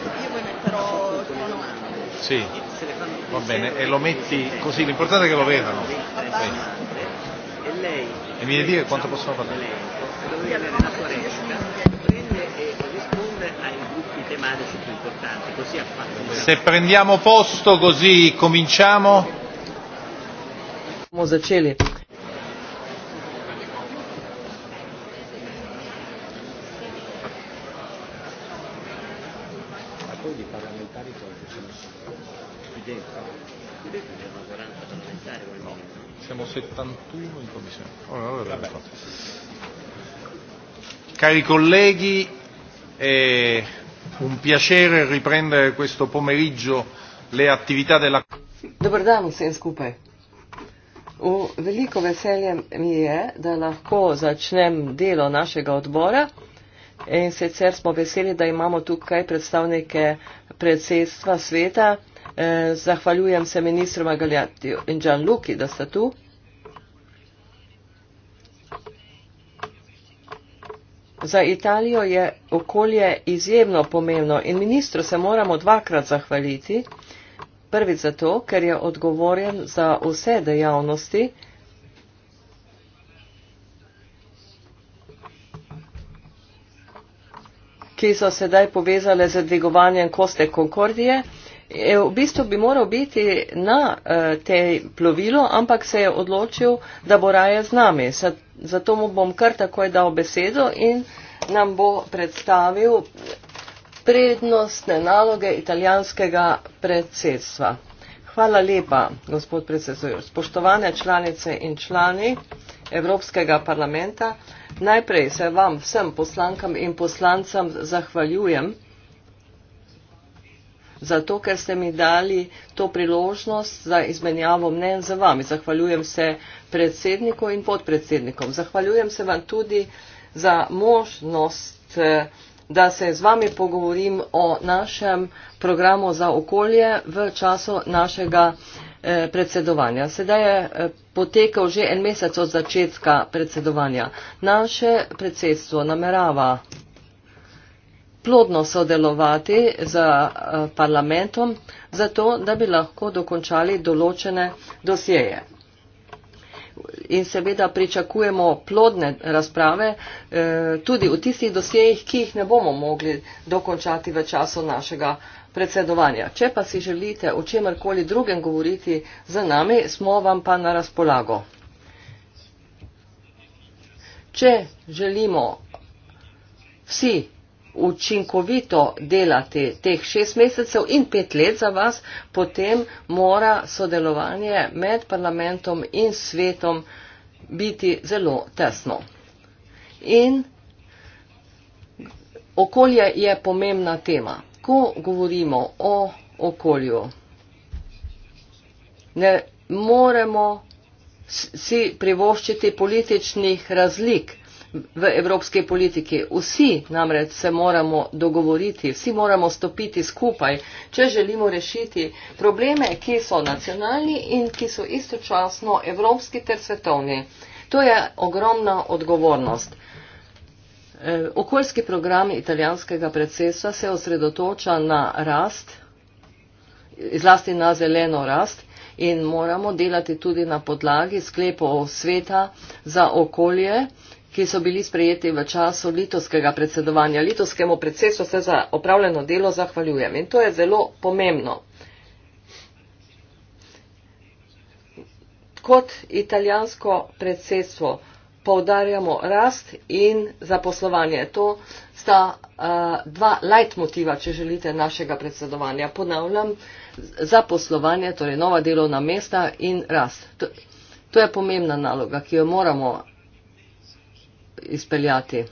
io poi metterò il tuo nome. Sì, va bene, e lo metti così, l'importante è che lo vedano. E lei? E mi devi dire quanto possono parlare? Lei, se dovete avere la foresta, prende e risponde ai gruppi tematici più importanti, così ha fatto. Se prendiamo posto così cominciamo. Siamo zaceli. Cari colleghi, è un piacere riprendere questo pomeriggio le attività della Dobrodan vsem skupaj. V veliko veselje mi je, da lahko začnem delo našega odbora in sicer smo veseli, da imamo tukaj predstavnike predsedstva sveta. Eh, zahvaljujem se ministru Magaljati in Gianluki, da sta tu. Za Italijo je okolje izjemno pomembno in ministru se moramo dvakrat zahvaliti. Prvi zato, ker je odgovoren za vse dejavnosti. ki so sedaj povezale z dvigovanjem koste Concordije je eh, v bistvu bi moral biti na uh, eh, tej plovilu, ampak se je odločil, da bo raje z nami. Zato mu bom kar takoj dal besedo in nam bo predstavil prednostne naloge italijanskega predsedstva. Hvala lepa, gospod predsedujoč. Spoštovane članice in člani Evropskega parlamenta, najprej se vam vsem poslankam in poslancem zahvaljujem zato ker ste mi dali to priložnost za izmenjavo mnen za vami. Zahvaljujem se predsedniku in podpredsednikom. Zahvaljujem se vam tudi za možnost, eh, da se z vami pogovorim o našem programu za okolje v času našega eh, predsedovanja. Sedaj je eh, potekal že en mesec od začetka predsedovanja. Naše predsedstvo namerava plodno sodelovati z eh, parlamentom, zato da bi lahko dokončali določene dosjeje. In seveda pričakujemo plodne razprave eh, tudi v tistih dosjejih, ki jih ne bomo mogli dokončati v času našega predsedovanja. Če pa si želite o čemrkoli drugem govoriti z nami, smo vam pa na razpolago. Če želimo vsi učinkovito delati teh šest mesecev in pet let za vas, potem mora sodelovanje med parlamentom in svetom biti zelo tesno. In okolje je pomembna tema. Ko govorimo o okolju, ne moremo si privoščiti političnih razlik v evropski politiki. Vsi namreč se moramo dogovoriti, vsi moramo stopiti skupaj, če želimo rešiti probleme, ki so nacionalni in ki so istočasno evropski ter svetovni. To je ogromna odgovornost. E, okoljski program italijanskega predsedstva se osredotoča na rast, zlasti na zeleno rast. In moramo delati tudi na podlagi sklepov sveta za okolje, ki so bili sprejeti v času litovskega predsedovanja. Litovskemu predsedstvu se za opravljeno delo zahvaljujem in to je zelo pomembno. Kot italijansko predsedstvo povdarjamo rast in zaposlovanje. To sta uh, dva leitmotiva, če želite, našega predsedovanja. Ponavljam, zaposlovanje, torej nova delovna mesta in rast. To, to je pomembna naloga, ki jo moramo izpeljati.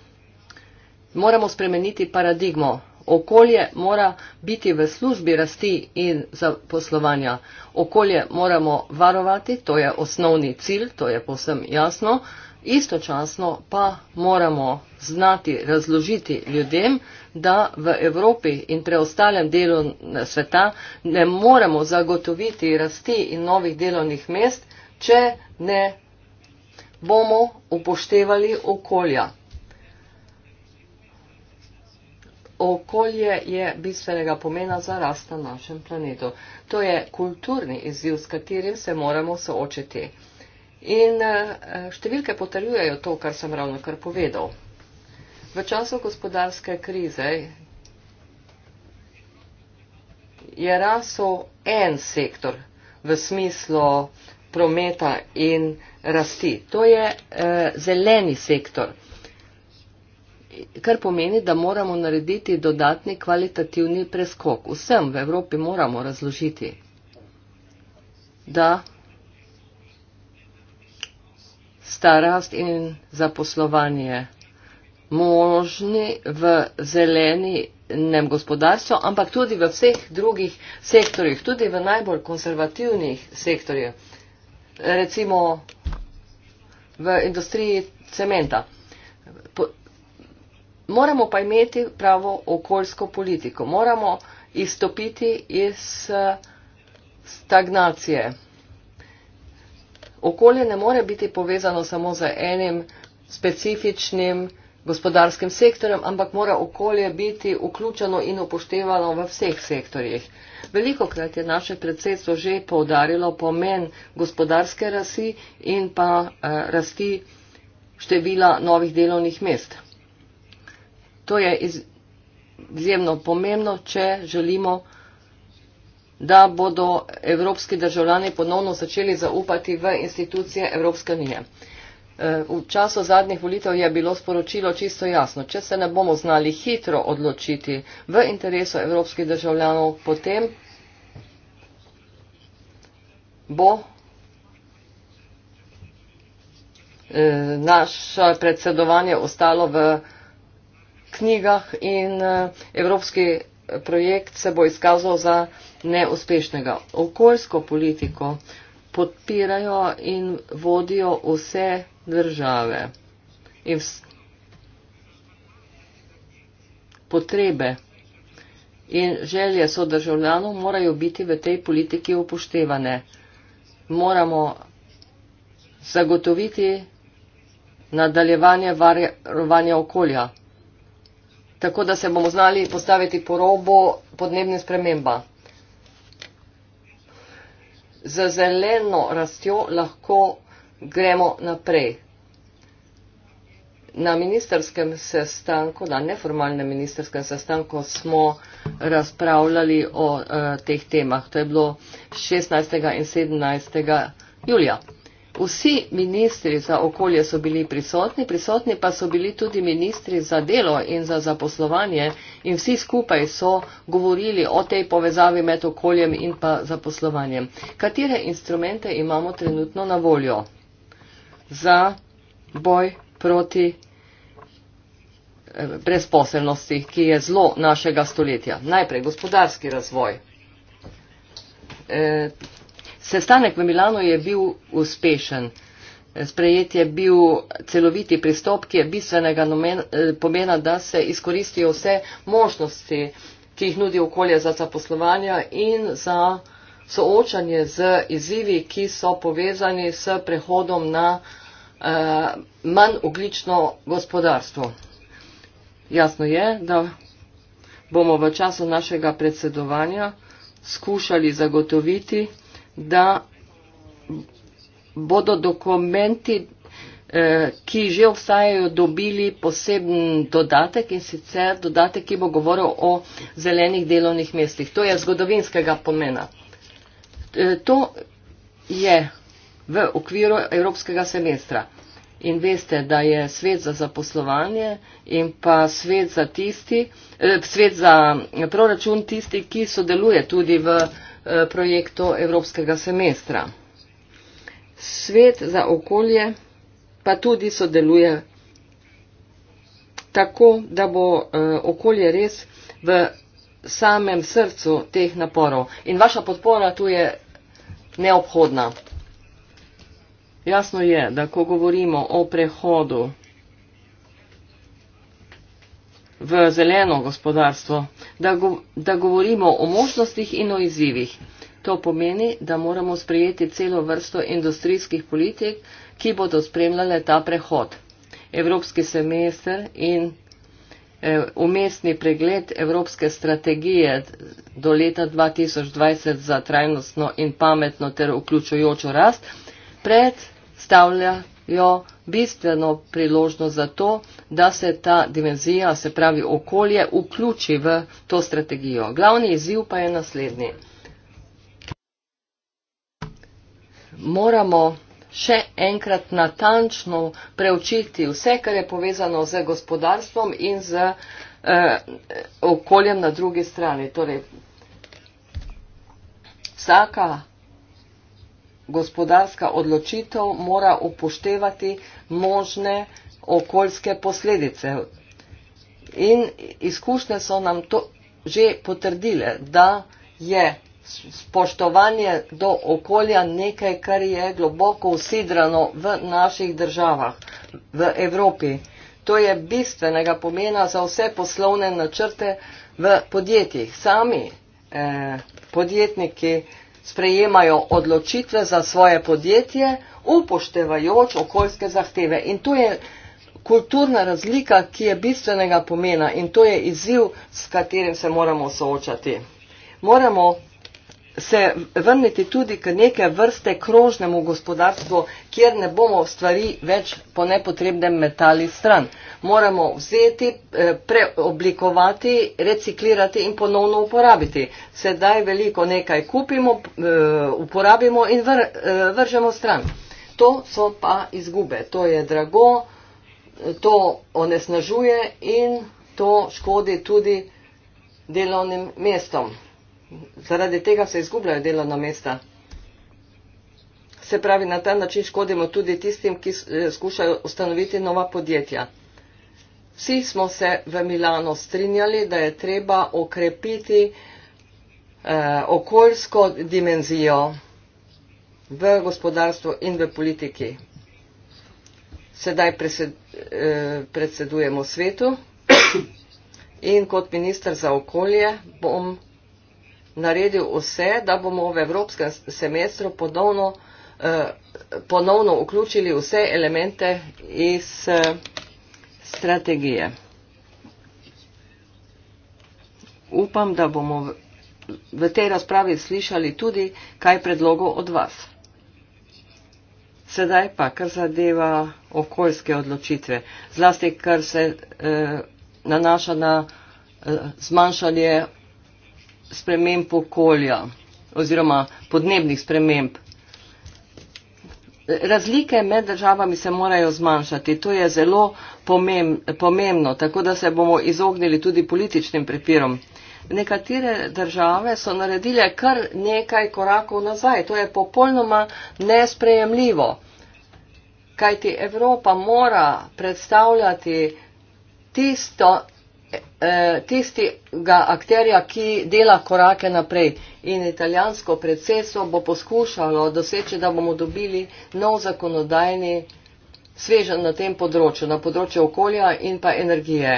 Moramo spremeniti paradigmo. Okolje mora biti v službi rasti in zaposlovanja. Okolje moramo varovati, to je osnovni cilj, to je posem jasno. Istočasno pa moramo znati razložiti ljudem, da v Evropi in preostalem delu sveta ne moremo zagotoviti rasti in novih delovnih mest, če ne bomo upoštevali okolja. Okolje je bistvenega pomena za rast na našem planetu. To je kulturni izziv, s katerim se moramo soočiti. In eh, številke potrjujejo to, kar sem ravno kar povedal. V času gospodarske krize je rasel en sektor v smislu prometa in rasti. To je eh, zeleni sektor, kar pomeni, da moramo narediti dodatni kvalitativni preskok. Vsem v Evropi moramo razložiti, da starost in zaposlovanje možni v zeleni nem gospodarstvo, ampak tudi v vseh drugih sektorjih, tudi v najbolj konservativnih sektorjih recimo v industriji cementa. Po, moramo pa imeti pravo okoljsko politiko, moramo izstopiti iz eh, stagnacije. Okolje ne more biti povezano samo z enim specifičnim gospodarskim sektorjem, ampak mora okolje biti vključeno in upoštevano v vseh sektorjih. Veliko krat je naše predsedstvo že poudarilo pomen gospodarske rasi in pa eh, rasti števila novih delovnih mest. To je izjemno pomembno, če želimo, da bodo evropski državljani ponovno začeli zaupati v institucije Evropske unije. V času zadnjih volitev je bilo sporočilo čisto jasno. Če se ne bomo znali hitro odločiti v interesu evropskih državljanov, potem bo eh, naše predsedovanje ostalo v knjigah in eh, evropski projekt se bo izkazal za neuspešnega. Okoljsko politiko podpirajo in vodijo vse države in potrebe in želje so državljanov morajo biti v tej politiki upoštevane. Moramo zagotoviti nadaljevanje varovanja okolja, tako da se bomo znali postaviti porobo podnebne spremembe. Za zeleno rastjo lahko gremo naprej. Na ministerskem sestanku, na neformalnem ministerskem sestanku smo razpravljali o e, teh temah. To je bilo 16. in 17. julija. Vsi ministri za okolje so bili prisotni, prisotni pa so bili tudi ministri za delo in za zaposlovanje in vsi skupaj so govorili o tej povezavi med okoljem in pa zaposlovanjem. Katere instrumente imamo trenutno na voljo? za boj proti eh, brezposelnosti, ki je zelo našega stoletja. Najprej gospodarski razvoj. Eh, sestanek v Milano je bil uspešen. Eh, sprejet je bil celoviti pristop, ki je bistvenega pomena, da se izkoristijo vse možnosti, ki jih nudi okolje za zaposlovanje in za soočanje z izzivi, ki so povezani s prehodom na Eh, manj oglično gospodarstvo. Jasno je, da bomo v času našega predsedovanja skušali zagotoviti, da bodo dokumenti, eh, ki že obstajajo, dobili poseben dodatek in sicer dodatek, ki bo govoril o zelenih delovnih mestih. To je zgodovinskega pomena. Eh, to je v okviru evropskega semestra. In veste, da je svet za zaposlovanje in pa svet za, tisti, eh, svet za proračun tisti, ki sodeluje tudi v eh, projektu evropskega semestra. Svet za okolje pa tudi sodeluje tako, da bo eh, okolje res v samem srcu teh naporov. In vaša podpora tu je neobhodna. Jasno je, da ko govorimo o prehodu v zeleno gospodarstvo, da, go, da govorimo o možnostih in o izzivih. To pomeni, da moramo sprejeti celo vrsto industrijskih politik, ki bodo spremljale ta prehod. Evropski semester in eh, umestni pregled Evropske strategije do leta 2020 za trajnostno in pametno ter vključujočo rast pred predstavljajo bistveno priložnost za to, da se ta dimenzija, se pravi okolje, vključi v to strategijo. Glavni izziv pa je naslednji. Moramo še enkrat natančno preučiti vse, kar je povezano z gospodarstvom in z eh, okoljem na drugi strani. Torej, vsaka gospodarska odločitev mora upoštevati možne okoljske posledice. In izkušnje so nam to že potrdile, da je spoštovanje do okolja nekaj, kar je globoko usidrano v naših državah, v Evropi. To je bistvenega pomena za vse poslovne načrte v podjetjih. Sami eh, podjetniki sprejemajo odločitve za svoje podjetje, upoštevajoč okoljske zahteve. In to je kulturna razlika, ki je bistvenega pomena in to je izziv, s katerim se moramo soočati. Moramo se vrniti tudi k neke vrste krožnemu gospodarstvu, kjer ne bomo stvari več po nepotrebnem metali stran. Moramo vzeti, eh, preoblikovati, reciklirati in ponovno uporabiti. Sedaj veliko nekaj kupimo, eh, uporabimo in vr, eh, vržemo stran. To so pa izgube. To je drago, to onesnažuje in to škodi tudi delovnim mestom. Zaradi tega se izgubljajo delovna mesta. Se pravi, na ta način škodimo tudi tistim, ki eh, skušajo ustanoviti nova podjetja. Vsi smo se v Milano strinjali, da je treba okrepiti eh, okoljsko dimenzijo v gospodarstvu in v politiki. Sedaj presed, eh, predsedujemo svetu in kot minister za okolje bom naredil vse, da bomo v evropskem semestru ponovno, eh, ponovno vključili vse elemente iz eh, strategije. Upam, da bomo v tej razpravi slišali tudi kaj predlogov od vas. Sedaj pa, kar zadeva okoljske odločitve, zlasti kar se eh, nanaša na eh, zmanjšanje sprememb okolja oziroma podnebnih sprememb. Razlike med državami se morajo zmanjšati. To je zelo pomembno, tako da se bomo izognili tudi političnim prepirom. Nekatere države so naredile kar nekaj korakov nazaj. To je popolnoma nesprejemljivo, kajti Evropa mora predstavljati tisto, Eh, tisti ga akterja, ki dela korake naprej. In italijansko predsedstvo bo poskušalo doseči, da bomo dobili nov zakonodajni svežen na tem področju, na področju okolja in pa energije.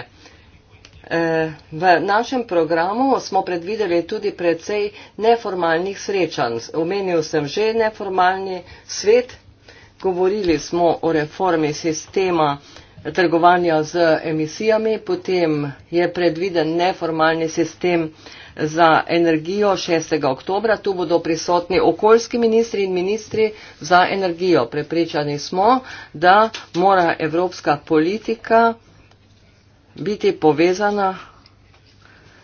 Eh, v našem programu smo predvideli tudi precej neformalnih srečanj. Omenil sem že neformalni svet, govorili smo o reformi sistema trgovanja z emisijami, potem je predviden neformalni sistem za energijo 6. oktobra. Tu bodo prisotni okoljski ministri in ministri za energijo. Prepričani smo, da mora evropska politika biti povezana.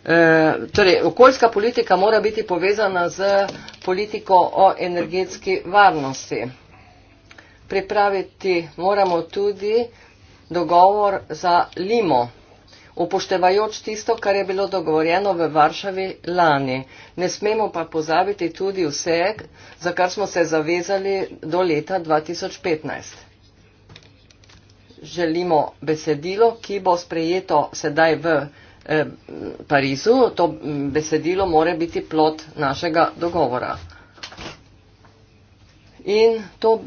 E, torej, okoljska politika mora biti povezana z politiko o energetski varnosti. Pripraviti moramo tudi dogovor za Limo, upoštevajoč tisto, kar je bilo dogovorjeno v Varšavi lani. Ne smemo pa pozabiti tudi vse, za kar smo se zavezali do leta 2015. Želimo besedilo, ki bo sprejeto sedaj v eh, Parizu. To mm, besedilo more biti plot našega dogovora. In to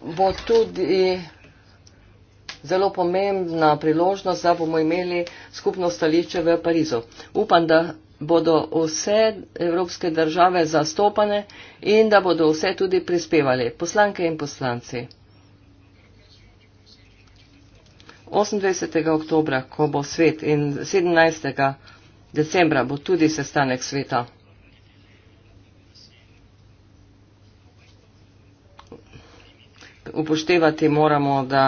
bo tudi zelo pomembna priložnost, da bomo imeli skupno stališče v Parizu. Upam, da bodo vse evropske države zastopane in da bodo vse tudi prispevali, poslanke in poslanci. 28. oktober, ko bo svet in 17. decembra bo tudi sestanek sveta. Upoštevati moramo, da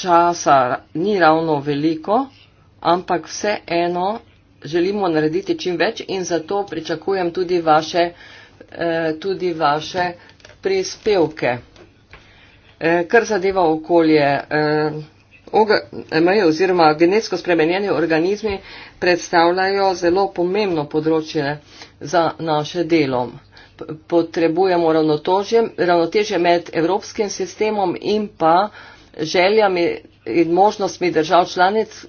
časa ni ravno veliko, ampak vseeno želimo narediti čim več in zato pričakujem tudi vaše, eh, tudi vaše prispevke. Eh, kar zadeva okolje, eh, meje oziroma genetsko spremenjeni organizmi predstavljajo zelo pomembno področje za naše delo. Potrebujemo ravnotežje med evropskim sistemom in pa eh, željami in možnostmi držav članic,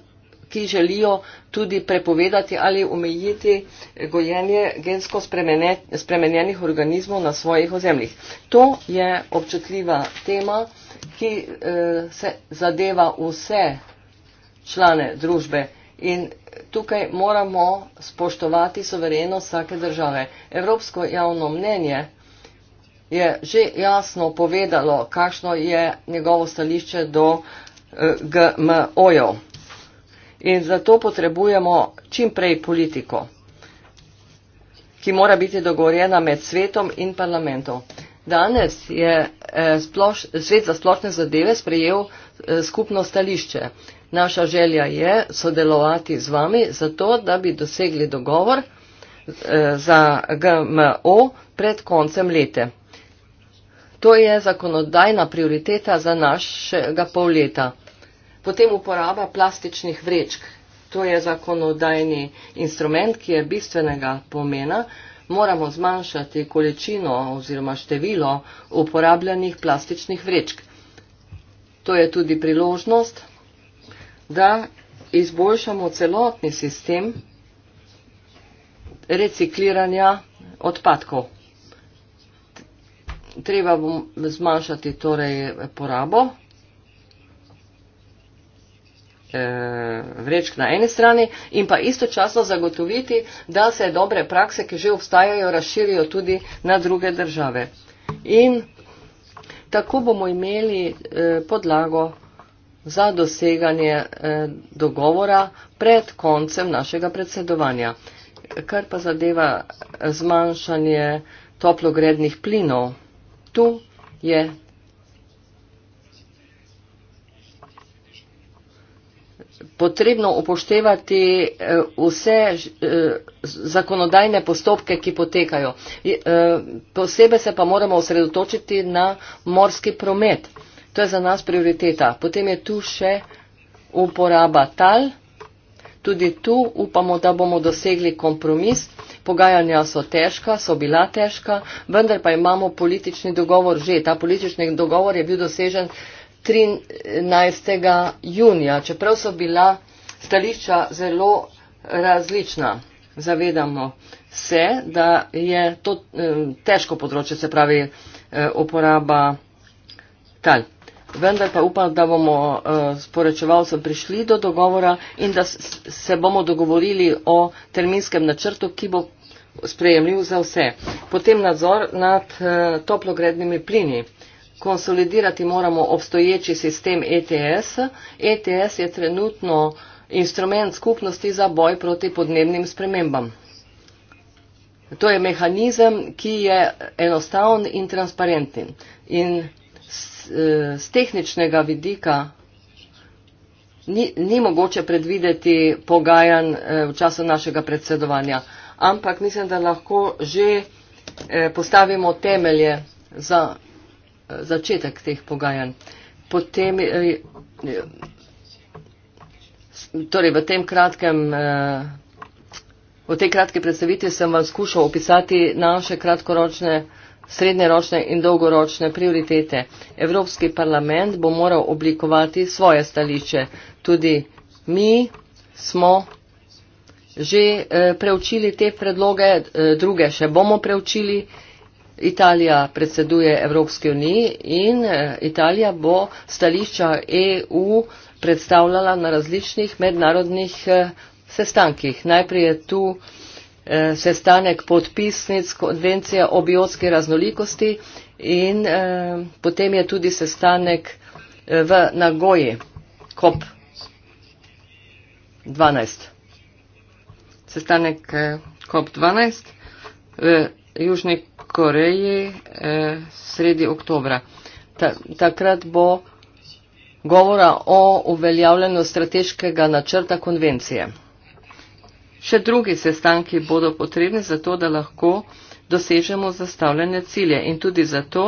ki želijo tudi prepovedati ali omejiti gojenje gensko spremenjenih organizmov na svojih ozemljih. To je občutljiva tema, ki eh, se zadeva vse člane družbe in tukaj moramo spoštovati soverenost vsake države. Evropsko javno mnenje je že jasno povedalo, kakšno je njegovo stališče do eh, GMO-jev. In zato potrebujemo čim prej politiko, ki mora biti dogovorjena med svetom in parlamentom. Danes je eh, sploš, svet za splošne zadeve sprejel eh, skupno stališče. Naša želja je sodelovati z vami, zato da bi dosegli dogovor za GMO pred koncem leta. To je zakonodajna prioriteta za našega pol leta. Potem uporaba plastičnih vrečk. To je zakonodajni instrument, ki je bistvenega pomena. Moramo zmanjšati količino oziroma število uporabljenih plastičnih vrečk. To je tudi priložnost, da izboljšamo celotni sistem recikliranja odpadkov treba bom zmanjšati torej porabo eh, vrečk na eni strani in pa istočasno zagotoviti, da se dobre prakse, ki že obstajajo, razširijo tudi na druge države. In tako bomo imeli eh, podlago za doseganje eh, dogovora pred koncem našega predsedovanja. Kar pa zadeva zmanjšanje toplogrednih plinov. To je potrebno upoštevati eh, vse eh, zakonodajne postopke, ki potekajo. Eh, posebej se pa moramo osredotočiti na morski promet. To je za nas prioriteta. Potem je tu še uporaba tal. Tudi tu upamo, da bomo dosegli kompromis. Pogajanja so težka, so bila težka, vendar pa imamo politični dogovor že. Ta politični dogovor je bil dosežen 13. junija, čeprav so bila stališča zelo različna. Zavedamo se, da je to eh, težko področje, se pravi eh, uporaba tal vendar pa upam, da bomo eh, s porečevalcem prišli do dogovora in da se bomo dogovorili o terminskem načrtu, ki bo sprejemljiv za vse. Potem nadzor nad eh, toplogrednimi plini. Konsolidirati moramo obstoječi sistem ETS. ETS je trenutno instrument skupnosti za boj proti podnebnim spremembam. To je mehanizem, ki je enostavn in transparenten. In z eh, tehničnega vidika ni, ni mogoče predvideti pogajanj eh, v času našega predsedovanja, ampak mislim, da lahko že eh, postavimo temelje za začetek teh pogajanj. Potem, torej v tem kratkem. V tej kratki predstavitvi sem vam skušal opisati naše kratkoročne srednjeročne in dolgoročne prioritete. Evropski parlament bo moral oblikovati svoje stališče. Tudi mi smo že eh, preučili te predloge, eh, druge še bomo preučili. Italija predseduje Evropski uniji in eh, Italija bo stališča EU predstavljala na različnih mednarodnih sestankih. Najprej je tu Eh, sestanek podpisnic konvencije o biotski raznolikosti in eh, potem je tudi sestanek eh, v Nagoji, COP 12. Sestanek COP 12 v Južni Koreji sredi oktobra. Takrat bo govora o uveljavljenju strateškega načrta konvencije. Še drugi sestanki bodo potrebni za to, da lahko dosežemo zastavljene cilje in tudi zato,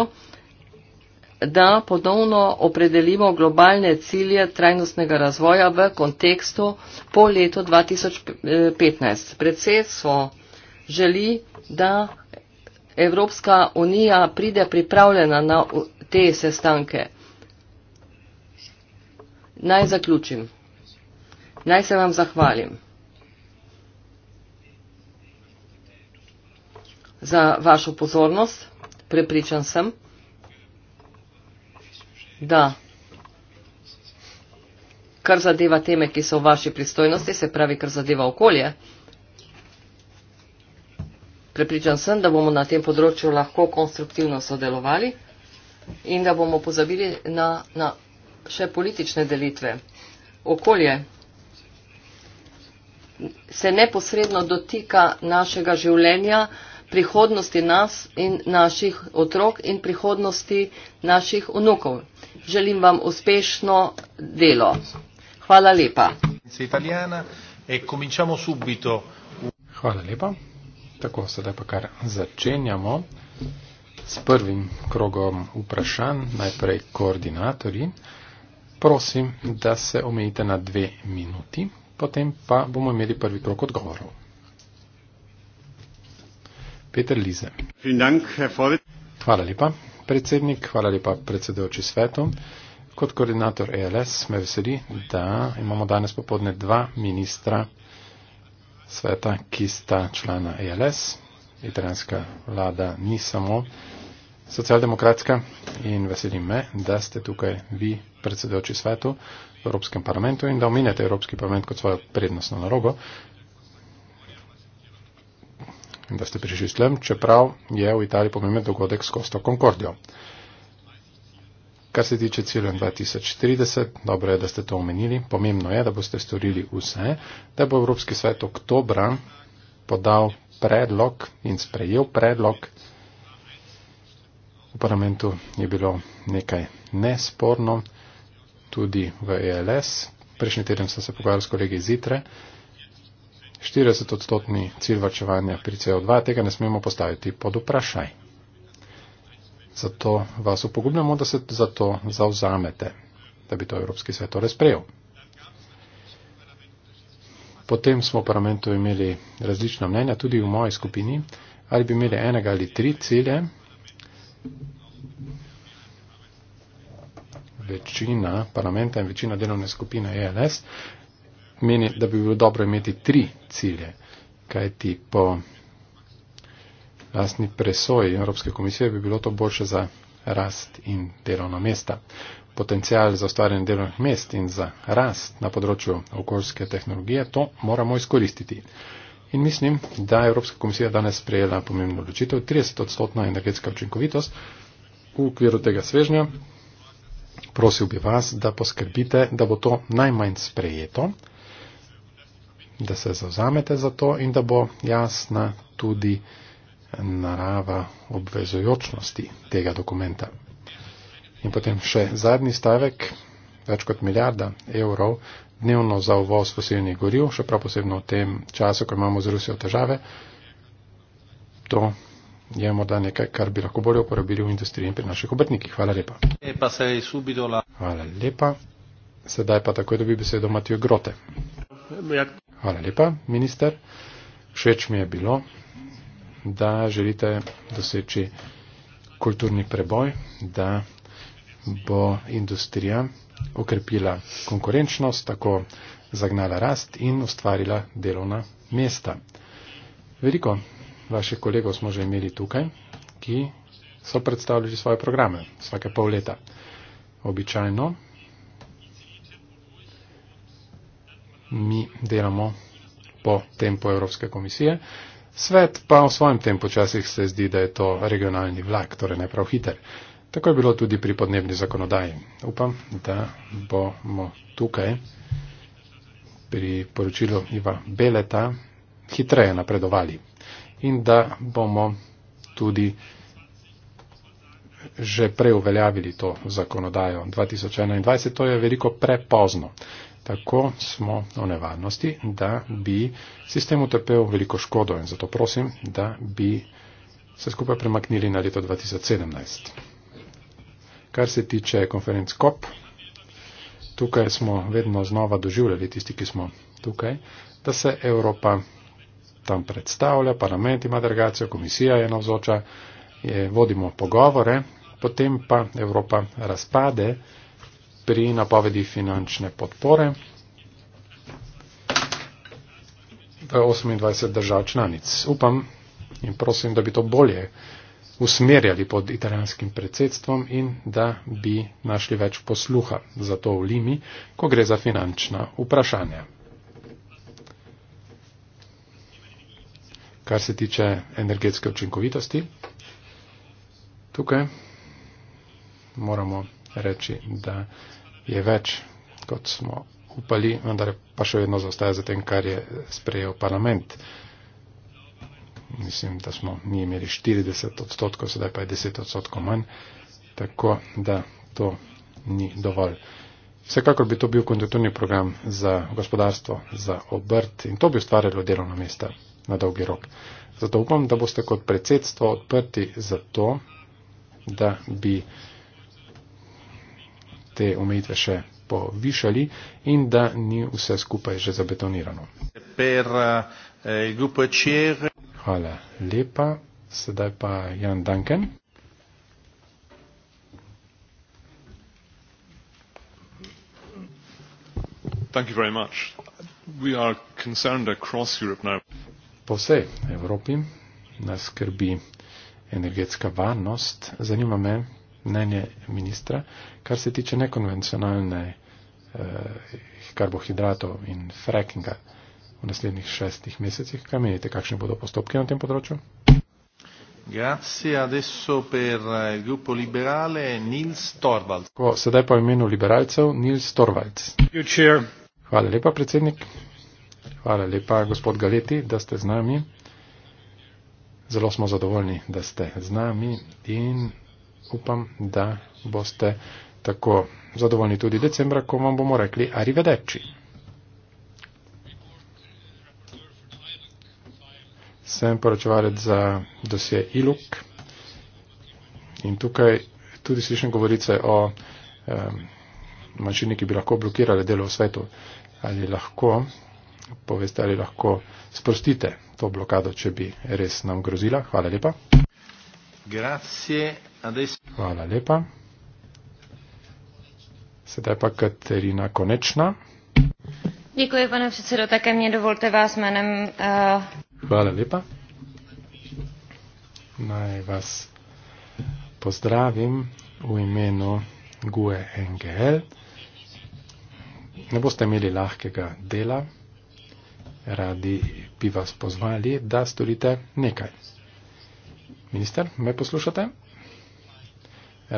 da ponovno opredelimo globalne cilje trajnostnega razvoja v kontekstu po letu 2015. Predsedstvo želi, da Evropska unija pride pripravljena na te sestanke. Naj zaključim. Naj se vam zahvalim. za vašo pozornost. Prepričan sem, da kar zadeva teme, ki so v vaši pristojnosti, se pravi, kar zadeva okolje, prepričan sem, da bomo na tem področju lahko konstruktivno sodelovali in da bomo pozabili na, na še politične delitve. Okolje se neposredno dotika našega življenja, prihodnosti nas in naših otrok in prihodnosti naših vnukov. Želim vam uspešno delo. Hvala lepa. E Hvala lepa. Tako, sedaj pa kar začenjamo s prvim krogom vprašanj, najprej koordinatorji. Prosim, da se omejite na dve minuti, potem pa bomo imeli prvi krok odgovorov. Peter Lize. Hvala lepa, predsednik, hvala lepa, predsedujoči svetu. Kot koordinator ELS me veseli, da imamo danes popodne dva ministra sveta, ki sta člana ELS. Italijanska vlada ni samo socialdemokratska in veseli me, da ste tukaj vi, predsedujoči svetu, v Evropskem parlamentu in da omenjate Evropski parlament kot svojo prednostno narogo, da ste prišli s tem, čeprav je v Italiji pomemben dogodek s Kosto Concordio. Kar se tiče cilja 2030, dobro je, da ste to omenili, pomembno je, da boste storili vse, da bo Evropski svet oktobra podal predlog in sprejel predlog. V parlamentu je bilo nekaj nesporno, tudi v ELS. Prejšnji teden sem se pogovarjal s kolegi iz ITRE. 40-odstotni cilj vrčevanja pri CO2, tega ne smemo postaviti pod vprašaj. Zato vas upogubljamo, da se za to zauzamete, da bi to Evropski svet torej sprejel. Potem smo v parlamentu imeli različna mnenja, tudi v moji skupini, ali bi imeli enega ali tri cilje. Večina parlamenta in večina delovne skupine ELS meni, da bi bilo dobro imeti tri cilje, kaj ti po lastni presoji Evropske komisije bi bilo to boljše za rast in delovna mesta. Potencial za ustvarjanje delovnih mest in za rast na področju okoljske tehnologije, to moramo izkoristiti. In mislim, da je Evropska komisija danes sprejela pomembno odločitev, 30 odstotna energetska učinkovitost v okviru tega svežnja. Prosil bi vas, da poskrbite, da bo to najmanj sprejeto da se zauzamete za to in da bo jasna tudi narava obvezujočnosti tega dokumenta. In potem še zadnji stavek, več kot milijarda evrov dnevno za uvoz fosilnih goriv, še prav posebno v tem času, ko imamo z Rusijo težave, to je morda nekaj, kar bi lahko bolje uporabili v industriji in pri naših obrtnikih. Hvala lepa. Hvala lepa. Sedaj pa takoj dobi besedo Matijo Grote. Hvala lepa, minister. Všeč mi je bilo, da želite doseči kulturni preboj, da bo industrija okrepila konkurenčnost, tako zagnala rast in ustvarila delovna mesta. Veliko vaših kolegov smo že imeli tukaj, ki so predstavljali svoje programe vsake pol leta. Običajno mi delamo po tempu Evropske komisije. Svet pa v svojem tem počasih se zdi, da je to regionalni vlak, torej ne prav hiter. Tako je bilo tudi pri podnebni zakonodaji. Upam, da bomo tukaj pri poročilu Iva Beleta hitreje napredovali in da bomo tudi že prej uveljavili to zakonodajo 2021. To je veliko prepozno tako smo v nevarnosti, da bi sistem utrpel veliko škodo in zato prosim, da bi se skupaj premaknili na leto 2017. Kar se tiče konferenc COP, tukaj smo vedno znova doživljali tisti, ki smo tukaj, da se Evropa tam predstavlja, parlament ima delegacijo, komisija je navzoča, je, vodimo pogovore, potem pa Evropa razpade pri napovedi finančne podpore v 28 držav članic. Upam in prosim, da bi to bolje usmerjali pod italijanskim predsedstvom in da bi našli več posluha za to v Limi, ko gre za finančna vprašanja. Kar se tiče energetske učinkovitosti, tukaj moramo reči, da je več, kot smo upali, vendar pa še vedno zaostaja za tem, kar je sprejel parlament. Mislim, da smo mi imeli 40 odstotkov, sedaj pa je 10 odstotkov manj, tako da to ni dovolj. Vsekakor bi to bil konditurni program za gospodarstvo, za obrt in to bi ustvarjalo delovna mesta na dolgi rok. Zato upam, da boste kot predsedstvo odprti za to, da bi te omejitve še povišali in da ni vse skupaj že zabetonirano. Eh, e Hvala lepa. Sedaj pa Jan Duncan. Thank you very much. We are concerned across Europe now. Po vsej Evropi nas skrbi energetska varnost. Zanima me, mnenje ministra, kar se tiče nekonvencionalne eh, karbohidratov in frackinga v naslednjih šestih mesecih. Kaj menite, kakšne bodo postopke na tem področju? Grazie, adesso per il gruppo liberale Nils Torvalds. Ko sedaj pa imenu liberalcev Nils Torvalds. Hvala lepa, predsednik. Hvala lepa, gospod Galeti, da ste z nami. Zelo smo zadovoljni, da ste z nami in upam, da boste tako zadovoljni tudi decembra, ko vam bomo rekli arrivederci. Sem poročevalec za dosje ILUK in tukaj tudi slišim govorice o eh, manjšini, ki bi lahko blokirali delo v svetu. Ali lahko, poveste, ali lahko sprostite to blokado, če bi res nam grozila. Hvala lepa. Grazie. Hvala lepa. Sedaj pa Katerina Konečna. Děkuji, pane předsedo, také mě dovolte vás jménem. Uh... Hvala lepa. Naj vás pozdravim v imenu GUE NGL. Ne boste imeli lahkega dela, radi bi vas pozvali, da storite nekaj. Minister, me poslušate?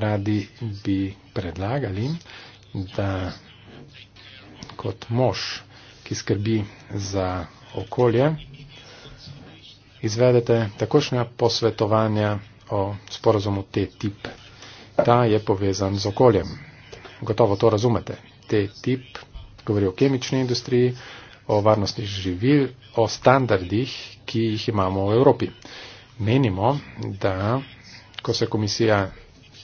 radi bi predlagali, da kot mož, ki skrbi za okolje, izvedete takošnja posvetovanja o sporozumu T-tip. Ta je povezan z okoljem. Gotovo to razumete. T-tip govori o kemični industriji, o varnosti živil, o standardih, ki jih imamo v Evropi. Menimo, da ko se komisija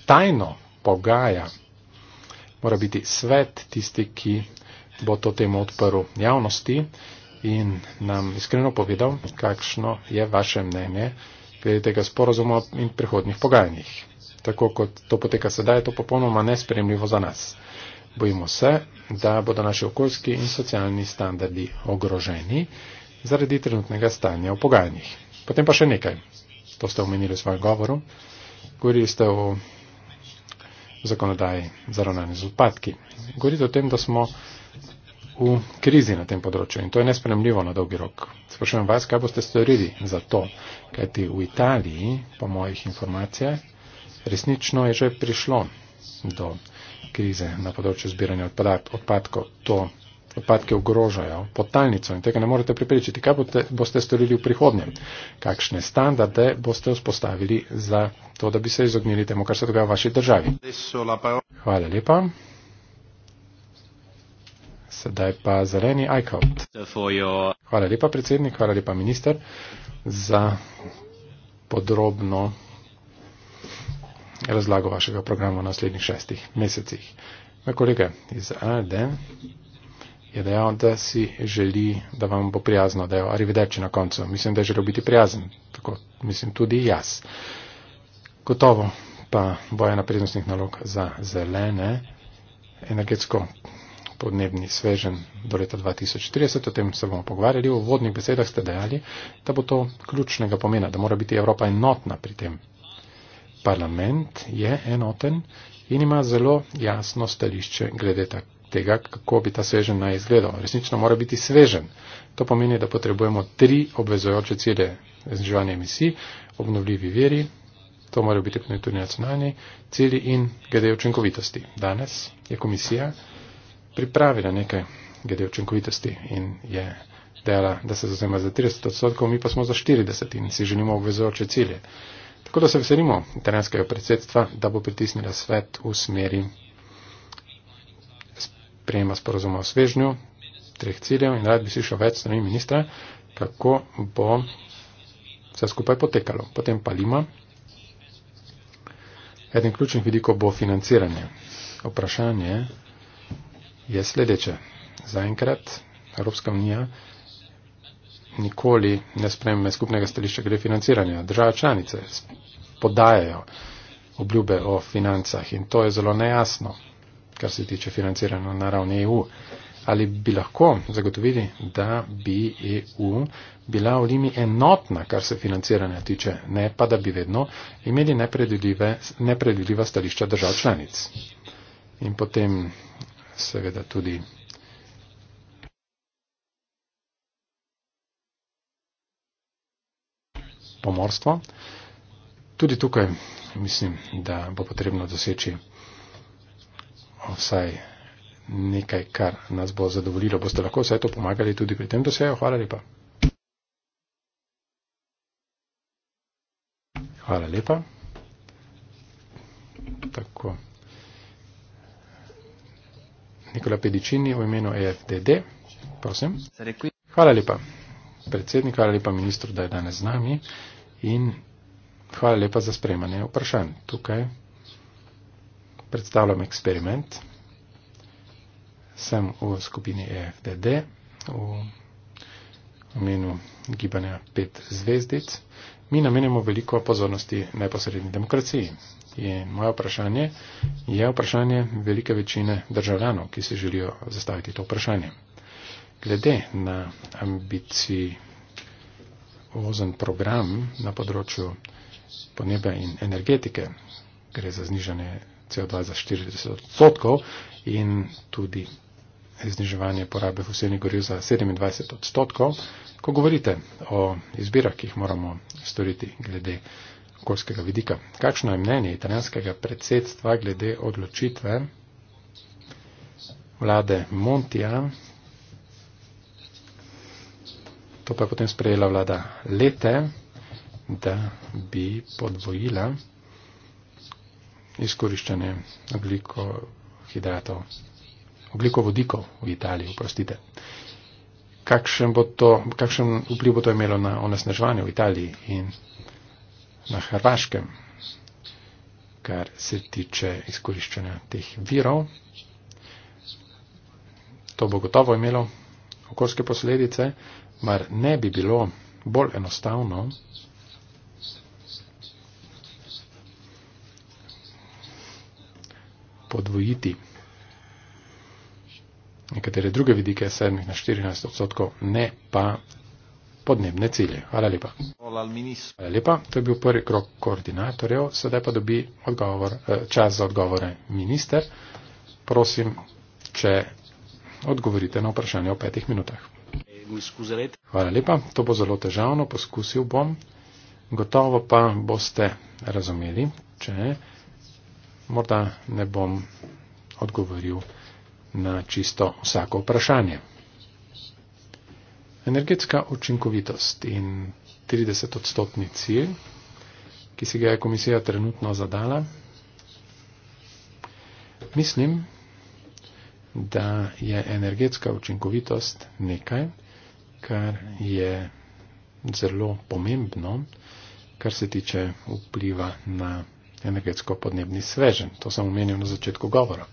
tajno pogaja, mora biti svet tisti, ki bo to temo odprl javnosti in nam iskreno povedal, kakšno je vaše mnenje glede tega sporozuma in prihodnih pogajanjih. Tako kot to poteka sedaj, je to popolnoma nespremljivo za nas. Bojimo se, da bodo naši okoljski in socialni standardi ogroženi zaradi trenutnega stanja v pogajanjih. Potem pa še nekaj. To ste omenili v svojem govoru. Govorili ste o zakonodaji za ravnanje z odpadki. Govorite o tem, da smo v krizi na tem področju in to je nespremljivo na dolgi rok. Sprašujem vas, kaj boste storili za to, kajti v Italiji, po mojih informacijah, resnično je že prišlo do krize na področju zbiranja odpadkov. To odpadke ogrožajo, potalnico in tega ne morete pripričati. Kaj boste, boste storili v prihodnjem? Kakšne standarde boste vzpostavili za to, da bi se izognili temu, kar se dogaja v vaši državi? Hvala lepa. Sedaj pa zeleni iCloud. Hvala lepa, predsednik, hvala lepa, minister, za podrobno razlago vašega programa v naslednjih šestih mesecih. Moje kolege iz ARD je dejal, da si želi, da vam bo prijazno, da je arrivederče na koncu. Mislim, da je želel biti prijazen, tako mislim tudi jaz. Gotovo pa bo ena priznostnih nalog za zelene, energetsko podnebni svežen do leta 2030, o tem se bomo pogovarjali, v vodnih besedah ste dejali, da bo to ključnega pomena, da mora biti Evropa enotna pri tem. Parlament je enoten in ima zelo jasno stališče glede tega tega, kako bi ta svežen naj izgledal. Resnično mora biti svežen. To pomeni, da potrebujemo tri obvezojoče cilje zniževanja emisij, obnovljivi veri, to mora biti tudi nacionalni cilji in glede učinkovitosti. Danes je komisija pripravila nekaj glede učinkovitosti in je dejala, da se zazema za 30 odstotkov, mi pa smo za 40 in si želimo obvezojoče cilje. Tako da se veselimo italijanskega predsedstva, da bo pritisnila svet v smeri sprejema sporozuma o svežnju treh ciljev in rad bi slišal več strani ministra, kako bo vse skupaj potekalo. Potem pa Lima. Eden ključnih vidikov bo financiranje. Vprašanje je sledeče. Zaenkrat Evropska unija nikoli ne spreme skupnega stališča glede financiranja. Države članice podajajo obljube o financah in to je zelo nejasno kar se tiče financiranja na ravni EU. Ali bi lahko zagotovili, da bi EU bila v Limi enotna, kar se financiranja tiče, ne pa da bi vedno imeli nepredvidljiva stališča držav članic. In potem seveda tudi. Pomorstvo. Tudi tukaj mislim, da bo potrebno doseči vsaj nekaj, kar nas bo zadovoljilo. Boste lahko vse to pomagali tudi pri tem dosejo. Hvala lepa. Hvala lepa. Tako. Nikola Pedičini v imenu EFDD. Prosim. Hvala lepa. Predsednik, hvala lepa ministru, da je danes z nami. In hvala lepa za spremanje vprašanj. Tukaj predstavljam eksperiment. Sem v skupini EFDD, v imenu gibanja pet zvezdic. Mi namenjamo veliko pozornosti neposredni demokraciji. In moje vprašanje je vprašanje velike večine državljanov, ki se želijo zastaviti to vprašanje. Glede na ambiciozen program na področju podnebja in energetike, gre za znižanje CO2 za 40 odstotkov in tudi zniževanje porabe fosilnih goriv za 27 odstotkov. Ko govorite o izbirah, ki jih moramo storiti glede okoljskega vidika, kakšno je mnenje italijanskega predsedstva glede odločitve vlade Montija? To pa je potem sprejela vlada Lete, da bi podvojila izkoriščanje oglikohidratov, oglikovodikov v Italiji, oprostite. Kakšen, bo to, kakšen vpliv bo to imelo na onesnaževanje v Italiji in na Hrvaškem, kar se tiče izkoriščanja teh virov. To bo gotovo imelo okoljske posledice, mar ne bi bilo bolj enostavno podvojiti. Nekatere druge vidike 7 na 14 odstotkov, ne pa podnebne cilje. Hvala lepa. Hvala lepa. To je bil prvi krok koordinatorjev, sedaj pa dobi odgovor, eh, čas za odgovore minister. Prosim, če odgovorite na vprašanje v petih minutah. Hvala lepa, to bo zelo težavno, poskusil bom. Gotovo pa boste razumeli, če morda ne bom odgovoril na čisto vsako vprašanje. Energetska učinkovitost in 30 odstotni cilj, ki si ga je komisija trenutno zadala, mislim, da je energetska učinkovitost nekaj, kar je zelo pomembno, kar se tiče vpliva na energetsko podnebni svežen. To sem omenil na začetku govora.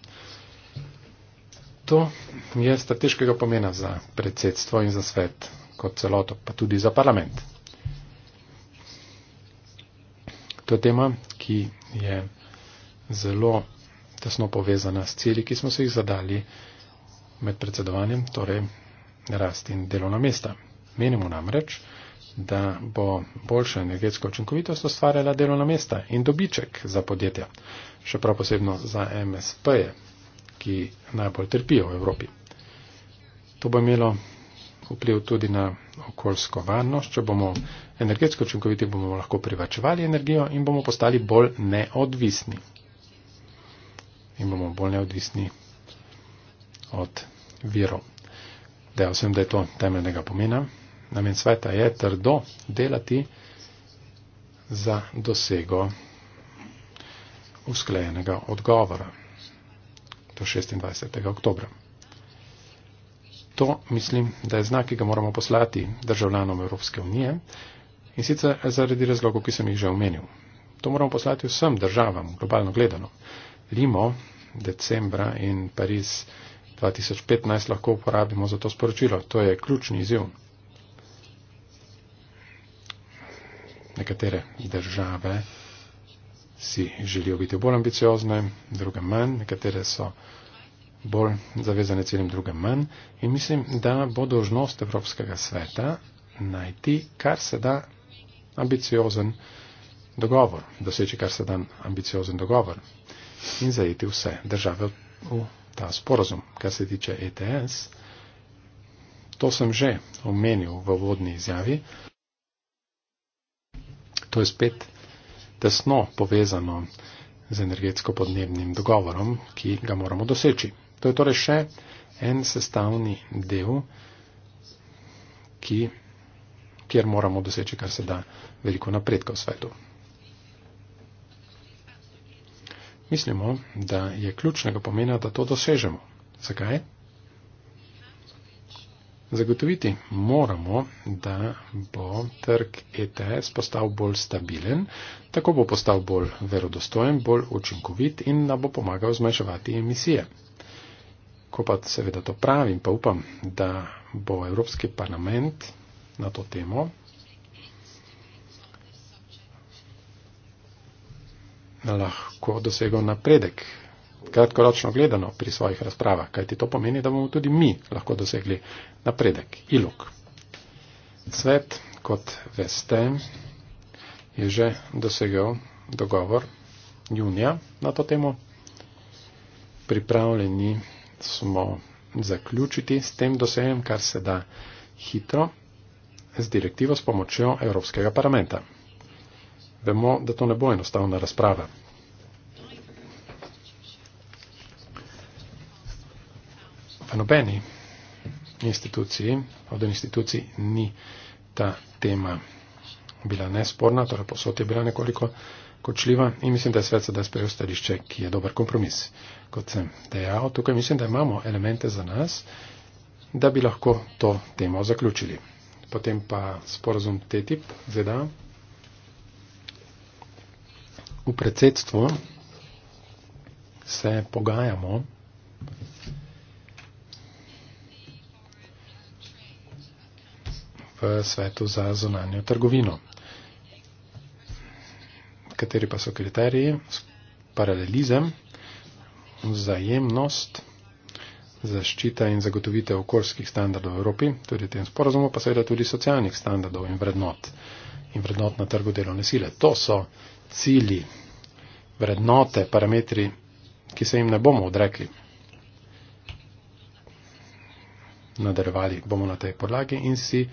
To je strateškega pomena za predsedstvo in za svet kot celoto, pa tudi za parlament. To je tema, ki je zelo tesno povezana s cilji, ki smo se jih zadali med predsedovanjem, torej rast in delovna mesta. Menimo namreč, da bo boljša energetska učinkovitost ustvarjala delovna mesta in dobiček za podjetja, še prav posebno za MSP-je, ki najbolj trpijo v Evropi. To bo imelo vpliv tudi na okoljsko varnost, če bomo energetsko učinkoviti, bomo lahko privačevali energijo in bomo postali bolj neodvisni. In bomo bolj neodvisni od virov. Dejal sem, da je to temeljnega pomena namen sveta je trdo delati za dosego usklejenega odgovora do 26. oktobra. To mislim, da je znak, ki ga moramo poslati državljanom Evropske unije in sicer zaradi razlogov, ki sem jih že omenil. To moramo poslati vsem državam, globalno gledano. Limo, decembra in Pariz 2015 lahko uporabimo za to sporočilo. To je ključni izjiv. Nekatere države si želijo biti bolj ambiciozne, druga manj, nekatere so bolj zavezane ciljem, druga manj. In mislim, da bo dožnost Evropskega sveta najti kar se da ambiciozen dogovor, doseči kar se da ambiciozen dogovor in zajeti vse države v ta sporozum. Kar se tiče ETS, to sem že omenil v vodni izjavi to je spet tesno povezano z energetsko-podnebnim dogovorom, ki ga moramo doseči. To je torej še en sestavni del, ki, kjer moramo doseči kar se da veliko napredka v svetu. Mislimo, da je ključnega pomena, da to dosežemo. Zakaj? Zagotoviti moramo, da bo trg ETS postal bolj stabilen, tako bo postal bolj verodostojen, bolj učinkovit in nam bo pomagal zmanjševati emisije. Ko pa seveda to pravim, pa upam, da bo Evropski parlament na to temo lahko dosegel napredek kratkoročno gledano pri svojih razpravah, kajti to pomeni, da bomo tudi mi lahko dosegli napredek. Ilok. Svet, kot veste, je že dosegel dogovor junija na to temo. Pripravljeni smo zaključiti s tem dosegem, kar se da hitro, z direktivo s pomočjo Evropskega parlamenta. Vemo, da to ne bo enostavna razprava, nobeni instituciji, od institucij ni ta tema bila nesporna, torej posod je bila nekoliko kočljiva in mislim, da je svet sedaj sprejel stališče, ki je dober kompromis, kot sem dejal. Tukaj mislim, da imamo elemente za nas, da bi lahko to temo zaključili. Potem pa sporozum TTIP ZDA v predsedstvu se pogajamo v svetu za zonanjo trgovino. Kateri pa so kriteriji? Paralelizem, vzajemnost, zaščita in zagotovitev okoljskih standardov v Evropi, tudi tem sporozumu, pa seveda tudi socialnih standardov in vrednot in vrednot na trgu delovne sile. To so cili, vrednote, parametri, ki se jim ne bomo odrekli. Nadaljevali bomo na tej podlagi in si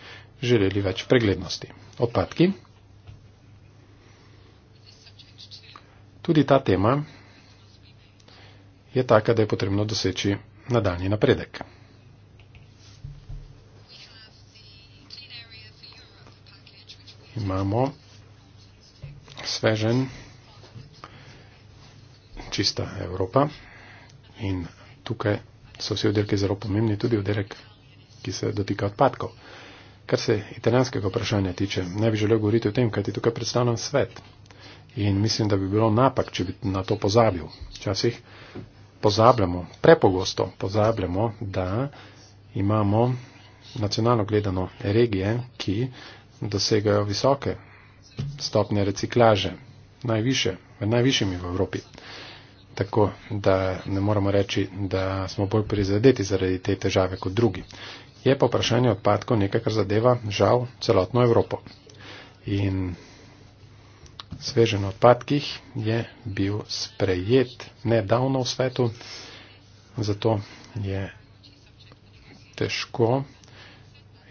želeli več preglednosti. Odpadki. Tudi ta tema je taka, da je potrebno doseči nadaljni napredek. Imamo svežen, čista Evropa in tukaj so vsi oddelki zelo pomembni, tudi oddelek, ki se dotika odpadkov. Kar se italijanskega vprašanja tiče, ne bi želel govoriti o tem, kaj ti tukaj predstavljam svet. In mislim, da bi bilo napak, če bi na to pozabil. Včasih pozabljamo, prepogosto pozabljamo, da imamo nacionalno gledano regije, ki dosegajo visoke stopnje reciklaže, najviše, med najvišjimi v Evropi. Tako da ne moramo reči, da smo bolj prizadeti zaradi te težave kot drugi je pa vprašanje odpadkov nekaj, kar zadeva žal celotno Evropo. In svežen odpadkih je bil sprejet nedavno v svetu, zato je težko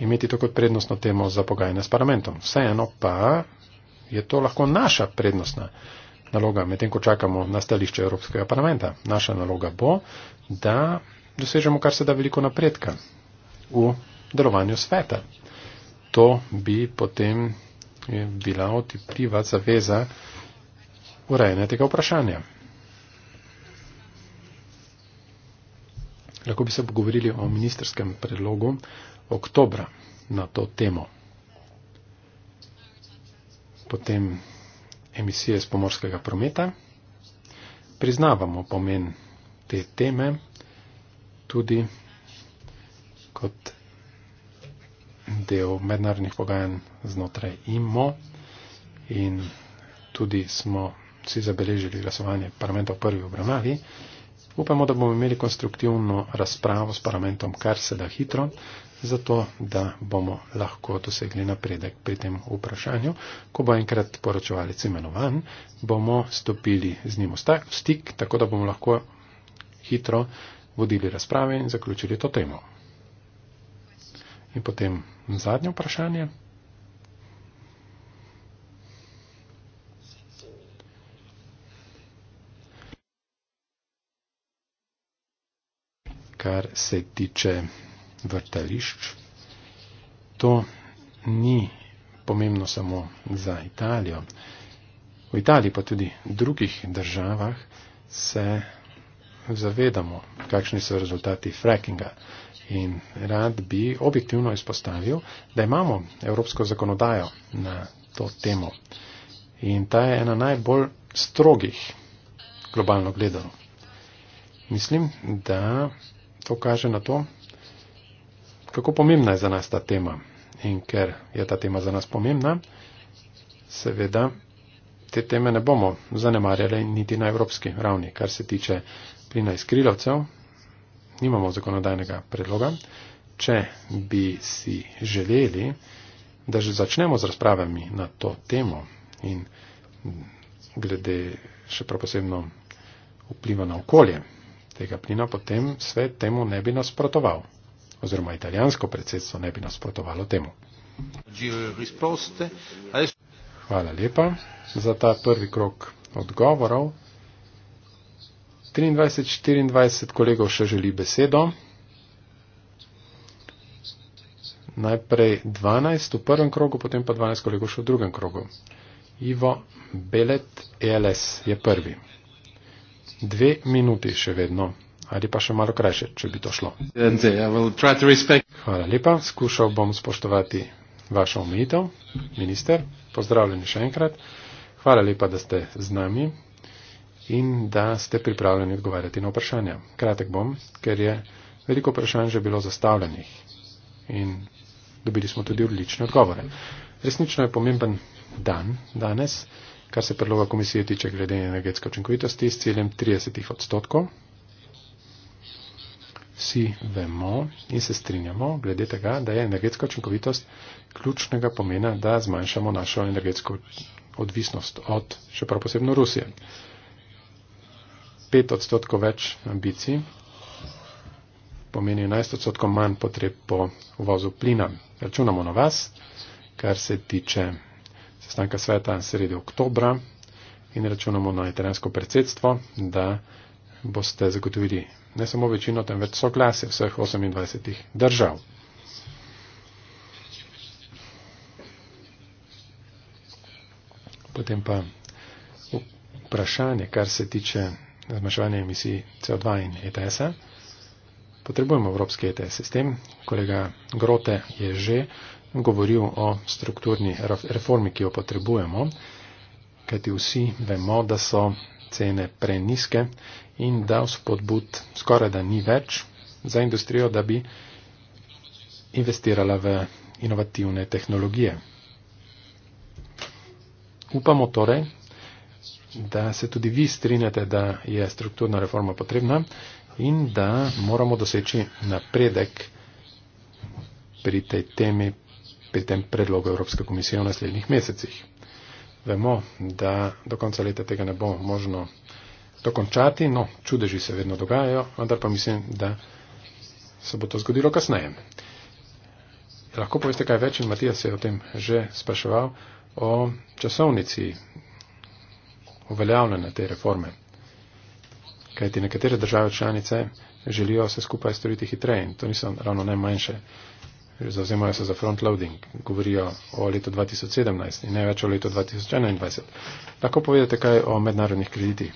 imeti to kot prednostno temo za pogajanje s parlamentom. Vseeno pa je to lahko naša prednostna naloga, medtem ko čakamo na stališče Evropskega parlamenta. Naša naloga bo, da dosežemo kar se da veliko napredka v darovanju sveta. To bi potem eh, bila otipljiva zaveza urejanja tega vprašanja. Lahko bi se pogovorili o ministerskem predlogu oktobra na to temo. Potem emisije z pomorskega prometa. Priznavamo pomen te teme tudi kot del mednarodnih pogajanj znotraj IMO in tudi smo vsi zabeležili glasovanje parlamenta v prvi obravnavi. Upamo, da bomo imeli konstruktivno razpravo s parlamentom kar se da hitro, zato da bomo lahko dosegli napredek pri tem vprašanju. Ko bo enkrat poročevalec imenovan, bomo stopili z njim v stik, tako da bomo lahko hitro vodili razprave in zaključili to temo. In potem zadnje vprašanje. Kar se tiče vrtališč, to ni pomembno samo za Italijo. V Italiji pa tudi drugih državah se zavedamo, kakšni so rezultati frackinga. In rad bi objektivno izpostavil, da imamo evropsko zakonodajo na to temo. In ta je ena najbolj strogih, globalno gledano. Mislim, da to kaže na to, kako pomembna je za nas ta tema. In ker je ta tema za nas pomembna, seveda te teme ne bomo zanemarjali niti na evropski ravni, kar se tiče disciplina iskrilovcev, nimamo zakonodajnega predloga. Če bi si želeli, da že začnemo z razpravami na to temo in glede še prav posebno vpliva na okolje tega plina, potem svet temu ne bi nasprotoval oziroma italijansko predsedstvo ne bi nasprotovalo temu. Hvala lepa za ta prvi krok odgovorov. 23.24 kolegov še želi besedo. Najprej 12 v prvem krogu, potem pa 12 kolegov še v drugem krogu. Ivo Belet, ELS, je prvi. Dve minuti še vedno, ali pa še malo krajše, če bi to šlo. Hvala lepa, skušal bom spoštovati vašo omejitev. Minister, pozdravljeni še enkrat. Hvala lepa, da ste z nami in da ste pripravljeni odgovarjati na vprašanja. Kratek bom, ker je veliko vprašanj že bilo zastavljenih in dobili smo tudi odlične odgovore. Resnično je pomemben dan danes, kar se predloga komisije tiče glede energetske učinkovitosti s ciljem 30 odstotkov. Vsi vemo in se strinjamo glede tega, da je energetska učinkovitost ključnega pomena, da zmanjšamo našo energetsko odvisnost od, še prav posebno, Rusije pet odstotkov več ambicij, pomeni 11 odstotkov manj potreb po uvozu plina. Računamo na vas, kar se tiče sestanka sveta sredi oktobra in računamo na italijansko predsedstvo, da boste zagotovili ne samo večino, temveč soglasje vseh 28 držav. Potem pa vprašanje, kar se tiče zmanjševanje emisij CO2 in ETS-a. Potrebujemo evropski ETS sistem. Kolega Grote je že govoril o strukturni reformi, ki jo potrebujemo, kajti vsi vemo, da so cene preniske in da vzpodbud skoraj da ni več za industrijo, da bi investirala v inovativne tehnologije. Upamo torej, da se tudi vi strinjate, da je strukturna reforma potrebna in da moramo doseči napredek pri tej temi, pri tem predlogu Evropske komisije v naslednjih mesecih. Vemo, da do konca leta tega ne bo možno dokončati, no čudeži se vedno dogajajo, vendar pa mislim, da se bo to zgodilo kasneje. Lahko poveste kaj več in Matija se je o tem že spraševal o časovnici uveljavljanja te reforme. Kajti nekatere države članice želijo se skupaj storiti hitreje in to niso ravno najmanjše. Zauzemajo se za frontloading, govorijo o letu 2017 in največ o letu 2021. Lahko povedate kaj o mednarodnih kreditih?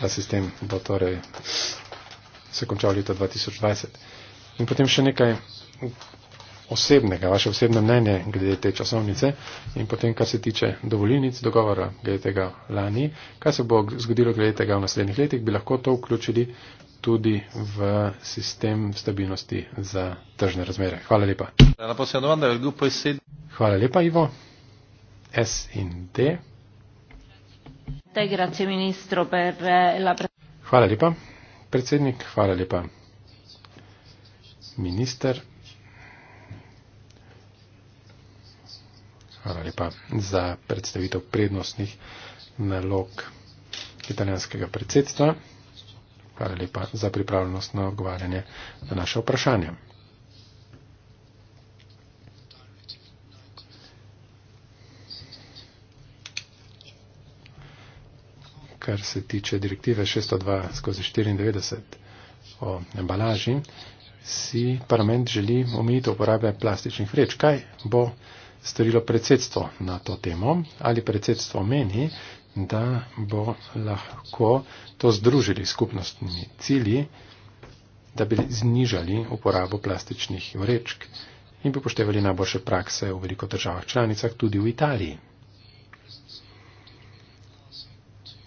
Ta sistem bo torej se končal leta 2020. In potem še nekaj, osebnega, vaše osebne mnenje glede te časovnice in potem, kar se tiče dovoljenic, dogovora glede tega lani, kaj se bo zgodilo glede tega v naslednjih letih, bi lahko to vključili tudi v sistem stabilnosti za tržne razmere. Hvala lepa. Hvala lepa, Ivo. S in D. Eh, Hvala lepa, predsednik. Hvala lepa, minister. Hvala lepa za predstavitev prednostnih nalog italijanskega predsedstva. Hvala lepa za pripravljenost na odgovarjanje na naše vprašanje. Kar se tiče direktive 602 skozi 94 o embalaži, si parlament želi omejitev uporabe plastičnih vreč. Kaj bo? storilo predsedstvo na to temo, ali predsedstvo meni, da bo lahko to združili skupnostnimi cilji, da bi znižali uporabo plastičnih vrečk in bi upoštevali najboljše prakse v veliko državah članicah, tudi v Italiji.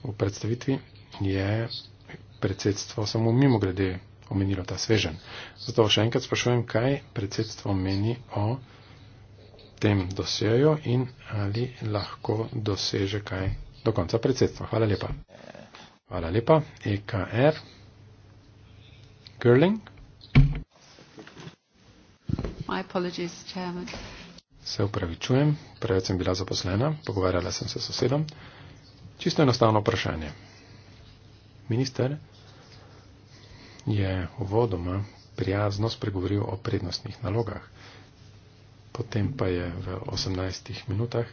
V predstavitvi je predsedstvo samo mimo grede omenilo ta svežen. Zato še enkrat sprašujem, kaj predsedstvo meni o tem dosejo in ali lahko doseže kaj do konca predsedstva. Hvala lepa. Hvala lepa. EKR. Er. Girling. My apologies, chairman. Se upravičujem, preveč sem bila zaposlena, pogovarjala sem se s sosedom. Čisto enostavno vprašanje. Minister je uvodoma prijazno spregovoril o prednostnih nalogah potem pa je v 18 minutah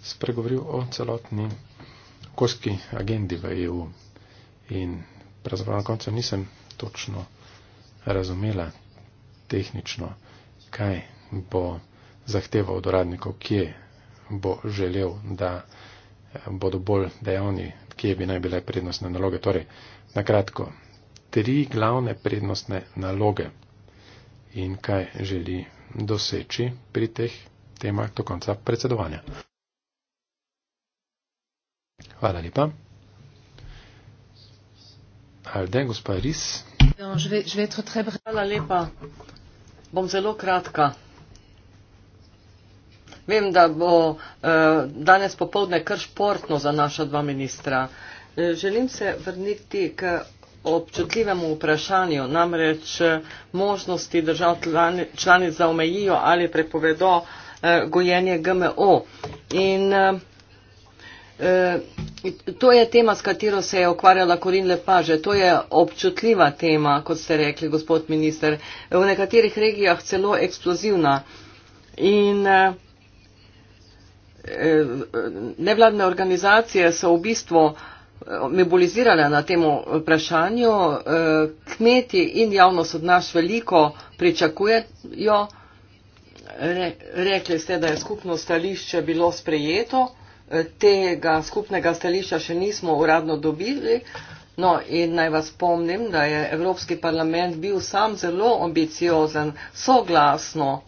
spregovoril o celotni koski agendi v EU. In pravzaprav na koncu nisem točno razumela tehnično, kaj bo zahteval od uradnikov, kje bo želel, da eh, bodo bolj dejavni, kje bi naj bile prednostne naloge. Torej, na kratko, tri glavne prednostne naloge in kaj želi doseči pri teh temah do konca predsedovanja. Hvala lepa. Alde, gospa Ris. Hvala lepa. Bom zelo kratka. Vem, da bo eh, danes popovdne kar športno za naša dva ministra. Eh, želim se vrniti k občutljivemu vprašanju, namreč eh, možnosti držav članic zaomejijo ali prepovedo eh, gojenje GMO. In eh, to je tema, s katero se je okvarjala Korin Lepaže. To je občutljiva tema, kot ste rekli, gospod minister. V nekaterih regijah celo eksplozivna. In nevladne organizacije so v bistvu mebolizirale na tem vprašanju. E, Kmeti in javnost od nas veliko pričakujejo. Re, rekli ste, da je skupno stališče bilo sprejeto, e, tega skupnega stališča še nismo uradno dobili. No in naj vas spomnim, da je Evropski parlament bil sam zelo ambiciozen, soglasno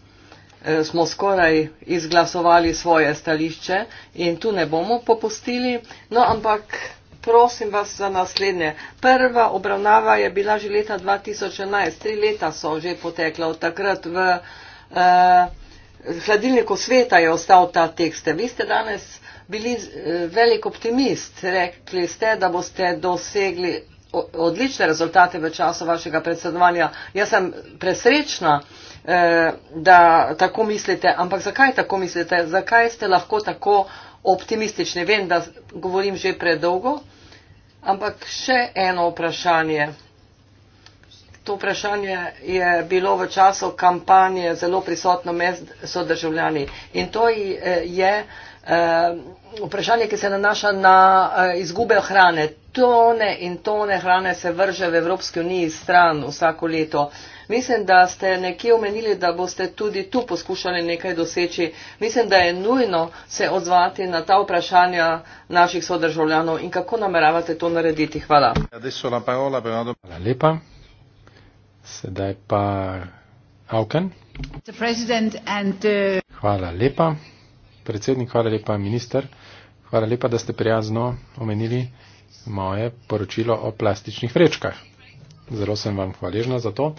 e, smo skoraj izglasovali svoje stališče in tu ne bomo popustili. No, ampak prosim vas za naslednje. Prva obravnava je bila že leta 2011, tri leta so že potekla od takrat v eh, hladilniku sveta je ostal ta tekst. Vi ste danes bili eh, velik optimist, rekli ste, da boste dosegli odlične rezultate v času vašega predsedovanja. Jaz sem presrečna, eh, da tako mislite, ampak zakaj tako mislite, zakaj ste lahko tako optimistični? Vem, da govorim že predolgo, Ampak še eno vprašanje. To vprašanje je bilo v času kampanje zelo prisotno med sodržavljani in to je eh, vprašanje, ki se nanaša na eh, izgube hrane. Tone in tone hrane se vrže v Evropski uniji stran vsako leto. Mislim, da ste nekje omenili, da boste tudi tu poskušali nekaj doseči. Mislim, da je nujno se odzvati na ta vprašanja naših sodržavljanov in kako nameravate to narediti. Hvala. Hvala lepa. Sedaj pa Avken. Hvala lepa, predsednik, hvala lepa, minister. Hvala lepa, da ste prijazno omenili moje poročilo o plastičnih vrečkah. Zelo sem vam hvaležna za to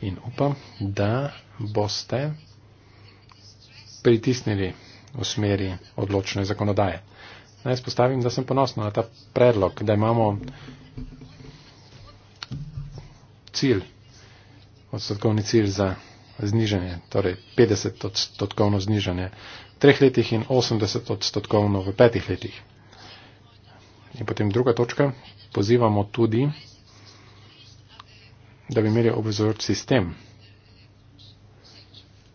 in upam, da boste pritisnili v smeri odločne zakonodaje. Naj spostavim, da sem ponosna na ta predlog, da imamo cilj odstotkovni cilj za znižanje, torej 50 odstotkovno znižanje v treh letih in 80 odstotkovno v petih letih. In potem druga točka, pozivamo tudi, da bi imeli obvezujoč sistem,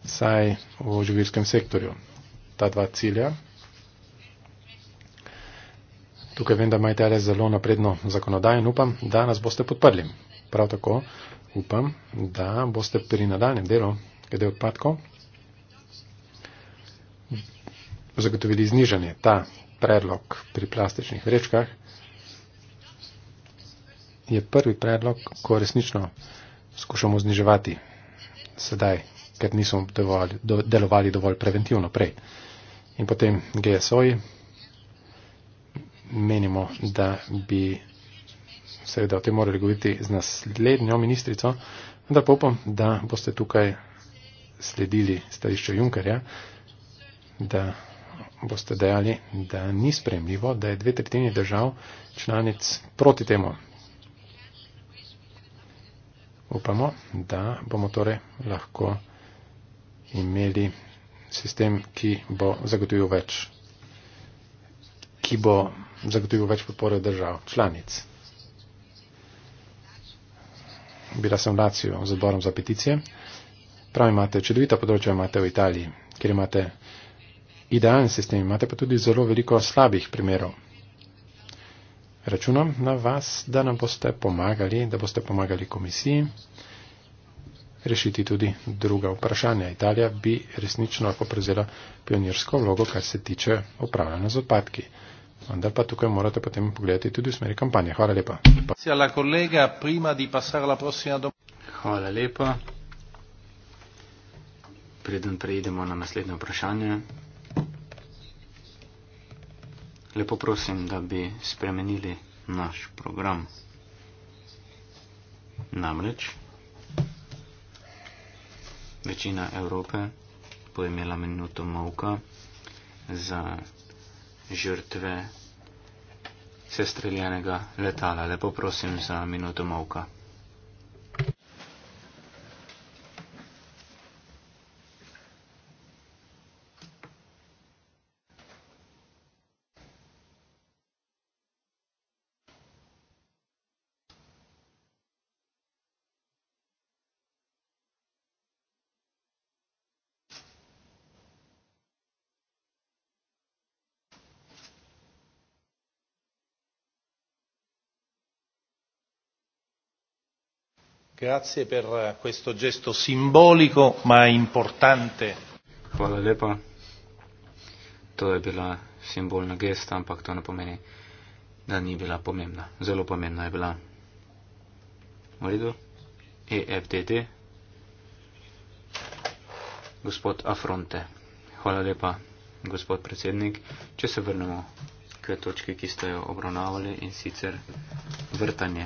saj v živilskem sektorju ta dva cilja. Tukaj vem, da imate zelo napredno zakonodajo in upam, da nas boste podprli. Prav tako upam, da boste pri nadaljem delu, glede odpadkov, zagotovili znižanje ta predlog pri plastičnih vrečkah. Je prvi predlog, ko resnično skušamo zniževati sedaj, ker nismo dovolj, do, delovali dovolj preventivno prej. In potem GSO-ji menimo, da bi seveda o tem morali govoriti z naslednjo ministrico, vendar pa upam, da boste tukaj sledili stališču Junkerja, da boste dejali, da ni spremljivo, da je dve tretjini držav članic proti temu. Upamo, da bomo torej lahko imeli sistem, ki bo zagotovil več, ki bo zagotovil več podpore držav članic bila sem v Laciju z odborom za peticije. Prav imate, čudovito področje imate v Italiji, kjer imate idealen sistem, imate pa tudi zelo veliko slabih primerov. Računam na vas, da nam boste pomagali, da boste pomagali komisiji rešiti tudi druga vprašanja. Italija bi resnično lahko prevzela pionirsko vlogo, kar se tiče upravljanja z odpadki. Vendar pa tukaj morate potem pogledati tudi v smeri kampanje. Hvala lepa. Hvala lepa. Preden prejdemo na naslednje vprašanje. Lepo prosim, da bi spremenili naš program. Namreč večina Evrope bo imela minuto mavka za žrtve sestreljenega letala. Lepo prosim za minuto molka. grazie per eh, questo gesto simbolico ma importante. Hvala lepa. To je bila simbolna gesta, ampak to ne pomeni, da ni bila pomembna. Zelo pomembna je bila. Morido? EFDD. Gospod Afronte. Hvala lepa, gospod predsednik. Če se vrnemo k točki, ki ste jo obravnavali in sicer vrtanje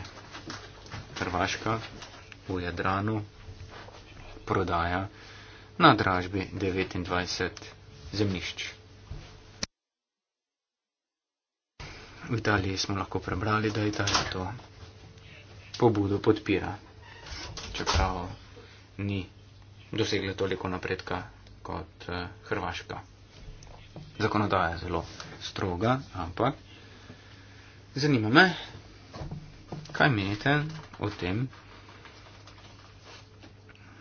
Hrvaška v Jadranu prodaja na dražbi 29 zemljišč. V Italiji smo lahko prebrali, da Italija to pobudo podpira, čeprav ni dosegla toliko napredka kot eh, Hrvaška. Zakonodaja je zelo stroga, ampak zanima me, kaj menite o tem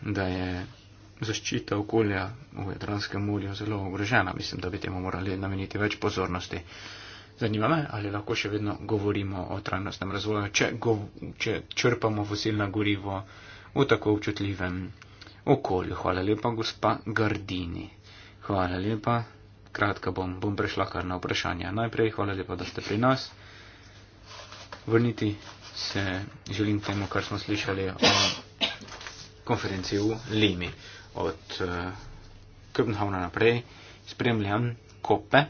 da je zaščita okolja v Jadranskem morju zelo ogrožena. Mislim, da bi temu morali nameniti več pozornosti. Zanima me, ali lahko še vedno govorimo o trajnostnem razvoju, če, gov, če črpamo fosilna gorivo v tako občutljivem okolju. Hvala lepa, gospa Gardini. Hvala lepa. Kratka bom, bom prešla kar na vprašanje. Najprej hvala lepa, da ste pri nas. Vrniti se želim temu, kar smo slišali o konferenci v Limi. Od uh, eh, Köbenhavna naprej spremljam kope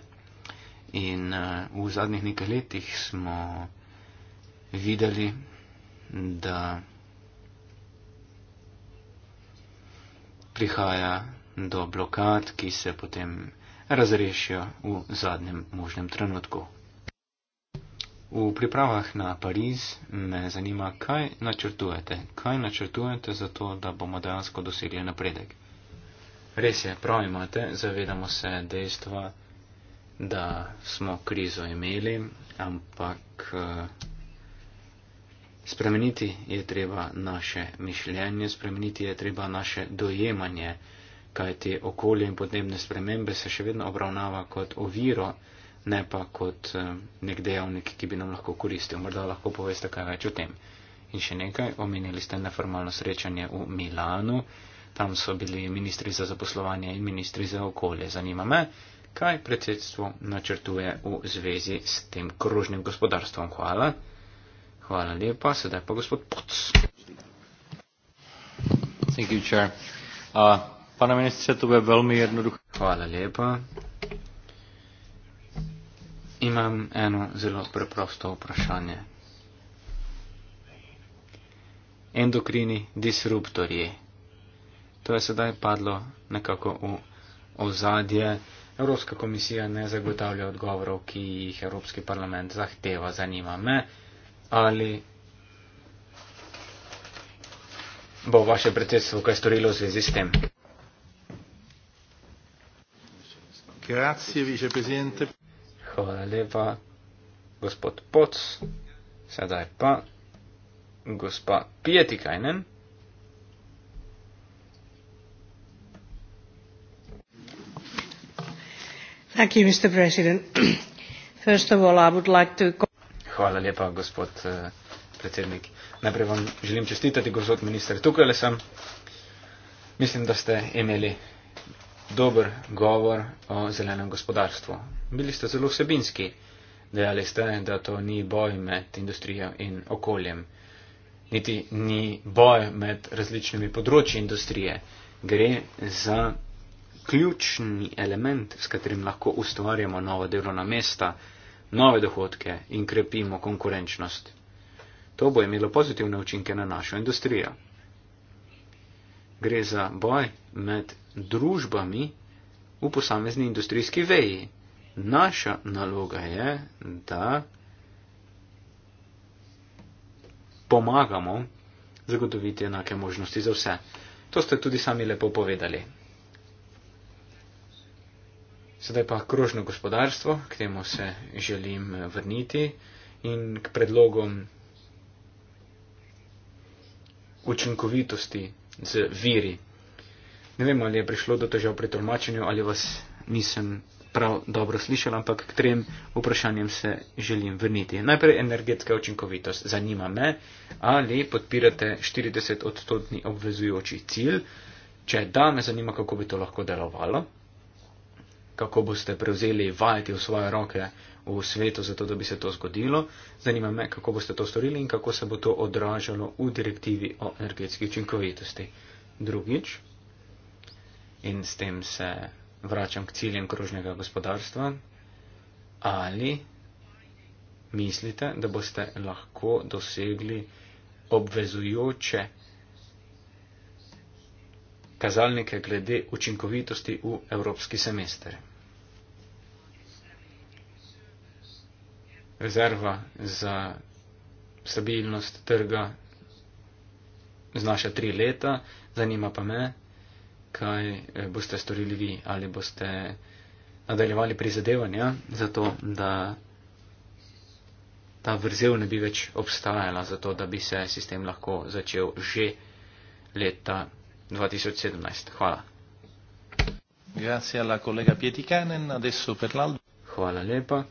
in uh, v zadnjih nekaj letih smo videli, da prihaja do blokad, ki se potem razrešijo v zadnjem možnem trenutku. V pripravah na Pariz me zanima, kaj načrtujete, kaj načrtujete za to, da bomo dejansko dosegli napredek. Res je, prav imate, zavedamo se dejstva, da smo krizo imeli, ampak eh, spremeniti je treba naše mišljenje, spremeniti je treba naše dojemanje, kaj te okolje in podnebne spremembe se še vedno obravnava kot oviro ne pa kot eh, nek dejavnik, ki bi nam lahko koristil. Morda lahko poveste kaj več o tem. In še nekaj, omenili ste neformalno srečanje v Milanu, tam so bili ministri za zaposlovanje in ministri za okolje. Zanima me, kaj predsedstvo načrtuje v zvezi s tem krožnim gospodarstvom. Hvala. Hvala lepa, sedaj pa gospod Poc. Thank you, chair. Uh, pana ministra, to je velmi jednoduché. Hvala lepa. Imam eno zelo preprosto vprašanje. Endokrini disruptorji. To je sedaj padlo nekako v ozadje. Evropska komisija ne zagotavlja odgovorov, ki jih Evropski parlament zahteva. Zanima me, ali bo vaše predsedstvo kaj storilo v zvezi s tem. Grazie, vice presidente. Hvala lepa, gospod Poc. Sedaj pa gospa Pijeti Kajnen. Thank you, Mr. President. First of all, I would like to... Hvala lepa, gospod uh, predsednik. Najprej vam želim čestitati, gospod minister. Tukaj le sem. Mislim, da ste imeli dober govor o zelenem gospodarstvu. Bili ste zelo vsebinski, dejali ste, da to ni boj med industrijo in okoljem, niti ni boj med različnimi področji industrije. Gre za ključni element, s katerim lahko ustvarjamo nova delovna mesta, nove dohodke in krepimo konkurenčnost. To bo imelo pozitivne učinke na našo industrijo. Gre za boj med družbami v posamezni industrijski veji. Naša naloga je, da pomagamo zagotoviti enake možnosti za vse. To ste tudi sami lepo povedali. Sedaj pa krožno gospodarstvo, k temu se želim vrniti in k predlogom učinkovitosti z viri. Ne vem, ali je prišlo do težav pri tolmačenju, ali vas nisem prav dobro slišal, ampak k trem vprašanjem se želim vrniti. Najprej energetska učinkovitost. Zanima me, ali podpirate 40-odstotni obvezujoči cilj. Če da, me zanima, kako bi to lahko delovalo, kako boste prevzeli vajeti v svoje roke v svetu, zato da bi se to zgodilo. Zanima me, kako boste to storili in kako se bo to odražalo v direktivi o energetski učinkovitosti. Drugič, in s tem se vračam k ciljem krožnega gospodarstva, ali mislite, da boste lahko dosegli obvezujoče kazalnike glede učinkovitosti v evropski semester. Rezerva za stabilnost trga znaša tri leta, zanima pa me, kaj eh, boste storili vi, ali boste nadaljevali prizadevanja za to, da ta vrzel ne bi več obstajala, za to, da bi se sistem lahko začel že leta 2017. Hvala. Grazie alla collega Pieti Canen, adesso per l'altro. Hvala lepa.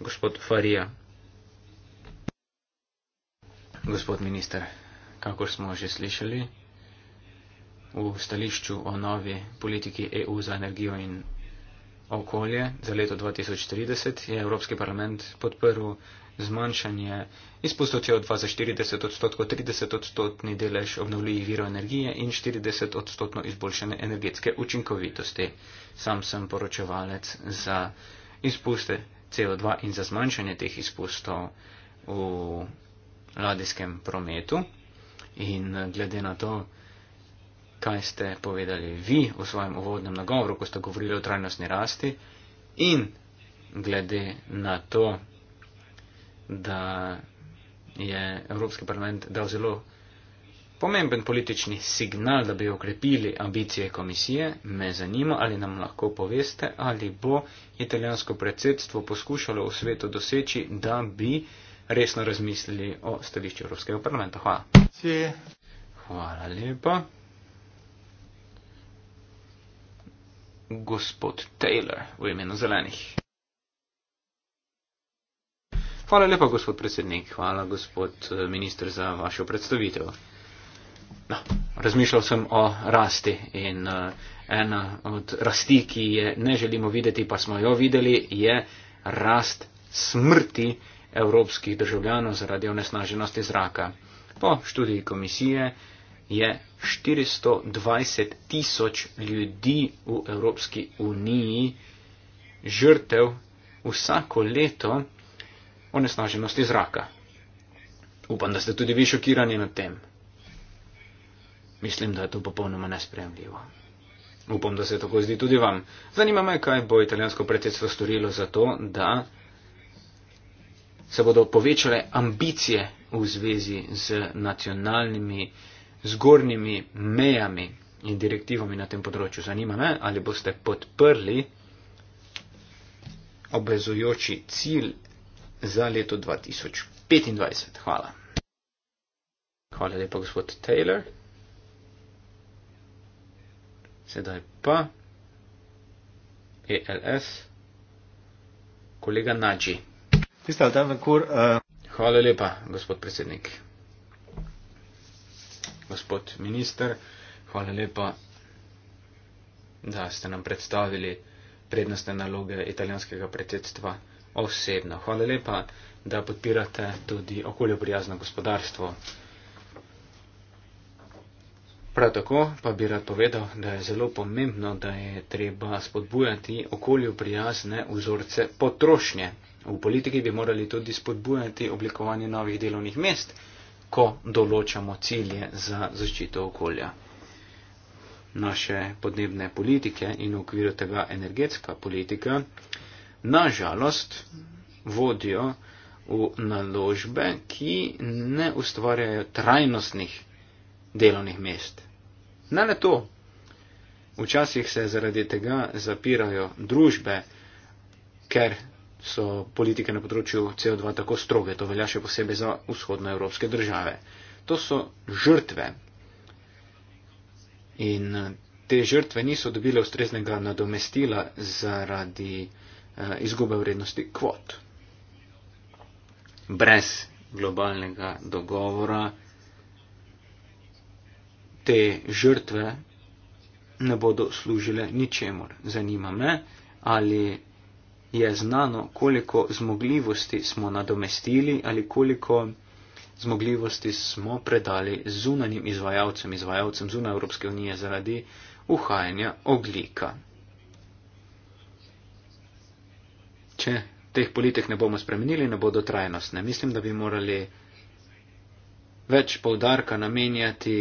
Gospod Farija. Gospod minister, kakor smo že slišali, v stališču o novi politiki EU za energijo in okolje za leto 2030 je Evropski parlament podprl zmanjšanje izpustov CO2 za 40 odstotkov, 30 odstotni delež obnovljivih virov energije in 40 odstotno izboljšanje energetske učinkovitosti. Sam sem poročevalec za izpuste CO2 in za zmanjšanje teh izpustov v ladijskem prometu. In glede na to, kaj ste povedali vi v svojem uvodnem nagovoru, ko ste govorili o trajnostni rasti in glede na to, da je Evropski parlament dal zelo pomemben politični signal, da bi okrepili ambicije komisije, me zanima, ali nam lahko poveste, ali bo italijansko predsedstvo poskušalo v svetu doseči, da bi resno razmislili o stališču Evropskega parlamenta. Hvala. Si. Hvala lepa. gospod Taylor v imenu zelenih. Hvala lepa, gospod predsednik, hvala, gospod eh, minister, za vašo predstavitev. No, razmišljal sem o rasti in eh, ena od rasti, ki je ne želimo videti, pa smo jo videli, je rast smrti evropskih državljanov zaradi onesnaženosti zraka. Po študiji komisije je 420 tisoč ljudi v Evropski uniji žrtev vsako leto onesnaženosti zraka. Upam, da ste tudi vi šokirani nad tem. Mislim, da je to popolnoma nespremljivo. Upam, da se tako zdi tudi vam. Zanima me, kaj bo italijansko predsedstvo storilo za to, da se bodo povečale ambicije v zvezi z nacionalnimi zgornjimi mejami in direktivami na tem področju. Zanima me, ali boste podprli obvezujoči cilj za leto 2025. Hvala. Hvala lepa, gospod Taylor. Sedaj pa ELS, kolega Nači. Eh, Hvala lepa, gospod predsednik gospod minister, hvala lepa, da ste nam predstavili prednostne naloge italijanskega predsedstva osebno. Hvala lepa, da podpirate tudi okoljoprijazno gospodarstvo. Prav tako pa bi rad povedal, da je zelo pomembno, da je treba spodbujati okoljoprijazne vzorce potrošnje. V politiki bi morali tudi spodbujati oblikovanje novih delovnih mest ko določamo cilje za zaščito okolja. Naše podnebne politike in v okviru tega energetska politika nažalost vodijo v naložbe, ki ne ustvarjajo trajnostnih delovnih mest. Ne le to. Včasih se zaradi tega zapirajo družbe, ker so politike na področju CO2 tako stroge. To velja še posebej za vzhodnoevropske države. To so žrtve. In eh, te žrtve niso dobile ustreznega nadomestila zaradi eh, izgube vrednosti kvot. Brez globalnega dogovora te žrtve ne bodo služile ničemor. Zanima me, ali je znano, koliko zmogljivosti smo nadomestili ali koliko zmogljivosti smo predali zunanim izvajalcem, izvajalcem zunaj Evropske unije zaradi uhajanja oglika. Če teh politik ne bomo spremenili, ne bodo trajnostne. Mislim, da bi morali več povdarka namenjati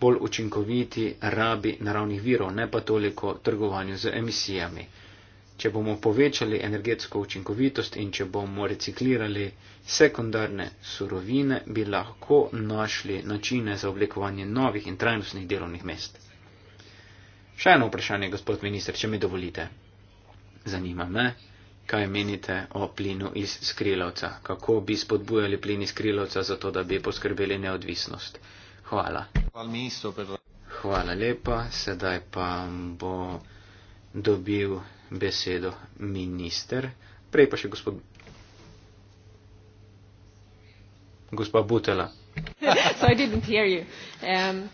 bolj učinkoviti rabi naravnih virov, ne pa toliko trgovanju z emisijami če bomo povečali energetsko učinkovitost in če bomo reciklirali sekundarne surovine, bi lahko našli načine za oblikovanje novih in trajnostnih delovnih mest. Še eno vprašanje, gospod minister, če mi dovolite. Zanima me, kaj menite o plinu iz skrilovca, kako bi spodbujali plin iz skrilovca za to, da bi poskrbeli neodvisnost. Hvala. Hvala lepa, sedaj pa bo dobil besedo minister. Prej pa še gospod. Gospa Butela. so I didn't hear you. Um,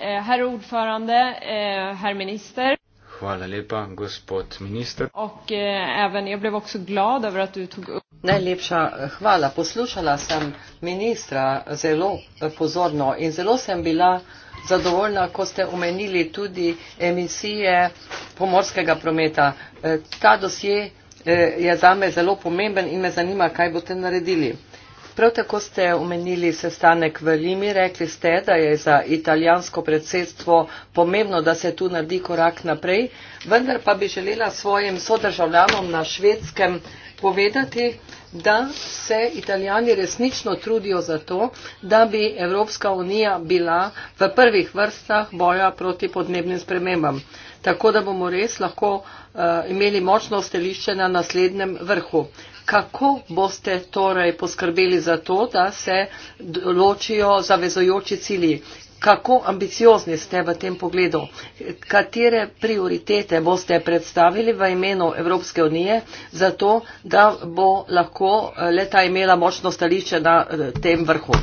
uh, her old farande, uh, her minister. Hvala lepa, gospod minister. Ok, even, eh, jaz bi vokso glada, vrat v tu. Najlepša eh, hvala. Poslušala sem ministra zelo eh, pozorno in zelo sem bila uh, zadovoljna, ko ste omenili tudi emisije pomorskega prometa. E, ta dosje e, je za me zelo pomemben in me zanima, kaj boste naredili. Prav tako ste omenili sestanek v Limi, rekli ste, da je za italijansko predsedstvo pomembno, da se tu naredi korak naprej, vendar pa bi želela svojim sodržavljanom na švedskem povedati, da se italijani resnično trudijo za to, da bi Evropska unija bila v prvih vrstah boja proti podnebnim spremembam. Tako da bomo res lahko uh, imeli močno stališče na naslednjem vrhu. Kako boste torej poskrbeli za to, da se določijo zavezojoči cilji? kako ambiciozni ste v tem pogledu, katere prioritete boste predstavili v imenu Evropske unije, zato da bo lahko eh, leta imela močno stališče na eh, tem vrhu.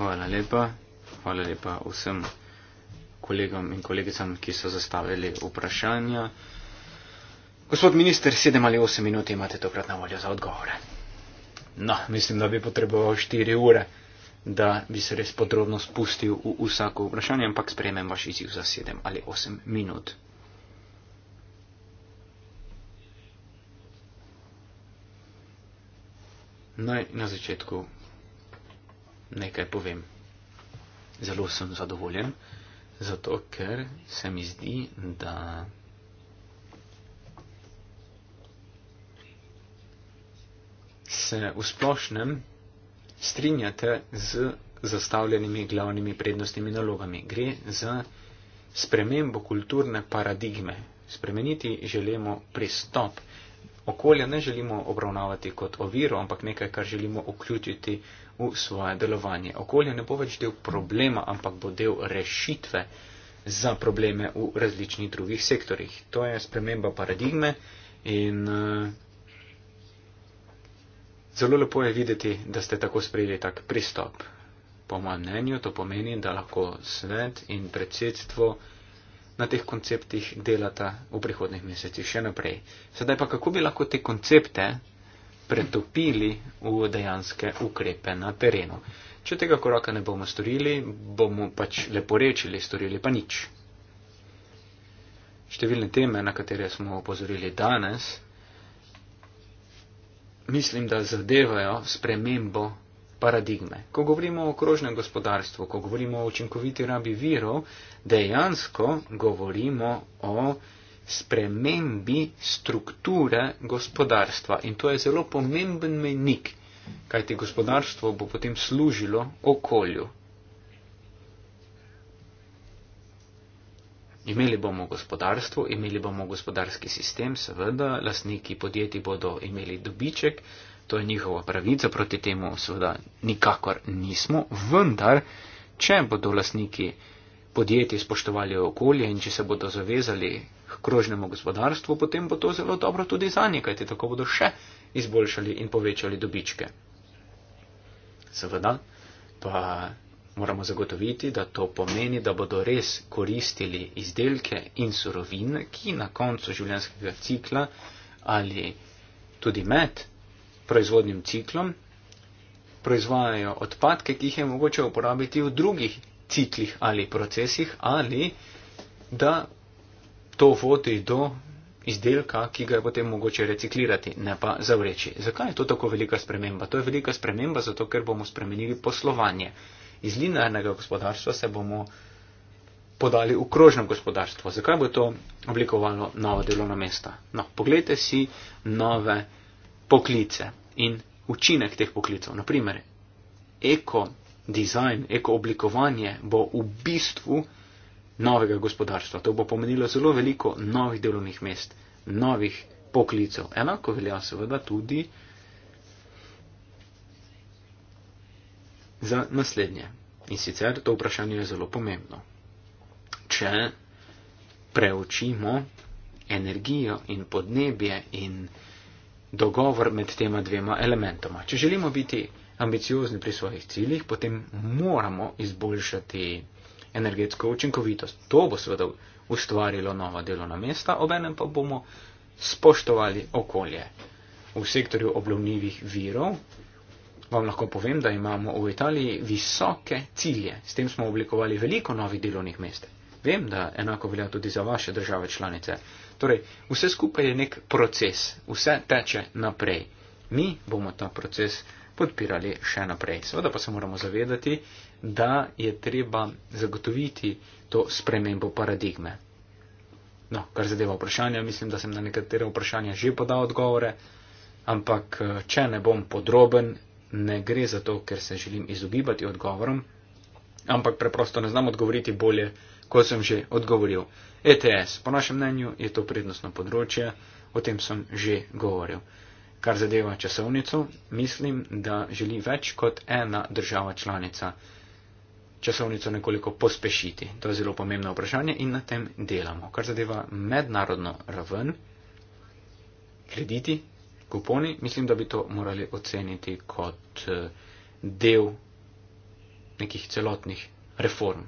Hvala lepa. Hvala lepa vsem kolegom in kolegicam, ki so zastavili vprašanja. Gospod minister, sedem ali osem minut imate tokrat na voljo za odgovore. No, mislim, da bi potreboval štiri ure da bi se res podrobno spustil v vsako vprašanje, ampak sprejemem vaš izjiv za 7 ali 8 minut. Naj na začetku nekaj povem. Zelo sem zadovoljen, zato ker se mi zdi, da se v splošnem strinjate z zastavljenimi glavnimi prednostnimi nalogami. Gre za spremembo kulturne paradigme. Spremeniti želimo pristop. Okolje ne želimo obravnavati kot oviro, ampak nekaj, kar želimo vključiti v svoje delovanje. Okolje ne bo več del problema, ampak bo del rešitve za probleme v različnih drugih sektorjih. To je sprememba paradigme in uh, Zelo lepo je videti, da ste tako sprejeli tak pristop. Po mojem mnenju to pomeni, da lahko svet in predsedstvo na teh konceptih delata v prihodnih mesecih še naprej. Sedaj pa kako bi lahko te koncepte pretopili v dejanske ukrepe na terenu. Če tega koraka ne bomo storili, bomo pač leporečili, storili pa nič. Številne teme, na katere smo opozorili danes, mislim, da zadevajo spremembo paradigme. Ko govorimo o krožnem gospodarstvu, ko govorimo o učinkoviti rabi virov, dejansko govorimo o spremembi strukture gospodarstva. In to je zelo pomemben menik, kajti gospodarstvo bo potem služilo okolju. Imeli bomo gospodarstvo, imeli bomo gospodarski sistem, seveda, lastniki podjetij bodo imeli dobiček, to je njihova pravica, proti temu seveda nikakor nismo, vendar, če bodo lastniki podjetij spoštovali okolje in če se bodo zavezali k krožnemu gospodarstvu, potem bo to zelo dobro tudi za njih, kajti tako bodo še izboljšali in povečali dobičke. Seveda, pa moramo zagotoviti, da to pomeni, da bodo res koristili izdelke in surovine, ki na koncu življenjskega cikla ali tudi med proizvodnim ciklom proizvajajo odpadke, ki jih je mogoče uporabiti v drugih ciklih ali procesih ali da to vodi do izdelka, ki ga je potem mogoče reciklirati, ne pa zavreči. Zakaj je to tako velika sprememba? To je velika sprememba zato, ker bomo spremenili poslovanje iz linearnega gospodarstva se bomo podali v krožnem gospodarstvu. Zakaj bo to oblikovalo nova delovna mesta? No, poglejte si nove poklice in učinek teh poklicov. Naprimer, eko dizajn, eko oblikovanje bo v bistvu novega gospodarstva. To bo pomenilo zelo veliko novih delovnih mest, novih poklicov. Enako velja seveda tudi za naslednje. In sicer to vprašanje je zelo pomembno. Če preučimo energijo in podnebje in dogovor med tema dvema elementoma. Če želimo biti ambiciozni pri svojih ciljih, potem moramo izboljšati energetsko učinkovitost. To bo seveda ustvarilo nova delovna mesta, obenem pa bomo spoštovali okolje. V sektorju obnovljivih virov vam lahko povem, da imamo v Italiji visoke cilje. S tem smo oblikovali veliko novih delovnih mest. Vem, da enako velja tudi za vaše države članice. Torej, vse skupaj je nek proces, vse teče naprej. Mi bomo ta proces podpirali še naprej. Seveda pa se moramo zavedati, da je treba zagotoviti to spremembo paradigme. No, kar zadeva vprašanja, mislim, da sem na nekatere vprašanja že podal odgovore, ampak eh, če ne bom podroben, ne gre za to, ker se želim izogibati odgovorom, ampak preprosto ne znam odgovoriti bolje, kot sem že odgovoril. ETS, po našem mnenju, je to prednostno področje, o tem sem že govoril. Kar zadeva časovnico, mislim, da želi več kot ena država članica časovnico nekoliko pospešiti. To je zelo pomembno vprašanje in na tem delamo. Kar zadeva mednarodno raven, krediti, kuponi, mislim, da bi to morali oceniti kot eh, del nekih celotnih reform.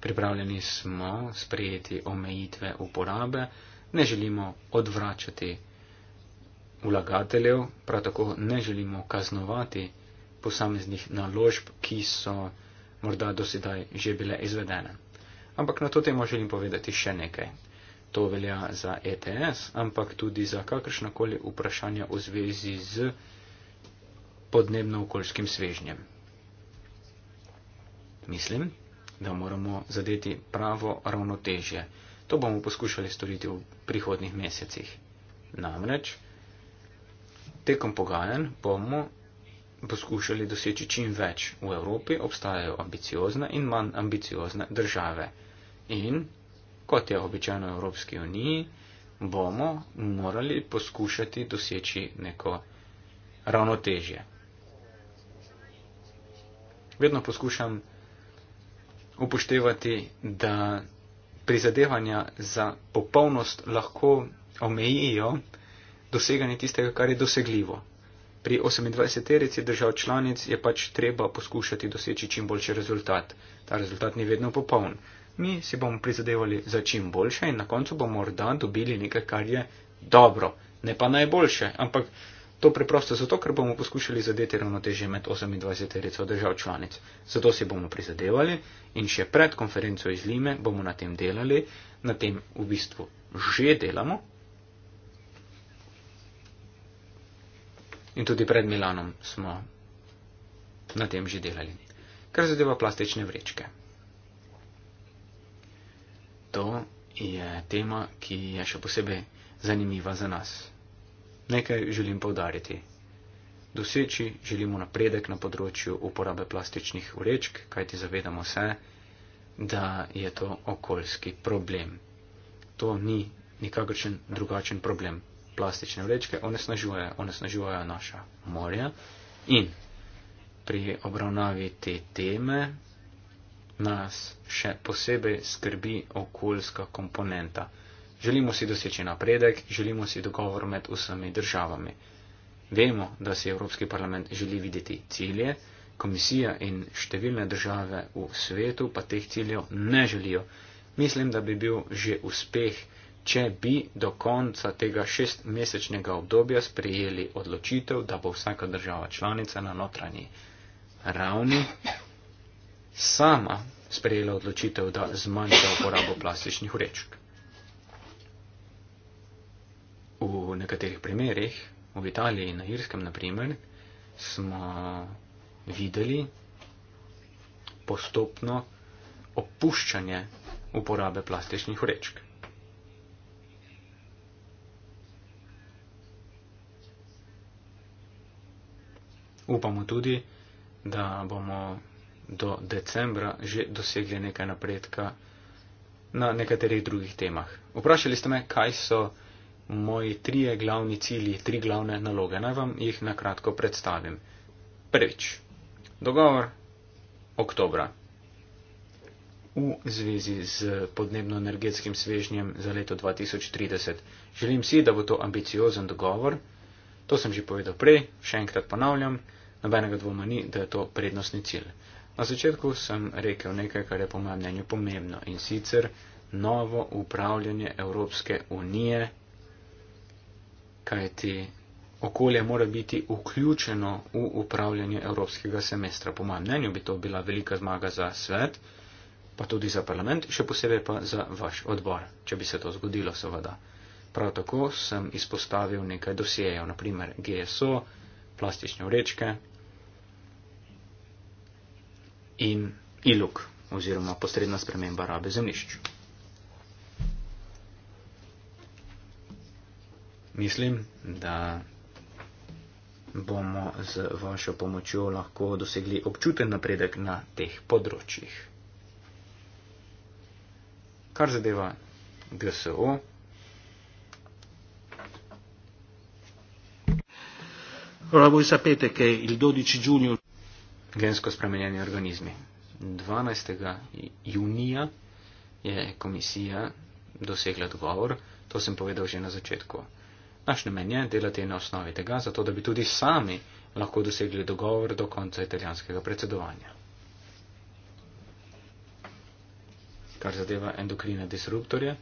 Pripravljeni smo sprejeti omejitve uporabe, ne želimo odvračati vlagateljev, prav tako ne želimo kaznovati posameznih naložb, ki so morda dosedaj že bile izvedene. Ampak na to temo želim povedati še nekaj. To velja za ETS, ampak tudi za kakršnakoli vprašanja v zvezi z podnebno-okoljskim svežnjem. Mislim, da moramo zadeti pravo ravnotežje. To bomo poskušali storiti v prihodnih mesecih. Namreč, tekom pogajanj bomo poskušali doseči čim več. V Evropi obstajajo ambiciozne in manj ambiciozne države. In, kot je običajno v Evropski uniji, bomo morali poskušati doseči neko ravnotežje. Vedno poskušam upoštevati, da prizadevanja za popolnost lahko omejijo doseganje tistega, kar je dosegljivo pri 28-terici držav članic je pač treba poskušati doseči čim boljši rezultat. Ta rezultat ni vedno popoln. Mi si bomo prizadevali za čim boljše in na koncu bomo morda dobili nekaj, kar je dobro, ne pa najboljše, ampak to preprosto zato, ker bomo poskušali zadeti ravnoteže med 28-terico držav članic. Zato si bomo prizadevali in še pred konferenco iz Lime bomo na tem delali, na tem v bistvu že delamo, In tudi pred Milanom smo na tem že delali. Kar zadeva plastične vrečke. To je tema, ki je še posebej zanimiva za nas. Nekaj želim povdariti. Doseči želimo napredek na področju uporabe plastičnih vrečk, kajti zavedamo se, da je to okoljski problem. To ni nikakršen drugačen problem plastične vrečke onesnažujejo, onesnažujejo naša morja. In pri obravnavi te teme nas še posebej skrbi okoljska komponenta. Želimo si doseči napredek, želimo si dogovor med vsemi državami. Vemo, da si Evropski parlament želi videti cilje, komisija in številne države v svetu pa teh ciljev ne želijo. Mislim, da bi bil že uspeh če bi do konca tega šestmesečnega obdobja sprejeli odločitev, da bo vsaka država članica na notranji ravni sama sprejela odločitev, da zmanjša uporabo plastičnih vrečk. V nekaterih primerih, v Italiji in na Irskem naprimer, smo videli postopno opuščanje uporabe plastičnih vrečk. Upamo tudi, da bomo do decembra že dosegli nekaj napredka na nekaterih drugih temah. Vprašali ste me, kaj so moji trije glavni cilji, tri glavne naloge. Naj vam jih na kratko predstavim. Prvič. Dogovor oktobra. V zvezi z podnebno-energetskim svežnjem za leto 2030. Želim si, da bo to ambiciozen dogovor. To sem že povedal prej, še enkrat ponavljam nobenega dvoma ni, da je to prednostni cilj. Na začetku sem rekel nekaj, kar je po mojem mnenju pomembno in sicer novo upravljanje Evropske unije, kajti okolje mora biti vključeno v upravljanje Evropskega semestra. Po mojem mnenju bi to bila velika zmaga za svet, pa tudi za parlament, še posebej pa za vaš odbor, če bi se to zgodilo, seveda. Prav tako sem izpostavil nekaj dosjejev, naprimer GSO, plastične vrečke, in ilug oziroma posredna sprememba rabe zemljišč. Mislim, da bomo z vašo pomočjo lahko dosegli občuten napredek na teh področjih. Kar zadeva GSO, Hvala, Bojsa Petek, Ildodič Junior gensko spremenjeni organizmi. 12. junija je komisija dosegla dogovor, to sem povedal že na začetku. Naš namen je delati na osnovi tega, zato da bi tudi sami lahko dosegli dogovor do konca italijanskega predsedovanja. Kar zadeva endokrine disruptorje,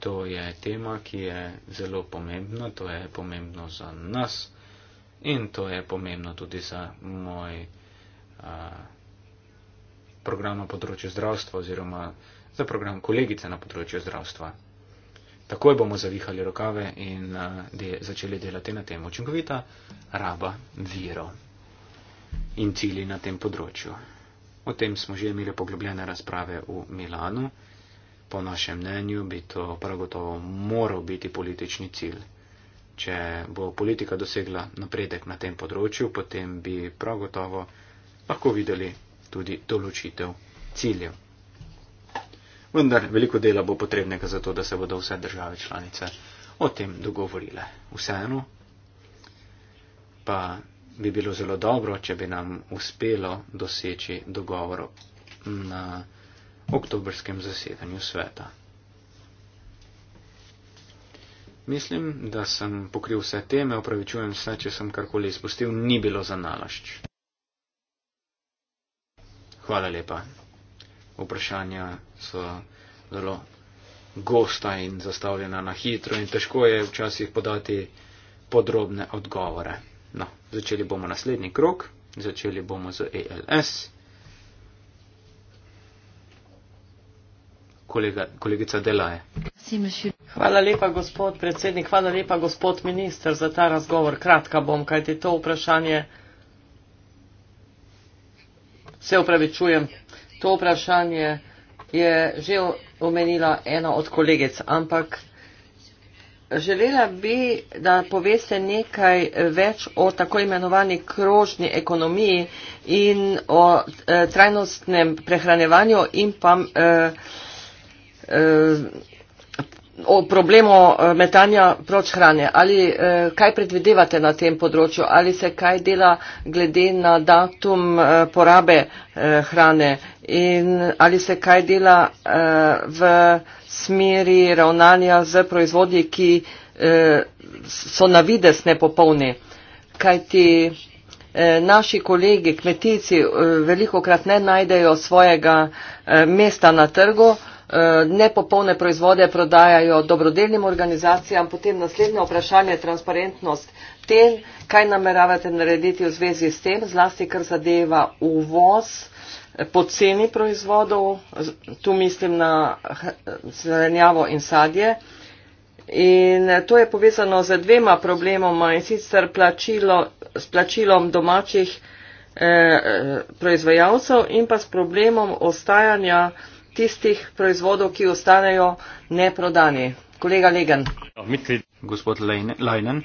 to je tema, ki je zelo pomembna, to je pomembno za nas In to je pomembno tudi za moj a, program na področju zdravstva oziroma za program kolegice na področju zdravstva. Takoj bomo zavihali rokave in a, de, začeli delati na tem učinkovita raba virov in cili na tem področju. O tem smo že imeli poglobljene razprave v Milanu. Po našem mnenju bi to prav gotovo moral biti politični cilj če bo politika dosegla napredek na tem področju, potem bi prav gotovo lahko videli tudi določitev ciljev. Vendar veliko dela bo potrebnega za to, da se bodo vse države članice o tem dogovorile. Vseeno pa bi bilo zelo dobro, če bi nam uspelo doseči dogovor na oktobrskem zasedanju sveta. Mislim, da sem pokril vse teme, opravičujem se, če sem karkoli izpustil, ni bilo za nalašč. Hvala lepa. Vprašanja so zelo gosta in zastavljena na hitro in težko je včasih podati podrobne odgovore. No, začeli bomo naslednji krok, začeli bomo z ALS. kolega, kolegica Delaje. Hvala lepa, gospod predsednik, hvala lepa, gospod minister, za ta razgovor. Kratka bom, kajti to vprašanje. Se upravičujem. To vprašanje je že omenila ena od kolegic, ampak želela bi, da poveste nekaj več o tako imenovani krožni ekonomiji in o eh, trajnostnem prehranevanju in pa. Eh, Eh, o problemu eh, metanja proč hrane. Ali eh, kaj predvidevate na tem področju? Ali se kaj dela glede na datum porabe hrane? In ali se kaj dela v smeri ravnanja z proizvodji, ki so na vides nepopolni? Kaj ti naši kolegi, kmetici, veliko krat ne najdejo svojega mesta na trgu? Eh, nepopolne proizvode prodajajo dobrodelnim organizacijam. Potem naslednje vprašanje, transparentnost tem, kaj nameravate narediti v zvezi s tem, zlasti kar zadeva uvoz eh, poceni proizvodov, tu mislim na zelenjavo in sadje. In eh, to je povezano z dvema problemoma in sicer plačilo, s plačilom domačih eh, proizvajalcev in pa s problemom ostajanja eh, tistih proizvodov, ki ostanejo neprodani. Kolega Legan. Gospod Leinen,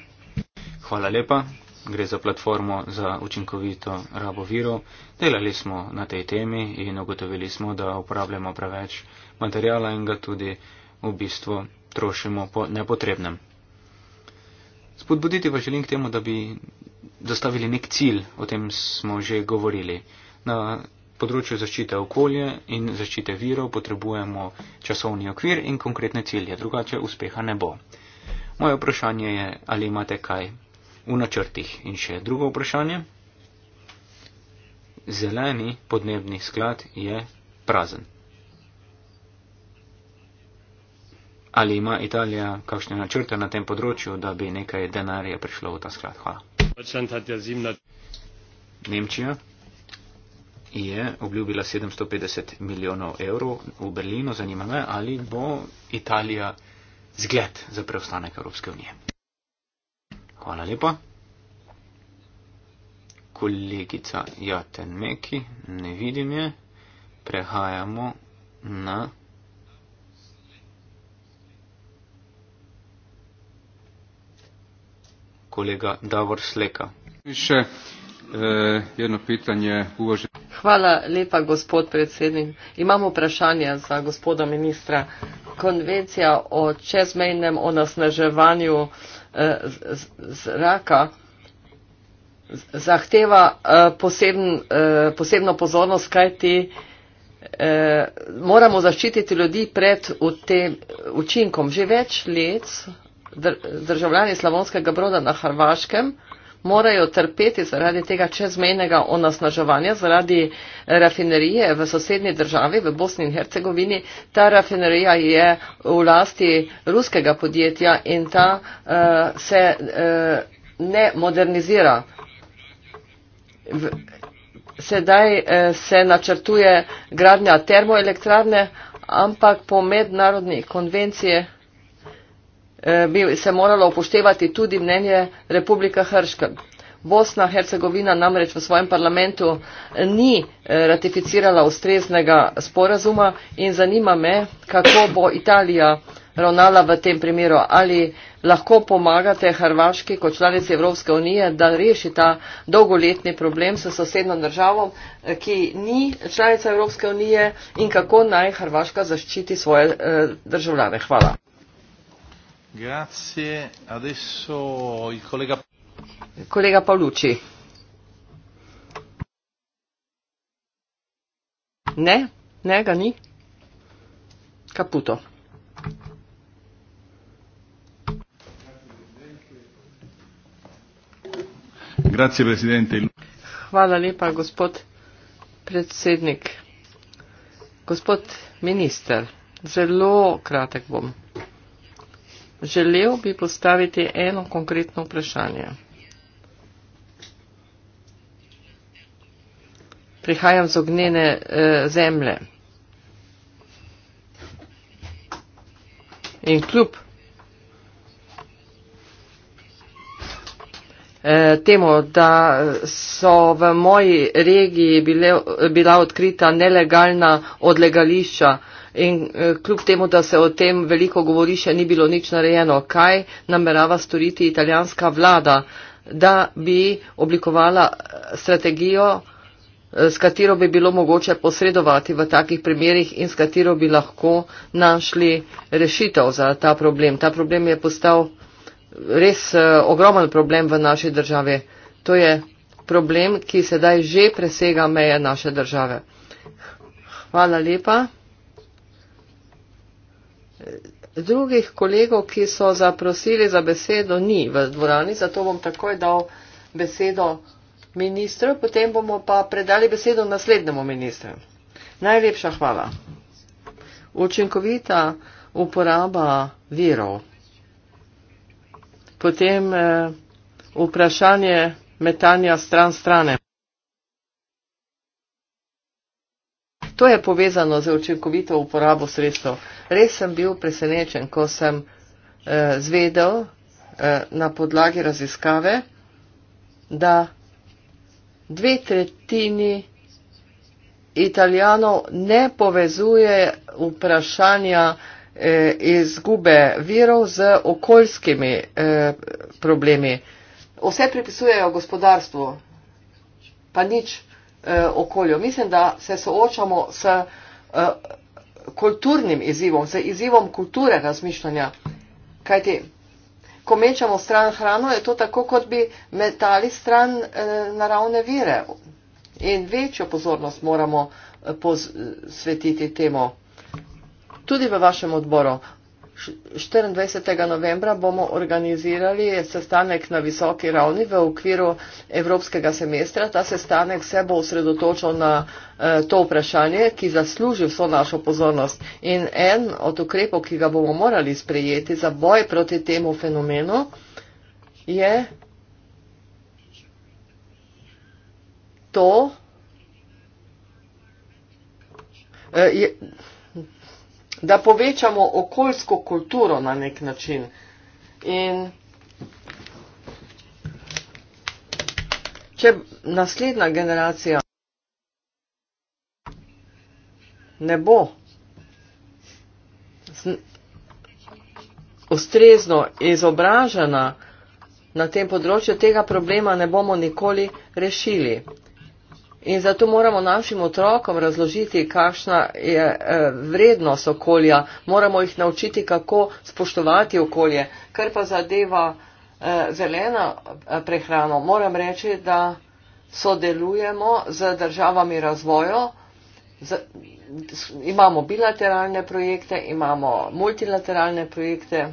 hvala lepa. Gre za platformo za učinkovito rabo virov. Delali smo na tej temi in ugotovili smo, da uporabljamo preveč materijala in ga tudi v bistvu trošimo po nepotrebnem. Spodbuditi pa želim k temu, da bi zastavili nek cilj, o tem smo že govorili. Na področju zaščite okolja in zaščite virov potrebujemo časovni okvir in konkretne cilje, drugače uspeha ne bo. Moje vprašanje je, ali imate kaj v načrtih. In še drugo vprašanje. Zeleni podnebni sklad je prazen. Ali ima Italija kakšne načrte na tem področju, da bi nekaj denarja prišlo v ta sklad? Hvala. Ja Nemčija je obljubila 750 milijonov evrov v Berlinu. Zanima me, ali bo Italija zgled za preostanek Evropske unije. Hvala lepa. Kolegica Jaten Meki, ne vidim je. Prehajamo na. Kolega Davor Sleka. Še Eh, jedno pitanje uvaženi. Hvala lepa, gospod predsednik. Imamo vprašanje za gospoda ministra. Konvencija o čezmejnem onosnaževanju eh, zraka zahteva eh, poseben, posebno pozornost, kajti moramo zaščititi ljudi pred tem učinkom. Že več let državljani Slavonskega broda na Hrvaškem morajo trpeti zaradi tega čezmejnega onasnaževanja zaradi rafinerije v sosednji državi, v Bosni in Hercegovini. Ta rafinerija je v lasti ruskega podjetja in ta uh, se uh, ne modernizira. V, sedaj uh, se načrtuje gradnja termoelektrarne, ampak po mednarodni konvenciji Eh, bi se moralo upoštevati tudi mnenje Republika Hrška. Bosna Hercegovina namreč v svojem parlamentu ni eh, ratificirala ustreznega sporazuma in zanima me, kako bo Italija ravnala v tem primeru. Ali lahko pomagate Hrvaški kot članici Evropske unije, da reši ta dolgoletni problem s sosedno državo, eh, ki ni članica Evropske unije in kako naj Hrvaška zaščiti svoje državljane? Hvala. Grazie. Adesso il collega, il collega Paolucci. Ne? Ne, Gani? Caputo. Grazie Presidente. Hvala lepa, gospod predsednik. Gospod minister, zelo kratek bom. Želel bi postaviti eno konkretno vprašanje. Prihajam z ognjene eh, zemlje. In kljub eh, temu, da so v moji regiji bile, bila odkrita nelegalna odlegališča, eh, in e, kljub temu, da se o tem veliko govori, še ni bilo nič narejeno. Kaj namerava storiti italijanska vlada, da bi oblikovala e, strategijo, e, s katero bi bilo mogoče posredovati v takih primerjih in s katero bi lahko našli rešitev za ta problem. Ta problem je postal res ogromen problem v naši državi. To je problem, ki sedaj že presega meje naše države. Hvala lepa drugih kolegov, ki so zaprosili za besedo, ni v dvorani, zato bom takoj dal besedo ministru, potem bomo pa predali besedo naslednjemu ministru. Najlepša hvala. Učinkovita uporaba virov. Potem eh, vprašanje metanja stran strane. To je povezano z učinkovito uporabo sredstev. Res sem bil presenečen, ko sem eh, zvedel eh, na podlagi raziskave, da dve tretjini italijanov ne povezuje vprašanja eh, izgube virov z okoljskimi eh, problemi. Vse pripisujejo gospodarstvu, pa nič Eh, okolju. Mislim, da se soočamo s eh, kulturnim izzivom, s izzivom kulture razmišljanja. Kajti, ko mečemo stran hrano, je to tako, kot bi metali stran eh, naravne vire. In večjo pozornost moramo posvetiti temu. Tudi v vašem odboru. 24. novembra bomo organizirali sestanek na visoki ravni v okviru evropskega semestra. Ta sestanek se bo osredotočil na eh, to vprašanje, ki zasluži vso našo pozornost. In en od ukrepov, ki ga bomo morali sprejeti za boj proti temu fenomenu, je to. Eh, je, da povečamo okoljsko kulturo na nek način. In če naslednja generacija ne bo ustrezno izobražena na tem področju, tega problema ne bomo nikoli rešili. In zato moramo našim otrokom razložiti, kakšna je eh, vrednost okolja, moramo jih naučiti, kako spoštovati okolje. Kar pa zadeva eh, zeleno eh, prehrano, moram reči, da sodelujemo z državami razvojo, z, imamo bilateralne projekte, imamo multilateralne projekte.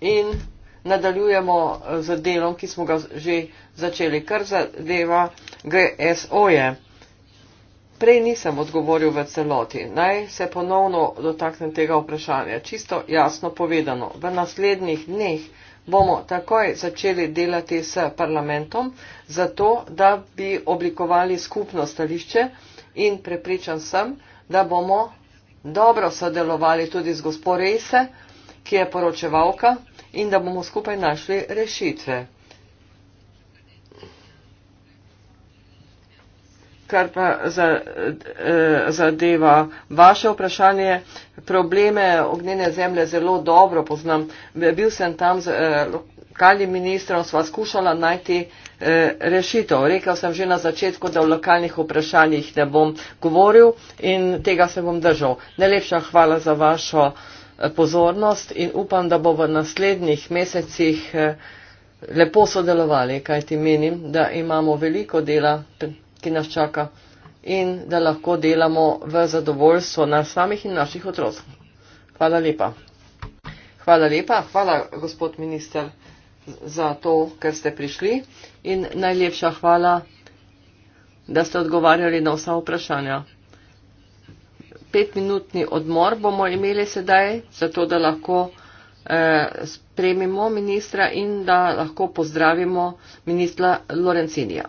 In nadaljujemo eh, z delom, ki smo ga že začeli, kar zadeva GSO-je. Prej nisem odgovoril v celoti. Naj se ponovno dotaknem tega vprašanja. Čisto jasno povedano, v naslednjih dneh bomo takoj začeli delati s parlamentom, zato da bi oblikovali skupno stališče in prepričan sem, da bomo dobro sodelovali tudi z gospod Rejse, ki je poročevalka in da bomo skupaj našli rešitve. Kar pa eh, zadeva vaše vprašanje, probleme ognjene zemlje zelo dobro poznam. Bil sem tam z eh, lokalnim ministrom, sva skušala najti eh, rešitev. Rekel sem že na začetku, da v lokalnih vprašanjih ne bom govoril in tega se bom držal. Najlepša hvala za vašo vprašanje pozornost in upam, da bo v naslednjih mesecih eh, lepo sodelovali, kaj ti menim, da imamo veliko dela, ki nas čaka in da lahko delamo v zadovoljstvo nas samih in naših otrok. Hvala lepa. Hvala lepa, hvala gospod minister za to, ker ste prišli in najlepša hvala, da ste odgovarjali na vsa vprašanja petminutni odmor bomo imeli sedaj, zato da lahko eh, spremimo ministra in da lahko pozdravimo ministra Lorencinija.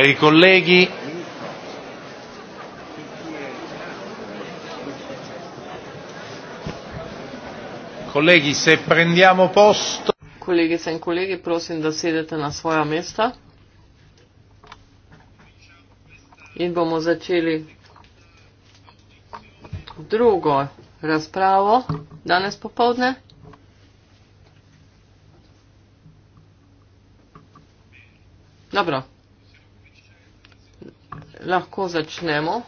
cari colleghi, colleghi se prendiamo posto. Colleghi e colleghi, prosim da sedete na svoja mesta. In bomo začeli drugo razpravo danes popovdne. Dobro, lahko začnemo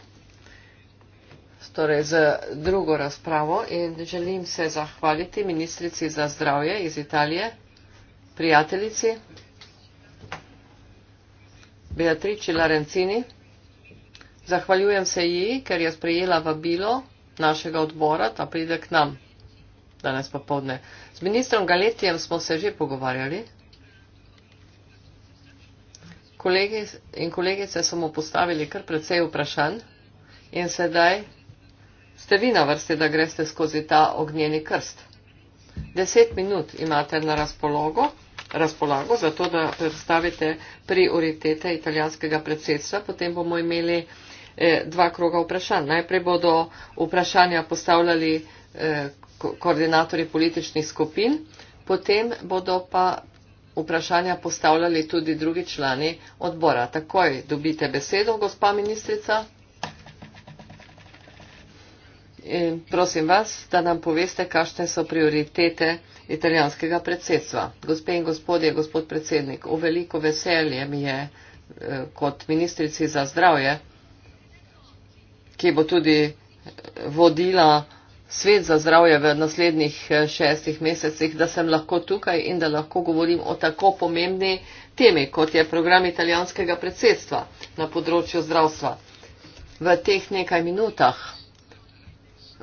torej z drugo razpravo in želim se zahvaliti ministrici za zdravje iz Italije, prijateljici Beatrici Larencini. Zahvaljujem se ji, ker je sprejela vabilo našega odbora, da pride k nam danes popovdne. Z ministrom Galetijem smo se že pogovarjali kolegi in kolegice so mu postavili kar precej vprašanj in sedaj ste vi na vrsti, da greste skozi ta ognjeni krst. Deset minut imate na razpolago, razpolago za to, da predstavite prioritete italijanskega predsedstva, potem bomo imeli eh, dva kroga vprašanj. Najprej bodo vprašanja postavljali eh, ko koordinatori političnih skupin, potem bodo pa vprašanja postavljali tudi drugi člani odbora. Takoj dobite besedo, gospa ministrica. In prosim vas, da nam poveste, kakšne so prioritete italijanskega predsedstva. Gospe in gospodje, gospod predsednik, v veliko veselje mi je eh, kot ministrici za zdravje, ki bo tudi eh, vodila svet za zdravje v naslednjih eh, šestih mesecih, da sem lahko tukaj in da lahko govorim o tako pomembni temi, kot je program italijanskega predsedstva na področju zdravstva. V teh nekaj minutah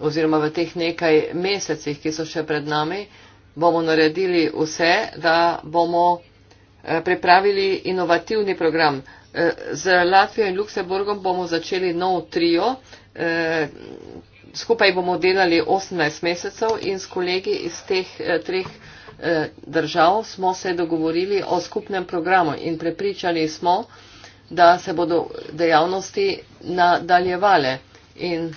oziroma v teh nekaj mesecih, ki so še pred nami, bomo naredili vse, da bomo eh, pripravili inovativni program. Eh, z Latvijo in Luksemburgom bomo začeli nov trio, skupaj bomo delali 18 mesecev in s kolegi iz teh eh, treh eh, držav smo se dogovorili o skupnem programu in prepričani smo, da se bodo dejavnosti nadaljevale in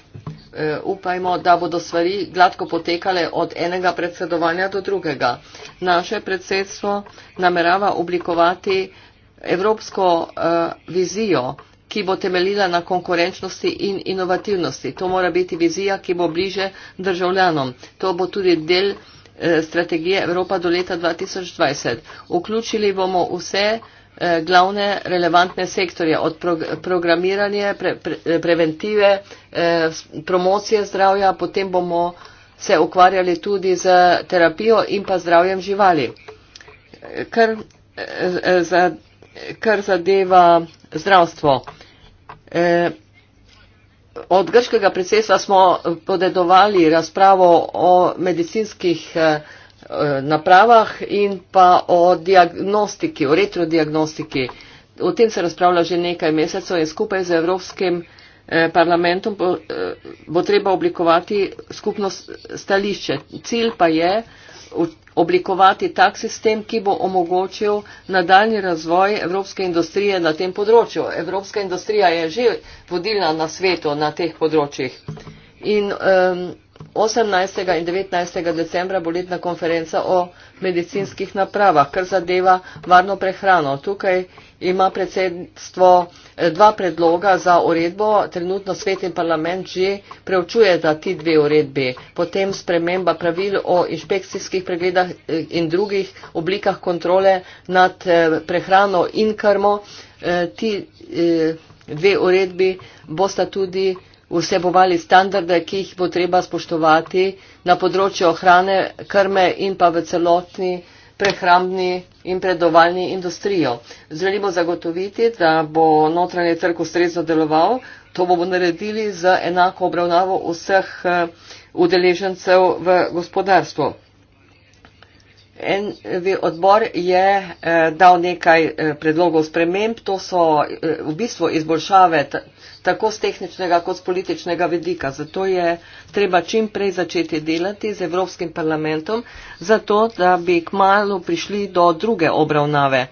eh, upajmo, da bodo stvari gladko potekale od enega predsedovanja do drugega. Naše predsedstvo namerava oblikovati evropsko eh, vizijo ki bo temeljila na konkurenčnosti in inovativnosti. To mora biti vizija, ki bo bliže državljanom. To bo tudi del eh, strategije Evropa do leta 2020. Vključili bomo vse eh, glavne relevantne sektorje od prog programiranja, pre pre preventive, eh, promocije zdravja, potem bomo se ukvarjali tudi z terapijo in pa zdravjem živali. Kar, eh, eh, kar zadeva zdravstvo. E, od grškega predsedstva smo podedovali razpravo o medicinskih e, napravah in pa o diagnostiki, o retrodiagnostiki. O tem se razpravlja že nekaj mesecev in skupaj z Evropskim e, parlamentom bo, bo treba oblikovati skupno stališče. Cilj pa je oblikovati tak sistem, ki bo omogočil nadaljni razvoj evropske industrije na tem področju. Evropska industrija je že vodilna na svetu na teh področjih. In um, osemnajst in devetnajst decembra bo letna konferenca o medicinskih napravah kar zadeva varno prehrano tukaj ima predsedstvo eh, dva predloga za uredbo trenutno svet in parlament že preučujeta ti dve uredbi potem sprememba pravil o inšpekcijskih pregledah eh, in drugih oblikah kontrole nad eh, prehrano in krmo ti dve uredbi bosta tudi vsebovali standarde, ki jih bo treba spoštovati na področju ohrane, krme in pa v celotni prehrambni in predovalni industrijo. Želimo zagotoviti, da bo notranje trg ustrezno deloval. To bomo naredili z enako obravnavo vseh eh, udeležencev v gospodarstvu. NV odbor je eh, dal nekaj eh, predlogov sprememb, to so v bistvu izboljšave tako z tehničnega kot z političnega vedika. Zato je treba čim prej začeti delati z Evropskim parlamentom, zato da bi k malu prišli do druge obravnave.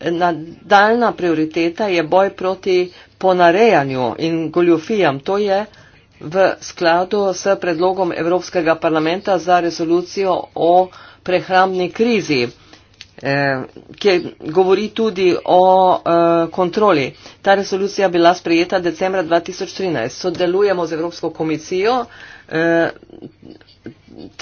Nadaljna prioriteta je boj proti ponarejanju in goljofijam. To je v skladu s predlogom Evropskega parlamenta za rezolucijo o prehrambni krizi. Eh, ki govori tudi o eh, kontroli. Ta resolucija bila sprejeta decembra 2013. Sodelujemo z Evropsko komisijo. 23. Eh,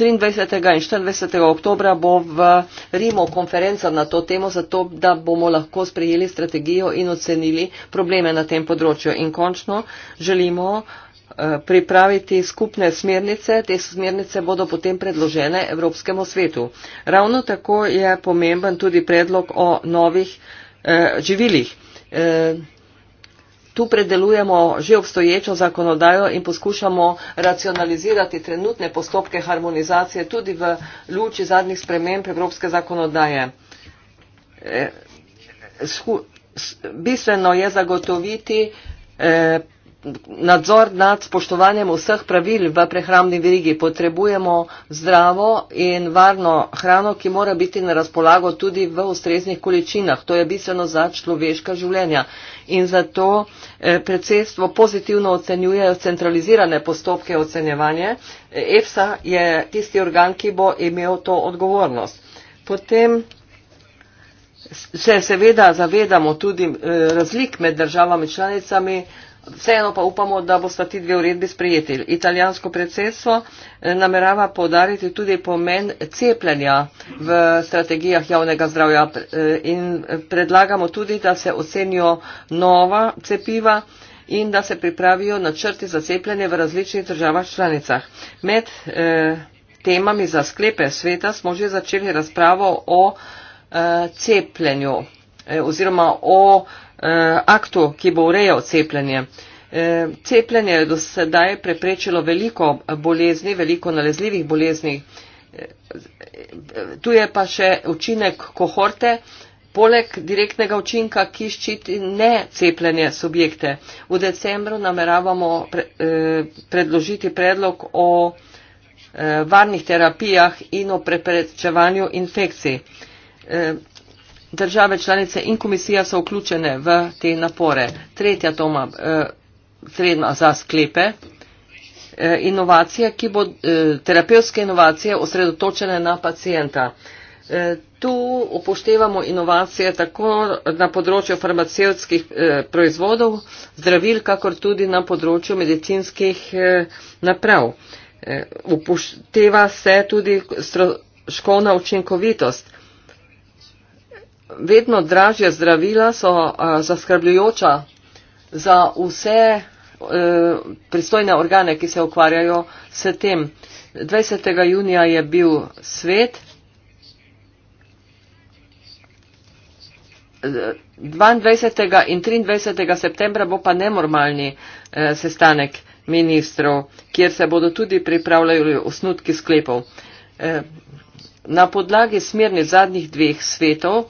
in 24. oktobra bo v Rimu konferenca na to temo, zato da bomo lahko sprejeli strategijo in ocenili probleme na tem področju. In končno želimo uh, Eh, pripraviti skupne smernice. Te smernice bodo potem predložene Evropskemu svetu. Ravno tako je pomemben tudi predlog o novih eh, živilih. Eh, tu predelujemo že obstoječo zakonodajo in poskušamo racionalizirati trenutne postopke harmonizacije tudi v luči zadnjih sprememb evropske zakonodaje. Bistveno je zagotoviti nadzor nad spoštovanjem vseh pravil v prehrambni verigi. Potrebujemo zdravo in varno hrano, ki mora biti na razpolago tudi v ustreznih količinah. To je bistveno za človeška življenja. In zato eh, predsedstvo pozitivno ocenjuje centralizirane postopke ocenjevanja. EFSA je tisti organ, ki bo imel to odgovornost. Potem se seveda zavedamo tudi eh, razlik med državami članicami, vseeno pa upamo, da bosta ti dve uredbi sprejeti. Italijansko predsedstvo eh, namerava podariti tudi pomen cepljenja v strategijah javnega zdravja eh, in eh, predlagamo tudi, da se ocenijo nova cepiva in da se pripravijo načrti za cepljenje v različnih državah članicah. Med eh, temami za sklepe sveta smo že začeli razpravo o eh, cepljenju eh, oziroma o eh, Eh, aktu, ki bo urejal cepljenje. Eh, cepljenje je do sedaj preprečilo veliko bolezni, veliko nalezljivih bolezni. Eh, tu je pa še učinek kohorte, poleg direktnega učinka, ki ščiti ne cepljenje subjekte. V decembru nameravamo predložiti predlog o varnih terapijah in o preprečevanju infekcij. Države članice in komisija so vključene v te napore. Tretja toma, eh, srednja za sklepe, eh, inovacije, ki bo, eh, terapevske inovacije osredotočene na pacijenta. Tu upoštevamo inovacije tako na področju farmacevskih proizvodov, zdravil, kakor tudi na področju medicinskih naprav. Upošteva se tudi stroškovna učinkovitost vedno dražja zdravila so uh, zaskrbljujoča za vse uh, pristojne organe, ki se ukvarjajo s tem. 20. junija je bil svet, 22. in 23. septembra bo pa nenormalni uh, sestanek ministrov, kjer se bodo tudi pripravljali osnutki sklepov. Uh, na podlagi smerni zadnjih dveh svetov,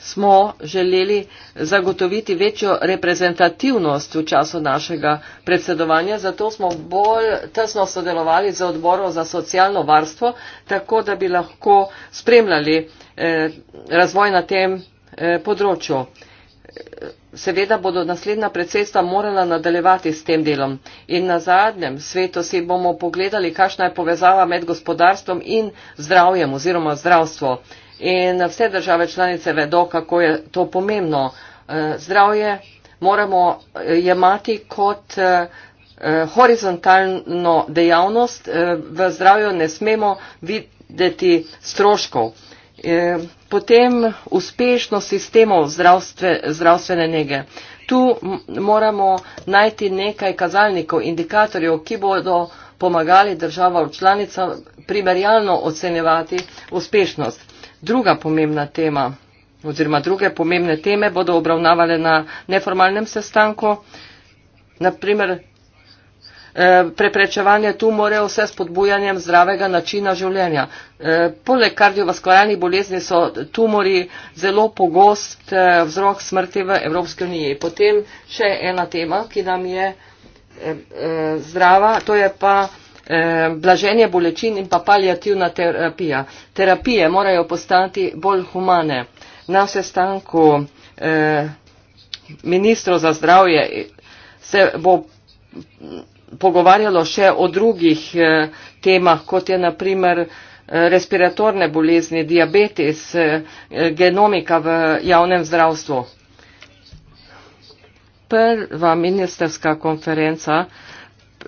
smo želeli zagotoviti večjo reprezentativnost v času našega predsedovanja, zato smo bolj tesno sodelovali z odborom za socialno varstvo, tako da bi lahko spremljali eh, razvoj na tem eh, področju. Seveda bodo naslednja predsedstva morala nadaljevati s tem delom in na zadnjem svetu si bomo pogledali, kakšna je povezava med gospodarstvom in zdravjem oziroma zdravstvo. In vse države članice vedo, kako je to pomembno. Eh, zdravje moramo eh, jemati kot eh, horizontalno dejavnost. V zdravju ne smemo videti stroškov. Potem uspešno sistemov zdravstve, zdravstvene nege. Tu moramo najti nekaj kazalnikov, indikatorjev, ki bodo pomagali država v članica primerjalno ocenjevati uspešnost druga pomembna tema oziroma druge pomembne teme bodo obravnavale na neformalnem sestanku. Naprimer, eh, preprečevanje tumore vse s podbujanjem zdravega načina življenja. Eh, poleg kardiovaskularnih bolezni so tumori zelo pogost eh, vzrok smrti v Evropski uniji. Potem še ena tema, ki nam je zdrava, to je pa Eh, blaženje bolečin in pa palijativna terapija. Terapije morajo postati bolj humane. Na sestanku eh, ministro za zdravje se bo pogovarjalo še o drugih eh, temah, kot je naprimer respiratorne bolezni, diabetes, genomika v javnem zdravstvu. Prva ministerska konferenca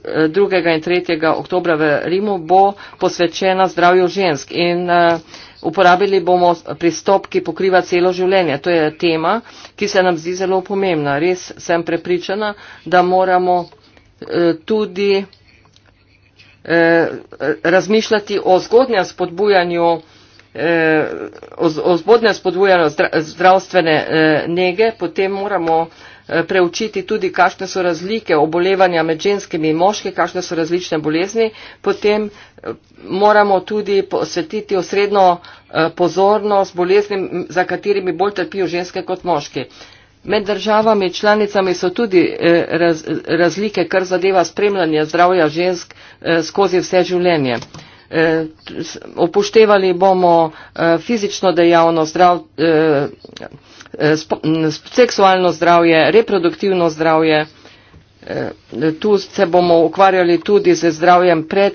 2. in 3. oktobra v Rimu bo posvečena zdravju žensk in eh, uporabili bomo pristop, ki pokriva celo življenje. To je tema, ki se nam zdi zelo pomembna. Res sem prepričana, da moramo eh, tudi eh, razmišljati o zgodnjem spodbujanju o zgodnjem spodbujanju zdravstvene nege, potem moramo Eh, preučiti tudi, kakšne so razlike obolevanja med ženskimi in moški, kakšne so različne bolezni, potem eh, moramo tudi posvetiti osredno eh, pozornost boleznim, za katerimi bolj trpijo ženske kot moški. Med državami članicami so tudi raz, razlike, kar zadeva spremljanje zdravja žensk skozi vse življenje. Eh, upoštevali bomo eh, fizično dejavnost, zdrav, eh, seksualno zdravje, reproduktivno zdravje. Tu se bomo ukvarjali tudi z zdravjem pred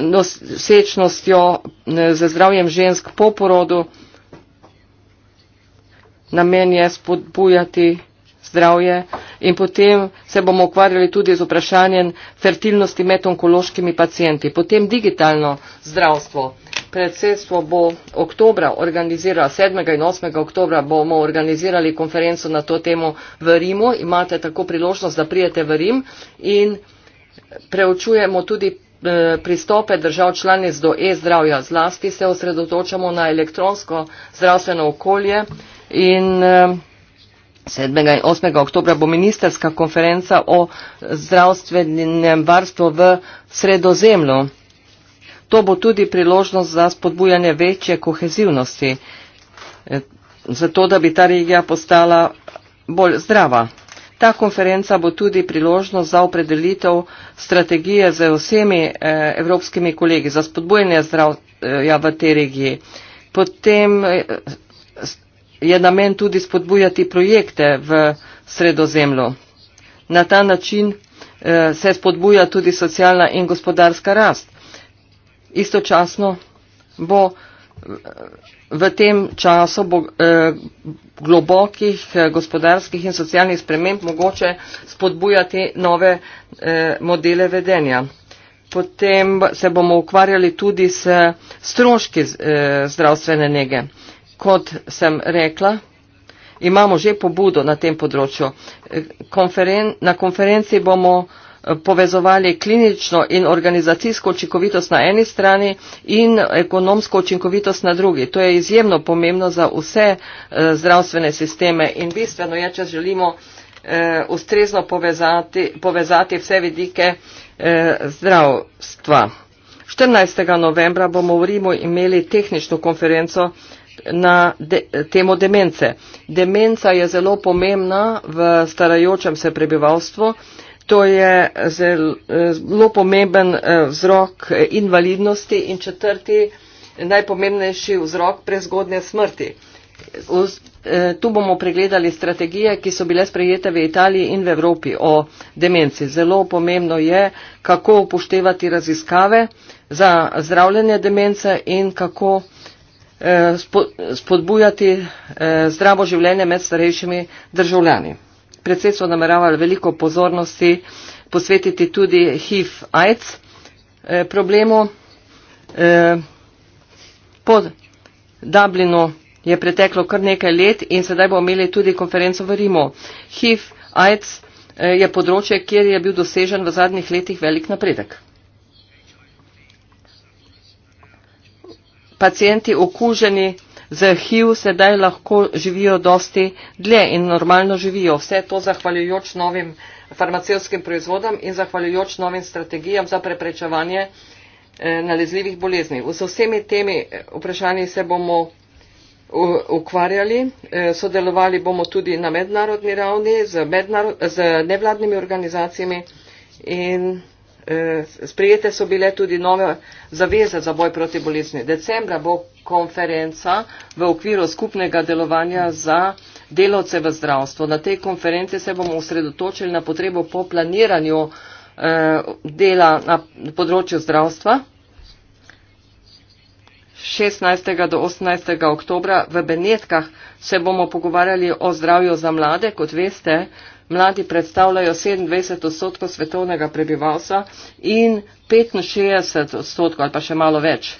nosečnostjo, z zdravjem žensk po porodu. Namen je spodbujati zdravje in potem se bomo ukvarjali tudi z vprašanjem fertilnosti med onkološkimi pacijenti. Potem digitalno zdravstvo. Predsedstvo bo oktobra organiziralo, 7. in 8. oktobra bomo organizirali konferenco na to temo v Rimu. Imate tako priložnost, da prijete v Rim in preučujemo tudi eh, pristope držav članic do e-zdravja. Zlasti se osredotočamo na elektronsko zdravstveno okolje in eh, 7. in 8. oktobra bo ministerska konferenca o zdravstvenem varstvu v sredozemlju. To bo tudi priložnost za spodbujanje večje kohezivnosti, eh, zato da bi ta regija postala bolj zdrava. Ta konferenca bo tudi priložnost za opredelitev strategije z vsemi eh, evropskimi kolegi za spodbujanje zdravja v tej regiji. Potem eh, je namen tudi spodbujati projekte v sredozemlju. Na ta način eh, se spodbuja tudi socialna in gospodarska rast. Istočasno bo v tem času eh, globokih eh, gospodarskih in socialnih sprememb mogoče spodbujati nove modele vedenja. Potem se bomo ukvarjali tudi s stroški zdravstvene nege kot sem rekla, imamo že pobudo na tem področju. Konferen na konferenci bomo eh, povezovali klinično in organizacijsko učinkovitost na eni strani in ekonomsko učinkovitost na drugi. To je izjemno pomembno za vse eh, zdravstvene sisteme in bistveno je, če želimo eh, ustrezno povezati, povezati vse vidike zdravstva. 14. novembra bomo v Rimu imeli tehnično konferenco na de, temo demence. Demenca je zelo pomembna v starajočem se prebivalstvu. To je zelo pomemben eh, vzrok invalidnosti in četrti najpomembnejši vzrok prezgodne smrti. Eh, tu bomo pregledali strategije, ki so bile sprejete v Italiji in v Evropi o demenci. Zelo pomembno je, kako upoštevati raziskave za zdravljenje demence in kako Eh, spodbujati eh, zdravo življenje med starejšimi državljani. Predsedstvo nameravali veliko pozornosti posvetiti tudi HIV-AIDS eh, problemu. Po Dublinu je preteklo kar nekaj let in sedaj bomo imeli tudi konferenco v Rimu. HIV-AIDS je področje, kjer je bil dosežen v zadnjih letih velik napredek. pacijenti okuženi z HIV sedaj lahko živijo dosti dlje in normalno živijo. Vse to zahvaljujoč novim farmacijskim proizvodom in zahvaljujoč novim strategijam za preprečevanje eh, nalezljivih bolezni. Z vsemi temi eh, vprašanji se bomo ukvarjali, eh, sodelovali bomo tudi na mednarodni ravni z, mednarod, z nevladnimi organizacijami in Eh, sprejete so bile tudi nove zaveze za boj proti bolezni. Decembra bo konferenca v okviru skupnega delovanja za delavce v zdravstvu. Na tej konferenci se bomo usredotočili na potrebo po planiranju eh, dela na področju zdravstva 16. do 18. oktobra v Benetkah se bomo pogovarjali o zdravju za mlade. Kot veste, mladi predstavljajo 27 odstotkov svetovnega prebivalstva in 65 odstotkov ali pa še malo več.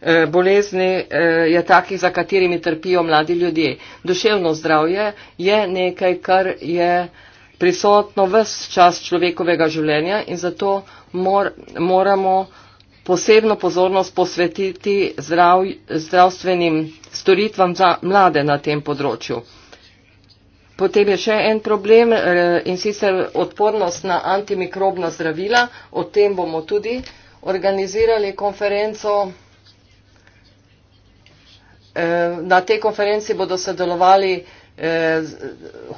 E, bolezni e, je takih, za katerimi trpijo mladi ljudje. Duševno zdravje je nekaj, kar je prisotno vse čas človekovega življenja in zato mor, moramo posebno pozornost posvetiti zdrav, zdravstvenim storitvam za mlade na tem področju. Potem je še en problem eh, in sicer odpornost na antimikrobna zdravila. O tem bomo tudi organizirali konferenco. Eh, na tej konferenci bodo sodelovali eh,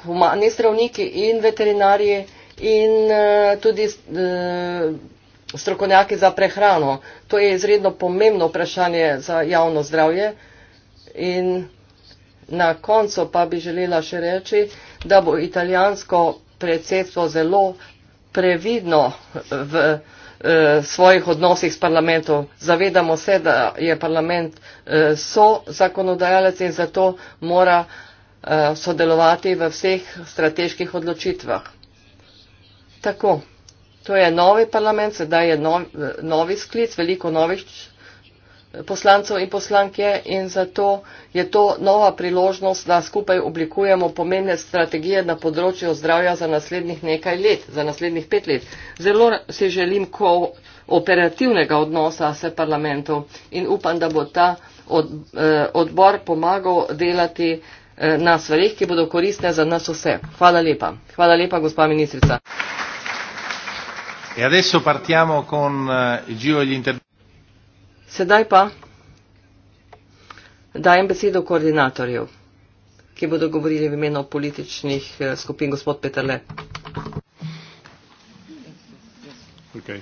humani zdravniki in veterinarji in tudi strokovnjaki za prehrano. To je izredno pomembno vprašanje za javno zdravje. In Na koncu pa bi želela še reči, da bo italijansko predsedstvo zelo previdno v eh, svojih odnosih s parlamentom. Zavedamo se, da je parlament eh, so zakonodajalec in zato mora eh, sodelovati v vseh strateških odločitvah. Tako, to je novi parlament, sedaj je novi sklic, veliko novih poslancev in poslanke in zato je to nova priložnost, da skupaj oblikujemo pomenne strategije na področju zdravja za naslednjih nekaj let, za naslednjih pet let. Zelo si želim ko operativnega odnosa s parlamentom in upam, da bo ta od, eh, odbor pomagal delati eh, na stvarih, ki bodo koristne za nas vse. Hvala lepa. Hvala lepa, gospa ministrica. E adesso partiamo con eh, il giro degli interventi. Sedaj pa dajem besedo koordinatorjev, ki bodo govorili v imenu političnih eh, skupin gospod Petrle. Okay.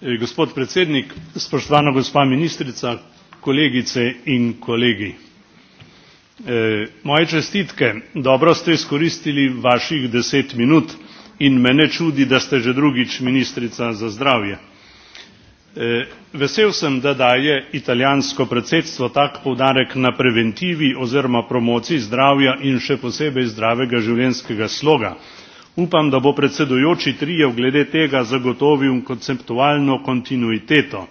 E, gospod predsednik, spoštovana gospa ministrica, kolegice in kolegi. E, moje čestitke dobro ste izkoristili vaših deset minut in me ne čudi da ste že drugič ministrica za zdravje. E, vesel sem da daje italijansko predsedstvo tak poudarek na preventivi oziroma promociji zdravja in še posebej zdravega življenjskega sloga. upam da bo predsedujoči triev glede tega zagotovil konceptualno kontinuiteto.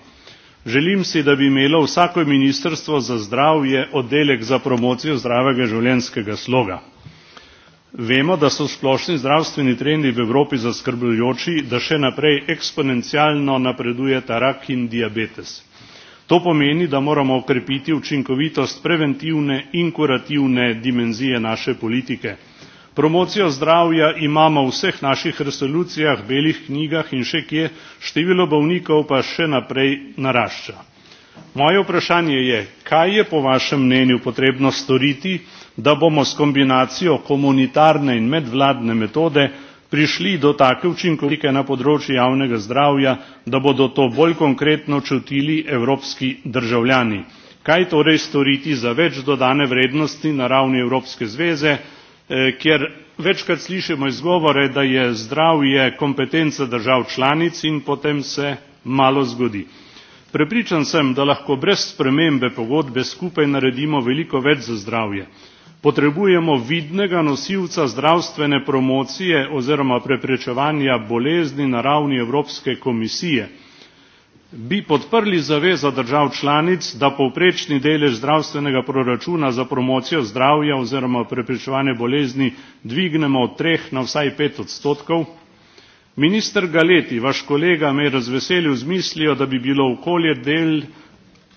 Želim si, da bi imelo vsako ministrstvo za zdravje oddelek za promocijo zdravega življenjskega sloga. Vemo, da so splošni zdravstveni trendi v Evropi zaskrbljujoči, da še naprej eksponencialno napreduje ta rak in diabetes. To pomeni, da moramo okrepiti učinkovitost preventivne in kurativne dimenzije naše politike promocijo zdravja imamo v vseh naših resolucijah belih knjigah in še kje število bolnikov pa še naprej narašča. moje vprašanje je kaj je po vašem mnenju potrebno storiti da bomo s kombinacijo komunitarne in medvladne metode prišli do take učinkovitosti na področju javnega zdravja da bodo to bolj konkretno čutili evropski državljani kaj torej storiti za več dodane vrednosti na ravni evropske zveze Eh, kjer večkrat slišimo izgovore da je zdravje kompetenca držav članic in potem se malo zgodi. prepričan sem da lahko brez spremembe pogodbe skupaj naredimo veliko več za zdravje. potrebujemo vidnega nosilca zdravstvene promocije oziroma preprečevanja bolezni na ravni evropske komisije bi podprli zavezo držav članic da povprečni delež zdravstvenega proračuna za promocijo zdravja oziroma preprečevanje bolezni dvignemo od treh na vsaj pet odstotkov minister galeti vaš kolega me je razveselil z mislijo da bi bilo okolje del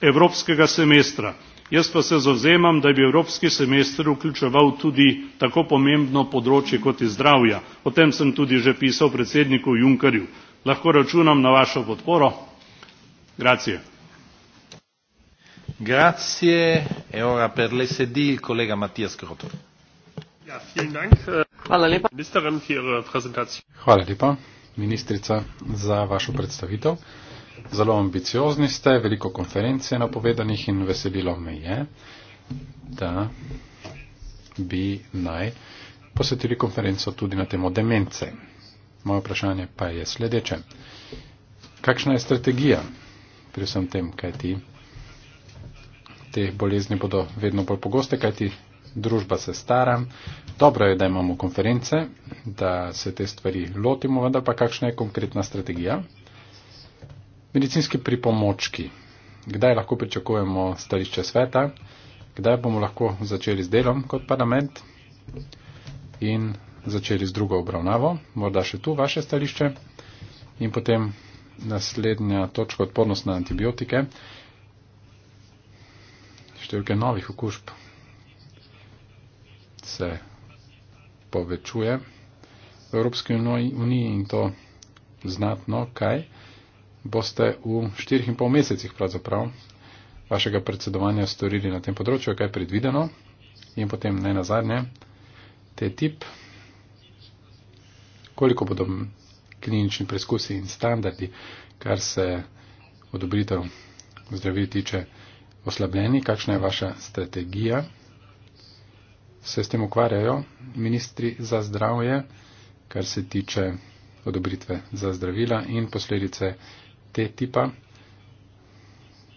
evropskega semestra jaz pa se zavzemam da bi evropski semester vključeval tudi tako pomembno področje kot je zdravje o tem sem tudi že pisal predsedniku junckerju lahko računam na vašo podporo? Grazie. Grazie. E ora per l'SD il collega Mattia Scroto. Ja, äh, Hvala lepa. Hvala lepa, ministrica, za vašo predstavitev. Zelo ambiciozni ste, veliko konference je napovedanih in veselilo me je, da bi naj posetili konferenco tudi na temo demence. Moje vprašanje pa je sledeče. Kakšna je strategija pri vsem tem, kajti te bolezni bodo vedno bolj pogoste, kajti družba se stara. Dobro je, da imamo konference, da se te stvari lotimo, vendar pa kakšna je konkretna strategija. Medicinski pripomočki. Kdaj lahko pričakujemo stališče sveta? Kdaj bomo lahko začeli z delom kot parlament in začeli z drugo obravnavo? Morda še tu vaše stališče in potem naslednja točka odpornost na antibiotike. Številke novih okužb se povečuje v Evropski uniji in to znatno, kaj boste v štirih in pol mesecih pravzaprav vašega predsedovanja storili na tem področju, kaj je predvideno in potem ne nazadnje te tip, koliko bodo klinični preskusi in standardi, kar se odobritev zdravil tiče oslabljeni, kakšna je vaša strategija. Se s tem ukvarjajo ministri za zdravje, kar se tiče odobritve za zdravila in posledice te tipa.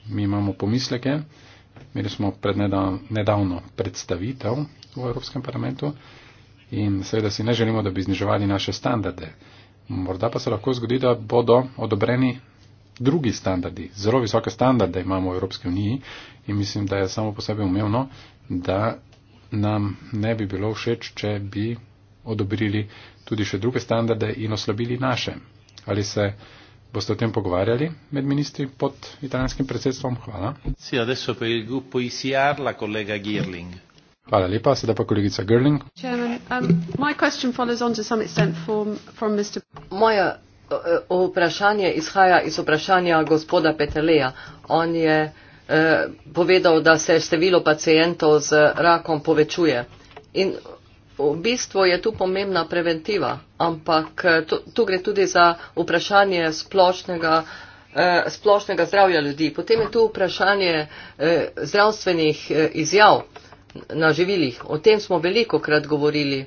Mi imamo pomisleke, imeli smo prednedavno predstavitev v Evropskem parlamentu in seveda si ne želimo, da bi zniževali naše standarde. Morda pa se lahko zgodi, da bodo odobreni drugi standardi, zelo visoke standarde imamo v Evropski uniji in mislim, da je samo po sebi umevno, da nam ne bi bilo všeč, če bi odobrili tudi še druge standarde in oslabili naše. Ali se boste o tem pogovarjali med ministri pod italijanskim predsedstvom? Hvala. E Hvala lepa, sedaj pa kolegica Girling. Chairman, um, Moje eh, vprašanje izhaja iz vprašanja gospoda Peteleja. On je eh, povedal, da se število pacijentov z rakom povečuje. In v bistvu je tu pomembna preventiva, ampak eh, tu, tu gre tudi za vprašanje splošnega, splošnega zdravja ljudi. Potem je tu vprašanje zdravstvenih izjav na živilih. O tem smo veliko krat govorili.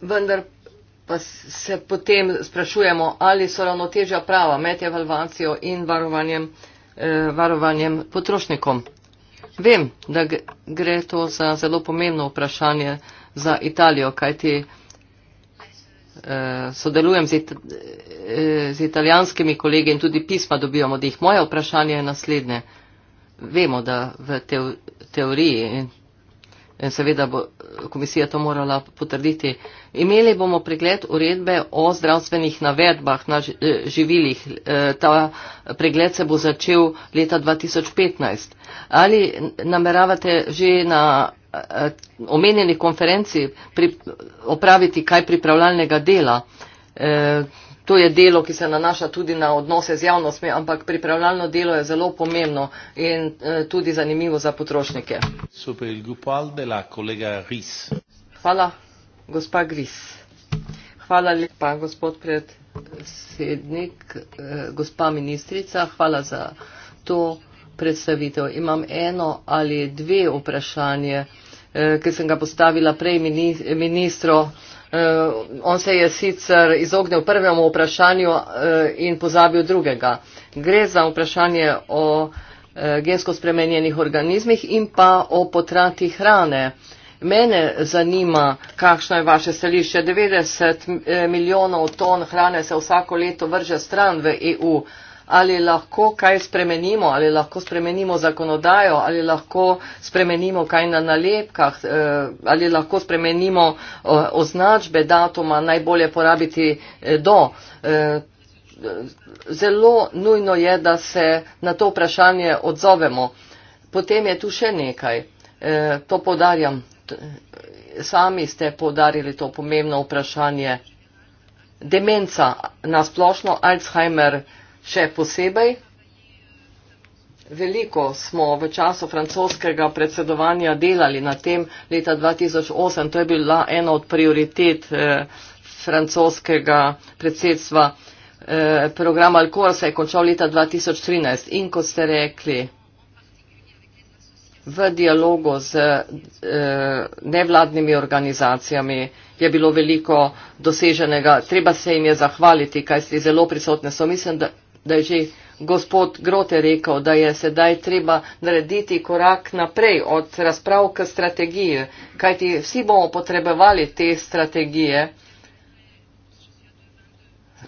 Vendar pa se potem sprašujemo, ali so ravnotežja prava med evalvacijo in varovanjem, eh, varovanjem potrošnikom. Vem, da gre to za zelo pomembno vprašanje za Italijo, kajti eh, sodelujem z, it, eh, z italijanskimi kolegi in tudi pisma dobivamo od njih. Moje vprašanje je naslednje. Vemo, da v teoriji in, in seveda bo komisija to morala potrditi. Imeli bomo pregled uredbe o zdravstvenih navedbah na eh, živilih. Eh, ta pregled se bo začel leta 2015. Ali nameravate že na eh, omenjeni konferenci opraviti kaj pripravljalnega dela? to je delo, ki se nanaša tudi na odnose z javnostmi, ampak pripravljalno delo je zelo pomembno in eh, tudi zanimivo za potrošnike. Hvala, gospa Gris. Hvala lepa, gospod predsednik, eh, gospa ministrica. Hvala za to predstavitev. Imam eno ali dve vprašanje, eh, ki sem ga postavila prej ministro. Uh, on se je sicer izognil prvemu vprašanju uh, in pozabil drugega. Gre za vprašanje o uh, gensko spremenjenih organizmih in pa o potrati hrane. Mene zanima, kakšno je vaše stališče. 90 milijonov ton hrane se vsako leto vrže stran v EU. Uh, ali lahko kaj spremenimo, ali lahko spremenimo zakonodajo, ali lahko spremenimo kaj na nalepkah, eh, ali lahko spremenimo eh, označbe datuma, najbolje porabiti eh, do. Zelo nujno je, da se na to vprašanje odzovemo. Potem je tu še nekaj, to podarjam. Sami ste podarili to pomembno vprašanje. Demenca na splošno, Alzheimer, še posebej. Veliko smo v času francoskega predsedovanja delali na tem leta 2008. To je bila ena od prioritet eh, francoskega predsedstva. Eh, program Alcor se je končal leta 2013 in kot ste rekli, v dialogu z eh, nevladnimi organizacijami je bilo veliko doseženega. Treba se jim je zahvaliti, kaj ste zelo prisotne. So, mislim, da, da je že gospod Grote rekel, da je sedaj treba narediti korak naprej od razprav k strategiji, kajti vsi bomo potrebovali te strategije.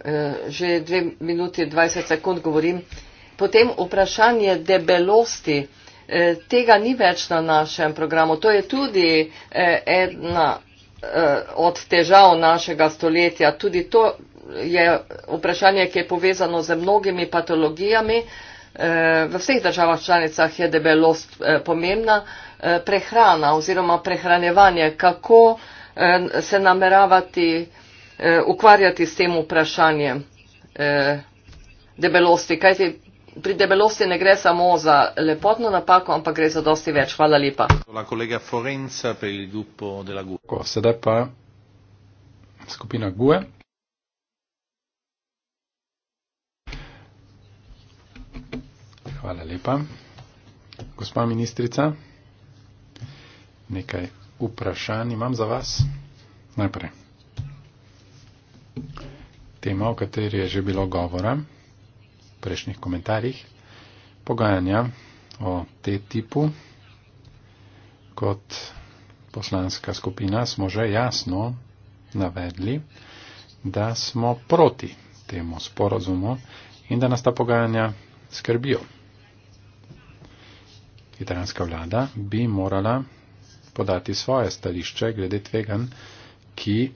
Eh, že dve minuti 20 sekund govorim. Potem vprašanje debelosti. Eh, tega ni več na našem programu. To je tudi eh, ena od težav našega stoletja. Tudi to je vprašanje, ki je povezano z mnogimi patologijami. Eh, v vseh državah članicah je debelost eh, pomembna. Eh, prehrana oziroma prehranjevanje, kako se nameravati ukvarjati s tem vprašanjem debelosti. Kajti pri debelosti ne gre samo za lepotno napako, ampak gre za dosti več. Hvala lepa. Sedaj pa skupina GUE. Hvala lepa. Gospa ministrica, nekaj vprašanj imam za vas. Najprej. Tema, o kateri je že bilo govora v prejšnjih komentarjih, pogajanja o te tipu kot poslanska skupina smo že jasno navedli, da smo proti temu sporozumu in da nas ta pogajanja skrbijo italijanska vlada bi morala podati svoje stališče glede tvegan, ki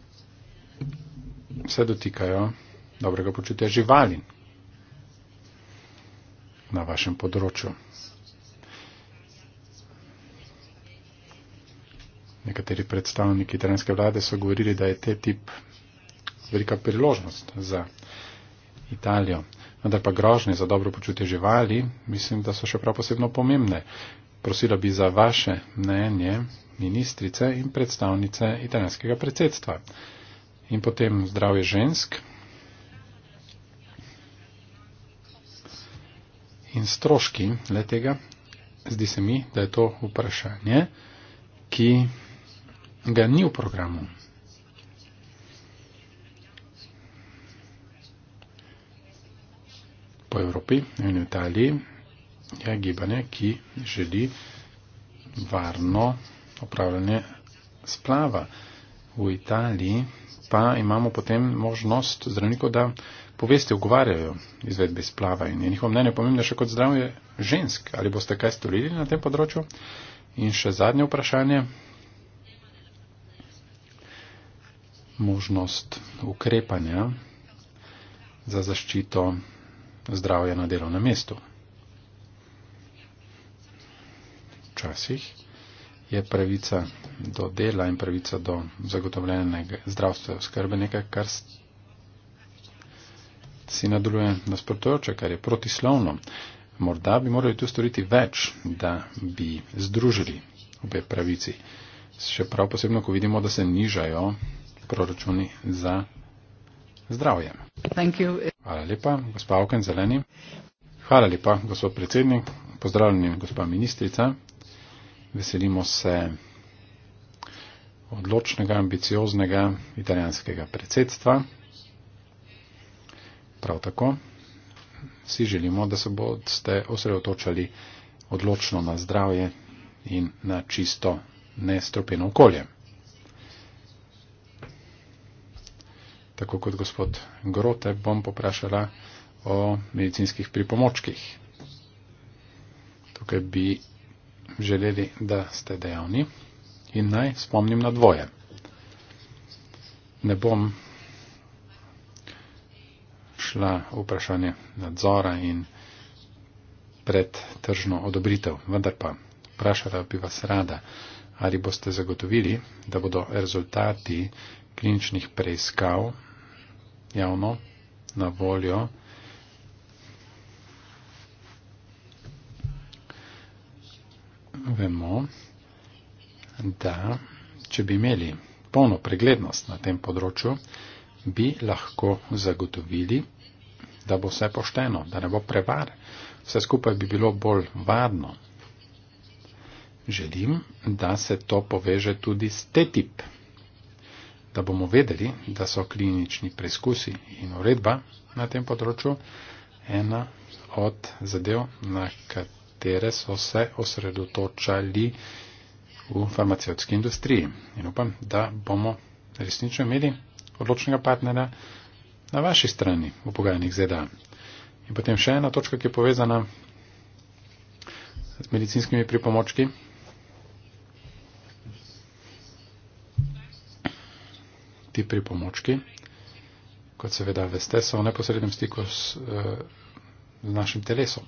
se dotikajo dobrega počutja živali na vašem področju. Nekateri predstavniki italijanske vlade so govorili, da je te tip velika priložnost za Italijo vendar pa grožnje za dobro počutje živali mislim, da so še prav posebno pomembne. Prosila bi za vaše mnenje ministrice in predstavnice italijanskega predsedstva. In potem zdravje žensk in stroški letega. Zdi se mi, da je to vprašanje, ki ga ni v programu. po Evropi in Italiji je gibanje, ki želi varno upravljanje splava. V Italiji pa imamo potem možnost zdravnikov, da poveste, ogovarjajo izvedbe splava in je njihovo mnenje pomembno še kot zdravje žensk. Ali boste kaj storili na tem področju? In še zadnje vprašanje. Možnost ukrepanja za zaščito zdravja na delovnem mestu. Včasih je pravica do dela in pravica do zagotovljenega zdravstvene oskrbe nekaj, kar si nadaljuje nasprotujoče, kar je protislovno. Morda bi morali tu storiti več, da bi združili obe pravici. Še prav posebno, ko vidimo, da se nižajo proračuni za zdravje. Hvala lepa, gospa Oken Zeleni. Hvala lepa, gospod predsednik. Pozdravljeni, gospa ministrica. Veselimo se odločnega, ambicioznega italijanskega predsedstva. Prav tako si želimo, da se boste osredotočali odločno na zdravje in na čisto nestropeno okolje. tako kot gospod Grote, bom poprašala o medicinskih pripomočkih. Tukaj bi želeli, da ste dejavni in naj spomnim na dvoje. Ne bom šla vprašanje nadzora in predtržno odobritev, vendar pa vprašala bi vas rada, ali boste zagotovili, da bodo rezultati kliničnih preiskav javno na voljo. Vemo, da če bi imeli polno preglednost na tem področju, bi lahko zagotovili, da bo vse pošteno, da ne bo prevar. Vse skupaj bi bilo bolj vadno. Želim, da se to poveže tudi s te tip da bomo vedeli, da so klinični preizkusi in uredba na tem področju ena od zadev, na katere so se osredotočali v farmacijski industriji. In upam, da bomo resnično imeli odločnega partnera na vaši strani v pogajanjih ZDA. In potem še ena točka, ki je povezana z medicinskimi pripomočki, ti pripomočki, kot seveda veste, so v neposrednem stiku s, eh, z našim telesom.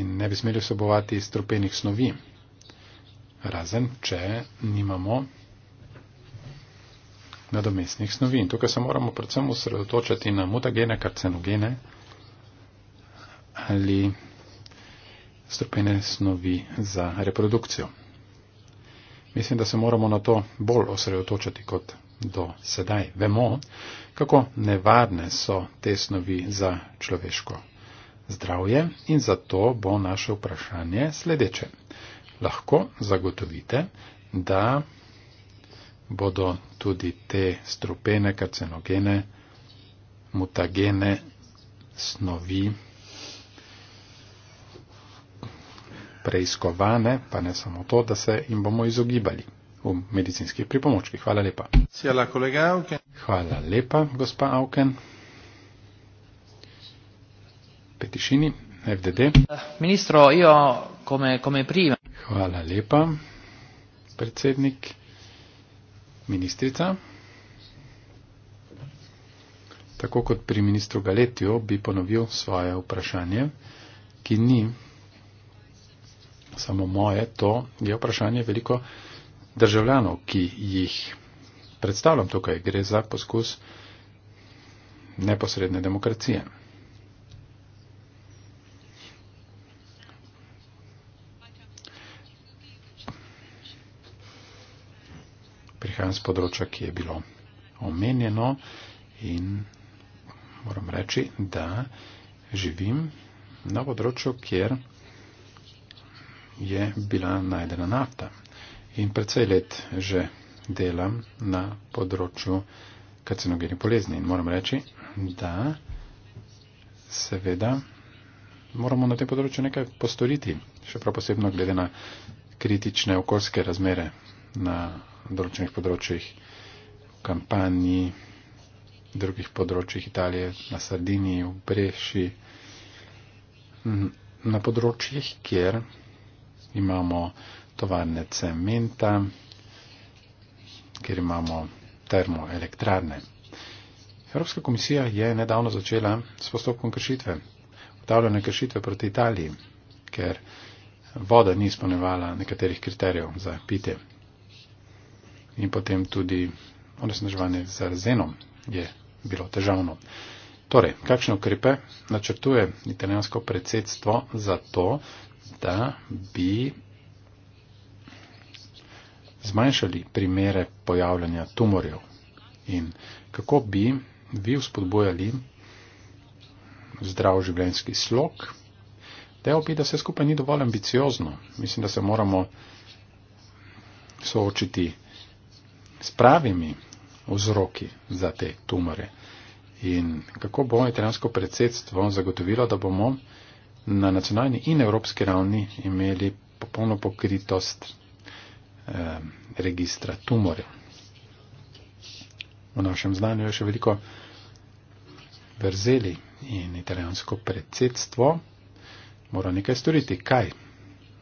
In ne bi smeli vsebovati strupenih snovi, razen če nimamo nadomestnih snovi. In tukaj se moramo predvsem osredotočati na mutagene, karcenogene ali strupene snovi za reprodukcijo. Mislim, da se moramo na to bolj osredotočiti kot do sedaj. Vemo, kako nevarne so te snovi za človeško zdravje in zato bo naše vprašanje sledeče. Lahko zagotovite, da bodo tudi te strupene, karcenogene, mutagene snovi preiskovane, pa ne samo to, da se jim bomo izogibali v medicinskih pripomočkih. Hvala lepa. Hvala, kolega Auken. Hvala lepa, gospa Auken. Petišini, FDD. Ministro, jo, kome, kome prijem. Hvala lepa, predsednik, ministrica. Tako kot pri ministru Galetijo bi ponovil svoje vprašanje, ki ni samo moje, to je vprašanje veliko državljanov, ki jih predstavljam tukaj. Gre za poskus neposredne demokracije. Prihajam z področja, ki je bilo omenjeno in moram reči, da živim na področju, kjer je bila najdena nafta. In predvsej let že delam na področju kacinogeni bolezni. In moram reči, da seveda moramo na tem področju nekaj postoriti, še prav posebno glede na kritične okoljske razmere na določenih področjih v kampanji, drugih področjih Italije, na Sardiniji, v Breši, na področjih, kjer imamo tovarne cementa, kjer imamo termoelektrarne. Evropska komisija je nedavno začela s postopkom kršitve, utavljene kršitve proti Italiji, ker voda ni izpolnevala nekaterih kriterijev za pite. In potem tudi onesnaževanje z arzenom je bilo težavno. Torej, kakšne ukrepe načrtuje italijansko predsedstvo za to, da bi zmanjšali primere pojavljanja tumorjev in kako bi vi vzpodbojali zdrav življenjski slog. Dejal bi, da se skupaj ni dovolj ambiciozno. Mislim, da se moramo soočiti s pravimi vzroki za te tumore. In kako bo italijansko predsedstvo zagotovilo, da bomo na nacionalni in evropski ravni imeli popolno pokritost eh, registra tumorjev. V našem znanju je še veliko vrzeli in italijansko predsedstvo mora nekaj storiti. Kaj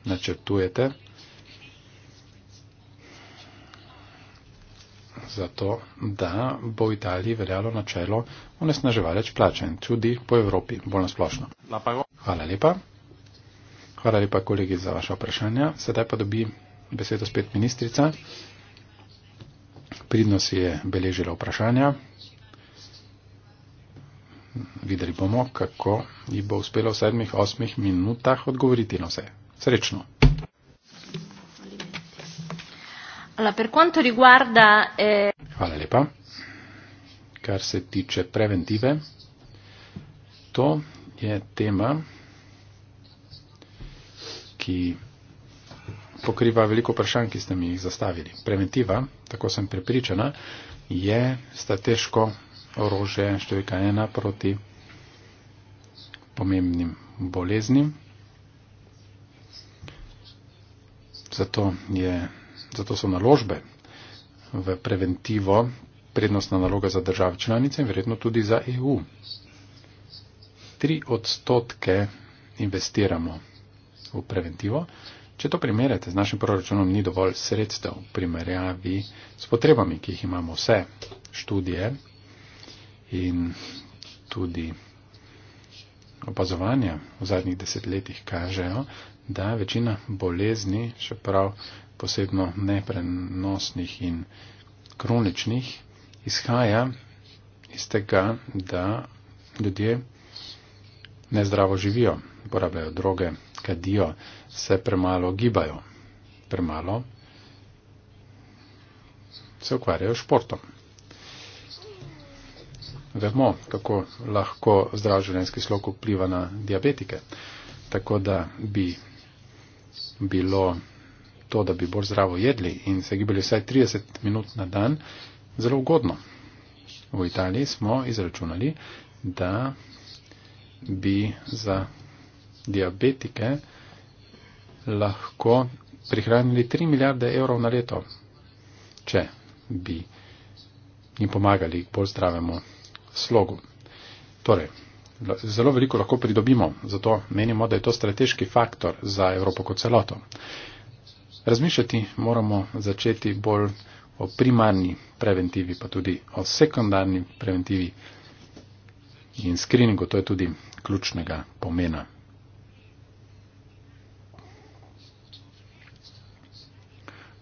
načrtujete za to, da bo v Italiji veljalo načelo onesnaževalec plačen tudi po Evropi, bolj nasplošno? Hvala lepa. Hvala lepa, kolegi, za vaše vprašanja. Sedaj pa dobi besedo spet ministrica. Pridno si je beležila vprašanja. Videli bomo, kako ji bo uspelo v sedmih, osmih minutah odgovoriti na vse. Srečno. Eh, Hvala lepa. Kar se tiče preventive, to je tema, ki pokriva veliko vprašanj, ki ste mi jih zastavili. Preventiva, tako sem prepričana, je strateško orože številka ena proti pomembnim boleznim. Zato, je, zato so naložbe v preventivo prednostna naloga za države članice in verjetno tudi za EU tri odstotke investiramo v preventivo. Če to primerjate z našim proračunom, ni dovolj sredstev v primerjavi s potrebami, ki jih imamo vse študije in tudi opazovanja v zadnjih desetletjih kažejo, da večina bolezni, še prav posebno neprenosnih in kroničnih, izhaja iz tega, da ljudje nezdravo živijo, uporabljajo droge, kadijo, se premalo gibajo, premalo se ukvarjajo športom. Vemo, kako lahko zdrav življenjski slog vpliva na diabetike. Tako da bi bilo to, da bi bolj zdravo jedli in se gibali vsaj 30 minut na dan, zelo ugodno. V Italiji smo izračunali, da bi za diabetike lahko prihranili 3 milijarde evrov na leto, če bi jim pomagali k bolj zdravemu slogu. Torej, zelo veliko lahko pridobimo, zato menimo, da je to strateški faktor za Evropo kot celoto. Razmišljati moramo začeti bolj o primarni preventivi, pa tudi o sekundarni preventivi. In screeningu to je tudi ključnega pomena.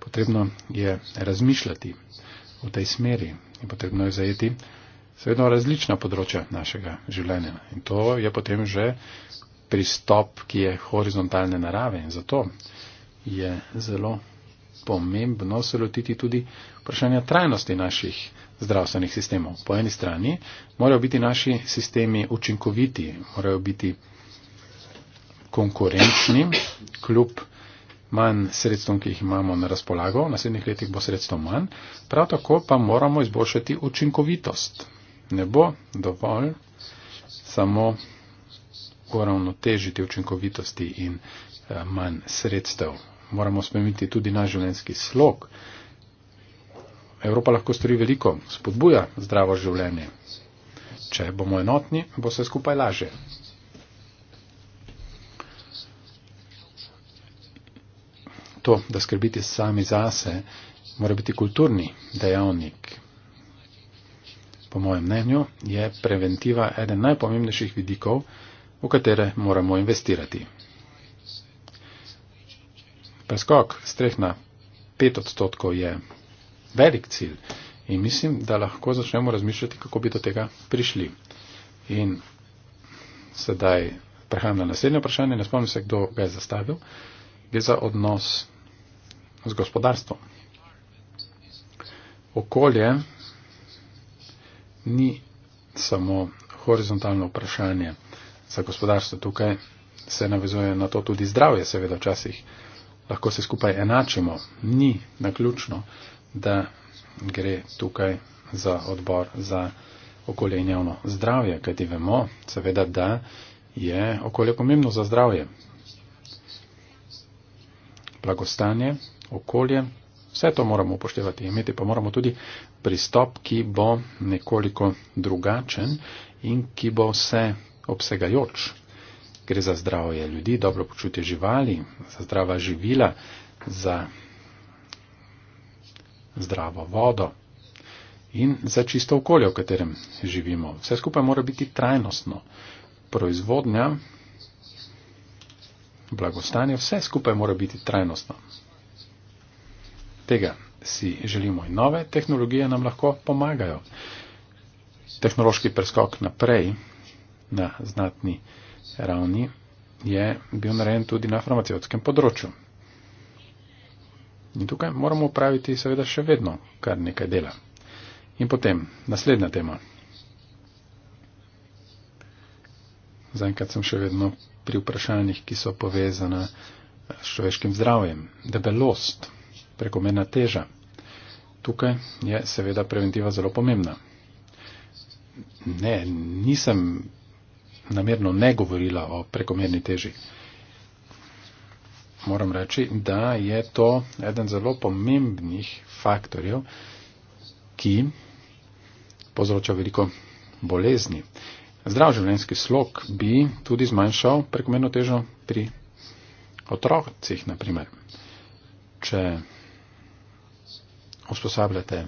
Potrebno je razmišljati v tej smeri in potrebno je zajeti seveda različna področja našega življenja. In to je potem že pristop, ki je horizontalne narave in zato je zelo pomembno se lotiti tudi vprašanja trajnosti naših zdravstvenih sistemov. Po eni strani morajo biti naši sistemi učinkoviti, morajo biti konkurenčni, kljub manj sredstvom, ki jih imamo na razpolago, v naslednjih letih bo sredstvo manj, prav tako pa moramo izboljšati učinkovitost. Ne bo dovolj samo uravnotežiti učinkovitosti in eh, manj sredstev moramo spremeniti tudi naš življenjski slog. Evropa lahko stori veliko, spodbuja zdravo življenje. Če bomo enotni, bo vse skupaj laže. To, da skrbite sami zase, mora biti kulturni dejavnik. Po mojem mnenju je preventiva eden najpomembnejših vidikov, v katere moramo investirati preskok z 3 na 5 odstotkov je velik cilj in mislim, da lahko začnemo razmišljati, kako bi do tega prišli. In sedaj prehajam na naslednje vprašanje, ne spomnim se, kdo ga je zastavil, gre za odnos z gospodarstvom. Okolje ni samo horizontalno vprašanje za gospodarstvo. Tukaj se navezuje na to tudi zdravje, seveda včasih lahko se skupaj enačimo, ni naključno, da gre tukaj za odbor za okolje in javno zdravje, kajti vemo, seveda, da je okolje pomembno za zdravje. Blagostanje, okolje, vse to moramo upoštevati. Imeti pa moramo tudi pristop, ki bo nekoliko drugačen in ki bo vse obsegajoč gre za zdravje ljudi, dobro počutje živali, za zdrava živila, za zdravo vodo in za čisto okolje, v katerem živimo. Vse skupaj mora biti trajnostno. Proizvodnja, blagostanje, vse skupaj mora biti trajnostno. Tega si želimo in nove tehnologije nam lahko pomagajo. Tehnološki preskok naprej na znatni način ravni je bil narejen tudi na farmacijskem področju. In tukaj moramo upraviti seveda še vedno kar nekaj dela. In potem naslednja tema. Zaenkrat sem še vedno pri vprašanjih, ki so povezane s človeškim zdravjem. Debelost, prekomerna teža. Tukaj je seveda preventiva zelo pomembna. Ne, nisem namerno ne govorila o prekomerni teži. Moram reči, da je to eden zelo pomembnih faktorjev, ki povzroča veliko bolezni. Zdrav življenjski slog bi tudi zmanjšal prekomerno težo pri otrocih, naprimer. Če usposabljate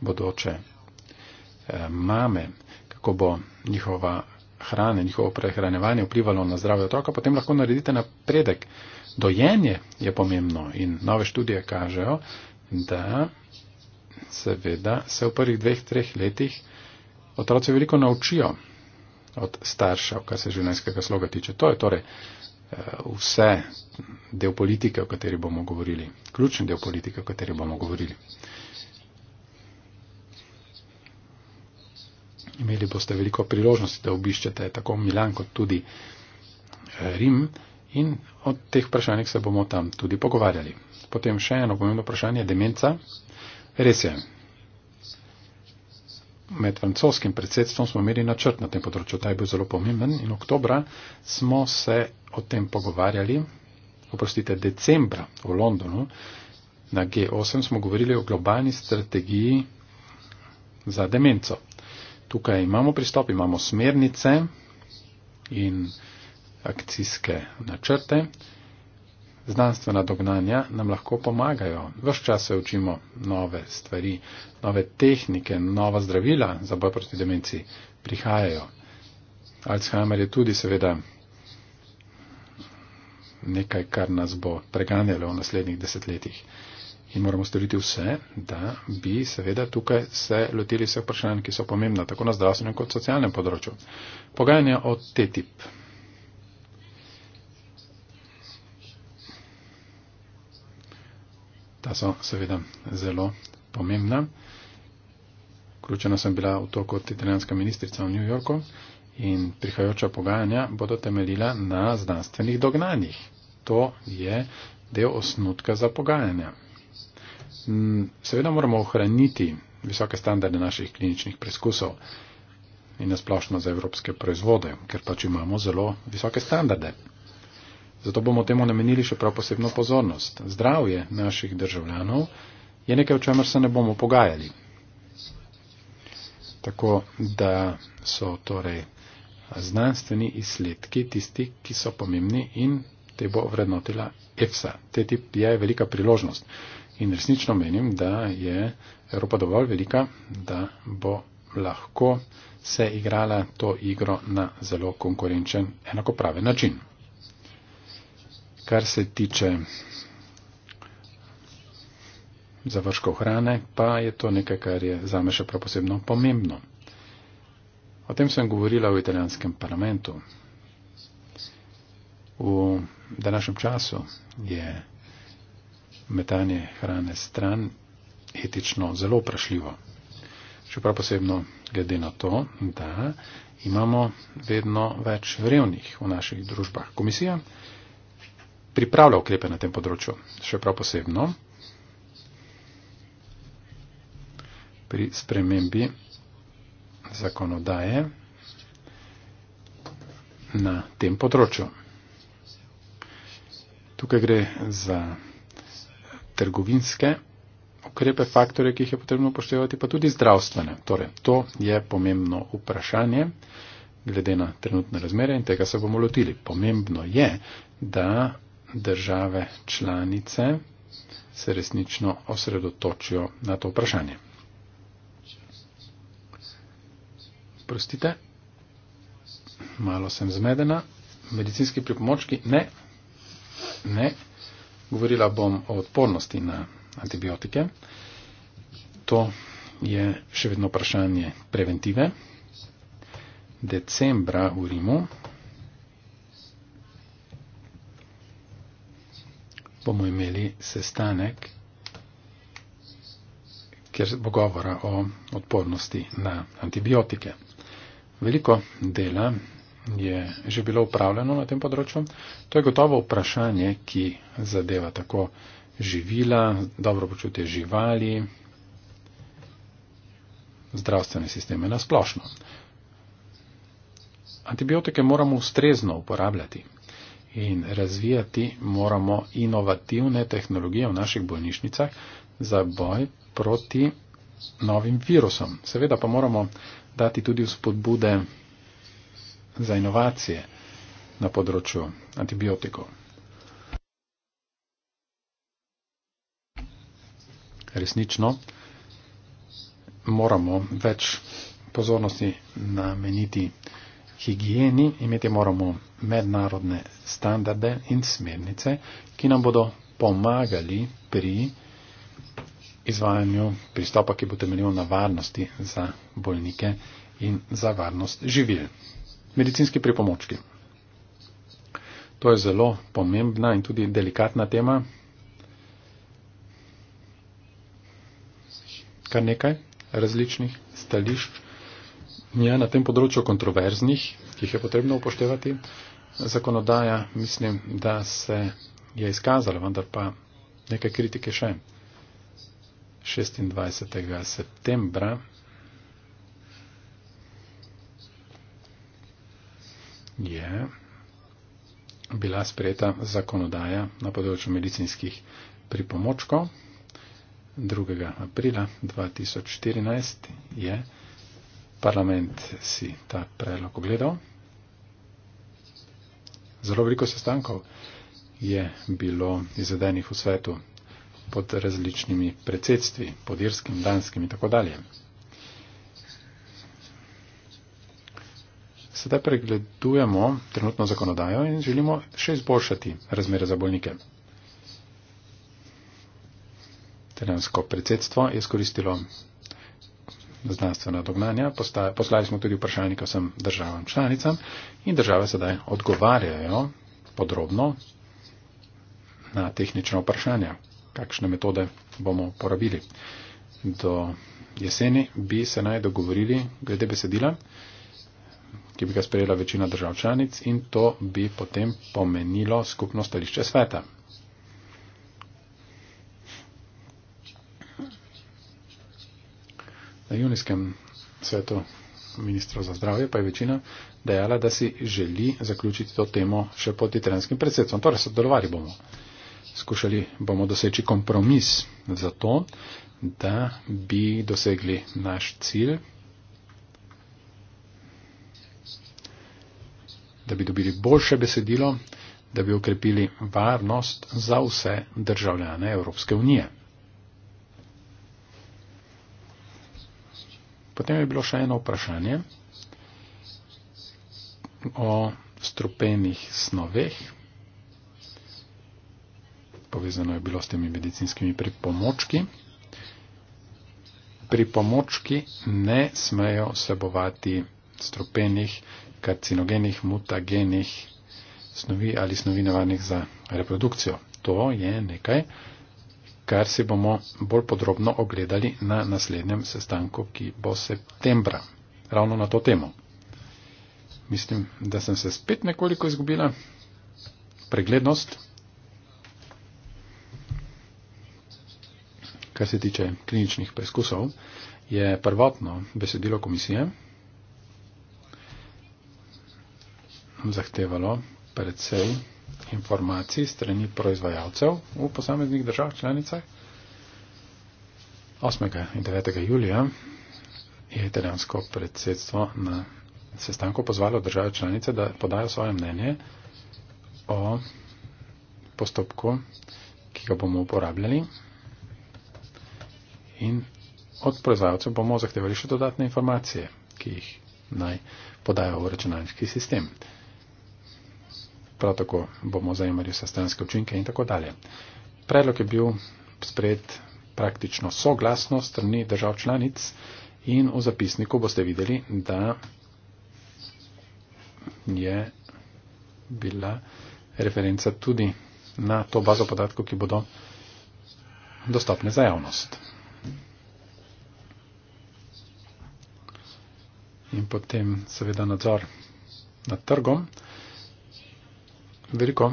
bodoče eh, mame, kako bo njihova hrane, njihovo prehranevanje vplivalo na zdravje otroka, potem lahko naredite napredek. Dojenje je pomembno in nove študije kažejo, da seveda se v prvih dveh, treh letih otroci veliko naučijo od staršev, kar se življenjskega sloga tiče. To je torej eh, vse del politike, o kateri bomo govorili, ključni del politike, o kateri bomo govorili. Imeli boste veliko priložnosti, da obiščete tako Milan kot tudi eh, Rim in o teh vprašanjih se bomo tam tudi pogovarjali. Potem še eno pomembno vprašanje, demenca. Res je, med francoskim predsedstvom smo imeli načrt na tem področju, ta je bil zelo pomemben in oktobra smo se o tem pogovarjali, oprostite, decembra v Londonu na G8 smo govorili o globalni strategiji za demenco tukaj imamo pristop, imamo smernice in akcijske načrte. Znanstvena dognanja nam lahko pomagajo. Vse čas se učimo nove stvari, nove tehnike, nova zdravila za boj proti demenciji prihajajo. Alzheimer je tudi seveda nekaj, kar nas bo preganjalo v naslednjih desetletjih in moramo storiti vse, da bi seveda tukaj se lotili vseh vprašanj, ki so pomembna, tako na zdravstvenem kot socialnem področju. Pogajanja o TTIP. Ta so seveda zelo pomembna. Vključena sem bila v to kot italijanska ministrica v New Yorku in prihajajoča pogajanja bodo temeljila na znanstvenih dognanjih. To je del osnutka za pogajanja. Mm, seveda moramo ohraniti visoke standarde naših kliničnih preizkusov in nasplošno za evropske proizvode, ker pač imamo zelo visoke standarde. Zato bomo temu namenili še prav posebno pozornost. Zdravje naših državljanov je nekaj, o čemer se ne bomo pogajali. Tako da so torej znanstveni izsledki tisti, ki so pomembni in te bo vrednotila EFSA. Te tip je velika priložnost. In resnično menim, da je Evropa dovolj velika, da bo lahko se igrala to igro na zelo konkurenčen, enakopraven način. Kar se tiče završkov hrane, pa je to nekaj, kar je zame še prav posebno pomembno. O tem sem govorila v italijanskem parlamentu. V današnjem času je metanje hrane stran etično zelo vprašljivo. Čeprav posebno glede na to, da imamo vedno več revnih v naših družbah. Komisija pripravlja ukrepe na tem področju, še prav posebno pri spremembi zakonodaje na tem področju. Tukaj gre za trgovinske ukrepe, faktore, ki jih je potrebno upoštevati, pa tudi zdravstvene. Torej, to je pomembno vprašanje glede na trenutne razmere in tega se bomo lotili. Pomembno je, da države članice se resnično osredotočijo na to vprašanje. Prostite, malo sem zmedena. Medicinski pripomočki? Ne. Ne. Govorila bom o odpornosti na antibiotike. To je še vedno vprašanje preventive. Decembra v Rimu bomo imeli sestanek, kjer bo govora o odpornosti na antibiotike. Veliko dela je že bilo upravljeno na tem področju. To je gotovo vprašanje, ki zadeva tako živila, dobro počutje živali, zdravstvene sisteme na splošno. Antibiotike moramo ustrezno uporabljati in razvijati moramo inovativne tehnologije v naših bolnišnicah za boj proti novim virusom. Seveda pa moramo dati tudi vzpodbude za inovacije na področju antibiotikov. Resnično moramo več pozornosti nameniti higieni, imeti moramo mednarodne standarde in smernice, ki nam bodo pomagali pri izvajanju pristopa, ki bo temeljil na varnosti za bolnike in za varnost živil medicinski pripomočki. To je zelo pomembna in tudi delikatna tema. Kar nekaj različnih stališč je na tem področju kontroverznih, ki jih je potrebno upoštevati. Zakonodaja, mislim, da se je izkazala, vendar pa nekaj kritike še. 26. septembra je bila sprejeta zakonodaja na področju medicinskih pripomočkov. 2. aprila 2014 je parlament si ta predlog ogledal. Zelo veliko sestankov je bilo izvedenih v svetu pod različnimi predsedstvi, pod irskim, danskim in tako dalje. sedaj pregledujemo trenutno zakonodajo in želimo še izboljšati razmere za bolnike. Italijansko predsedstvo je skoristilo znanstvena dognanja, poslali smo tudi vprašalnike vsem državam članicam in države sedaj odgovarjajo podrobno na tehnična vprašanja, kakšne metode bomo porabili. Do jeseni bi se naj dogovorili glede besedila ki bi ga sprejela večina držav članic in to bi potem pomenilo skupno stališče sveta. Na junijskem svetu ministrov za zdravje pa je večina dejala, da si želi zaključiti to temo še pod italijanskim predsedstvom. Torej, sodelovali bomo. Skušali bomo doseči kompromis za to, da bi dosegli naš cilj da bi dobili boljše besedilo, da bi okrepili varnost za vse državljane Evropske unije. Potem je bilo še eno vprašanje o strupenih snoveh. Povezano je bilo s temi medicinskimi pripomočki. Pripomočki ne smejo sebovati strupenih, karcinogenih, mutagenih snovi ali snovi navadnih za reprodukcijo. To je nekaj, kar si bomo bolj podrobno ogledali na naslednjem sestanku, ki bo septembra, ravno na to temo. Mislim, da sem se spet nekoliko izgubila preglednost, kar se tiče kliničnih preizkusov, je prvotno besedilo komisije. zahtevalo predvsej informacij strani proizvajalcev v posameznih držav članicah. 8. in 9. julija je italijansko predsedstvo na sestanku pozvalo države članice, da podajo svoje mnenje o postopku, ki ga bomo uporabljali in od proizvajalcev bomo zahtevali še dodatne informacije, ki jih naj podajo v računalniški sistem prav tako bomo zajemali vse stranske učinke in tako dalje. Predlog je bil spred praktično soglasno strani držav članic in v zapisniku boste videli, da je bila referenca tudi na to bazo podatkov, ki bodo dostopne za javnost. In potem seveda nadzor nad trgom veliko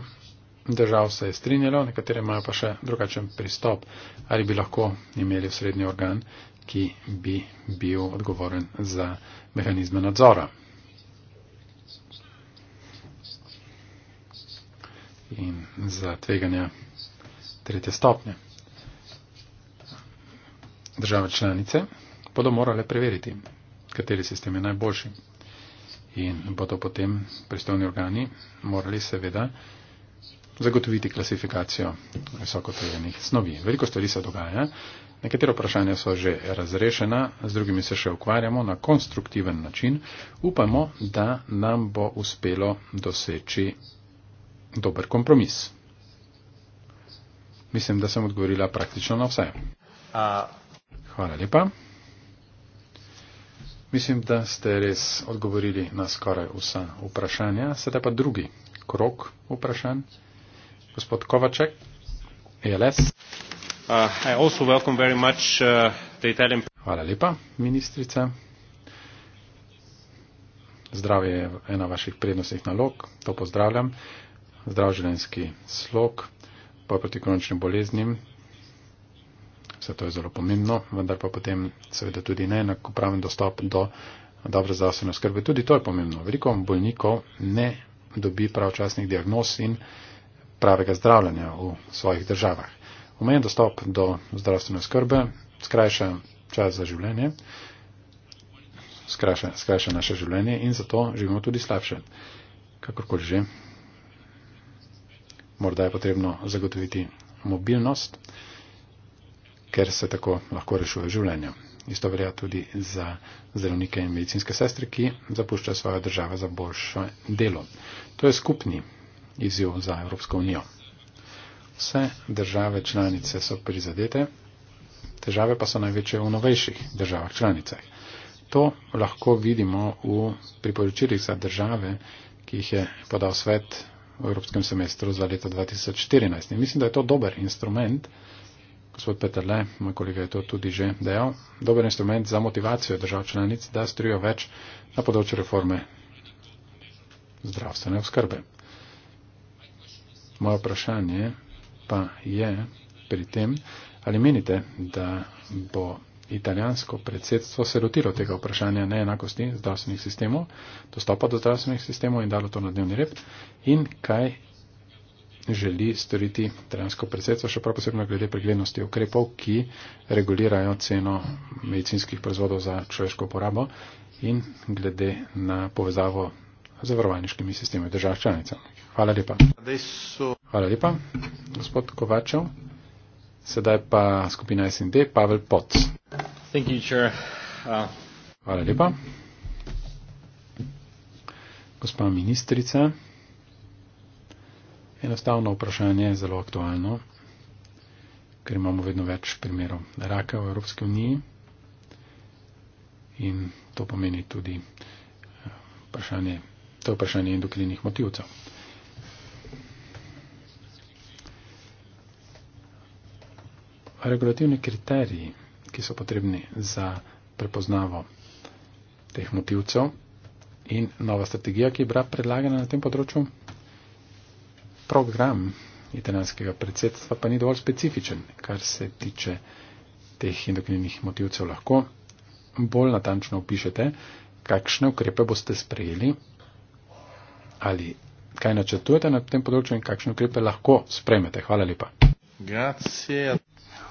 držav se je strinjalo, nekatere imajo pa še drugačen pristop, ali bi lahko imeli srednji organ, ki bi bil odgovoren za mehanizme nadzora. In za tveganja tretje stopnje. Države članice bodo morale preveriti, kateri sistem je najboljši in bodo potem pristovni organi morali seveda zagotoviti klasifikacijo visokotrojenih snovi. Veliko stvari se dogaja, nekatero vprašanja so že razrešena, z drugimi se še ukvarjamo na konstruktiven način. Upamo, da nam bo uspelo doseči dober kompromis. Mislim, da sem odgovorila praktično na vse. Hvala lepa. Mislim, da ste res odgovorili na skoraj vsa vprašanja. Sedaj pa drugi krok vprašanj. Gospod Kovaček, ELS. Uh, uh Italian... Hvala lepa, ministrica. Zdravje je ena vaših prednostnih nalog, to pozdravljam. Zdrav življenjski slog, boj proti kroničnim boleznim, vse to je zelo pomembno, vendar pa potem seveda tudi neenakopraven dostop do dobre zdravstvene skrbe. Tudi to je pomembno. Veliko bolnikov ne dobi pravčasnih diagnoz in pravega zdravljanja v svojih državah. Omejen dostop do zdravstvene skrbe skrajša čas za življenje, skrajša, skrajša naše življenje in zato živimo tudi slabše. Kakorkoli že, morda je potrebno zagotoviti mobilnost ker se tako lahko rešuje življenje. Isto velja tudi za zdravnike in medicinske sestre, ki zapuščajo svojo državo za boljše delo. To je skupni izjiv za Evropsko unijo. Vse države članice so prizadete, težave pa so največje v novejših državah članicah. To lahko vidimo v priporočilih za države, ki jih je podal svet v Evropskem semestru za leto 2014. In mislim, da je to dober instrument, Gospod Peter Le, moj kolega je to tudi že dejal, dober instrument za motivacijo držav članic, da strijo več na področju reforme zdravstvene oskrbe. Moje vprašanje pa je pri tem, ali menite, da bo italijansko predsedstvo se lotilo tega vprašanja neenakosti zdravstvenih sistemov, dostopa do zdravstvenih sistemov in dalo to na dnevni red in kaj želi storiti transko predsedstvo, še prav posebno glede preglednosti ukrepov, ki regulirajo ceno medicinskih proizvodov za človeško uporabo in glede na povezavo z varovaniškimi sistemi držav članicam. Hvala lepa. Hvala lepa, gospod Kovačev. Sedaj pa skupina SND, Pavel Pot. Uh, Hvala lepa. Gospa ministrica enostavno vprašanje, zelo aktualno, ker imamo vedno več primerov raka v Evropski uniji in to pomeni tudi eh, vprašanje, to je vprašanje endokrinih motivcev. Regulativni kriteriji, ki so potrebni za prepoznavo teh motivcev in nova strategija, ki je bila predlagana na tem področju, program italijanskega predsedstva pa ni dovolj specifičen, kar se tiče teh endokrinih motivcev lahko. Bolj natančno opišete, kakšne ukrepe boste sprejeli ali kaj načrtujete na tem področju in kakšne ukrepe lahko spremete. Hvala lepa. Grazie.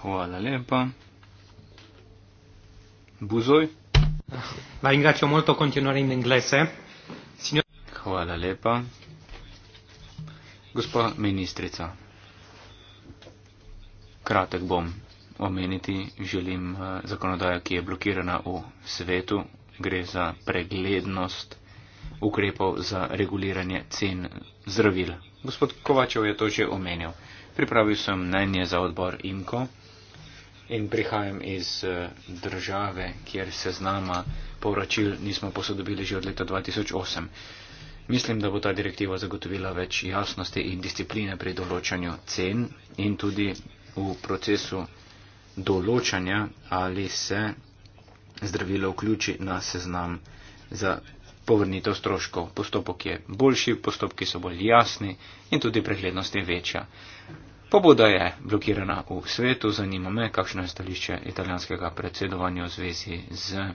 Hvala lepa. Buzoj. La ringrazio molto, continuare in inglese. Signor... Hvala lepa. Gospa ministrica, kratek bom omeniti, želim eh, zakonodajo, ki je blokirana v svetu, gre za preglednost ukrepov za reguliranje cen zdravil. Gospod Kovačev je to že omenil. Pripravil sem mnenje za odbor IMKO in prihajam iz eh, države, kjer se znama povračil nismo posodobili že od leta 2008. Mislim, da bo ta direktiva zagotovila več jasnosti in discipline pri določanju cen in tudi v procesu določanja, ali se zdravilo vključi na seznam za povrnitev stroškov. Postopek je boljši, postopki so bolj jasni in tudi preglednost je večja. Pobuda je blokirana v svetu, zanima me, kakšno je stališče italijanskega predsedovanja v zvezi z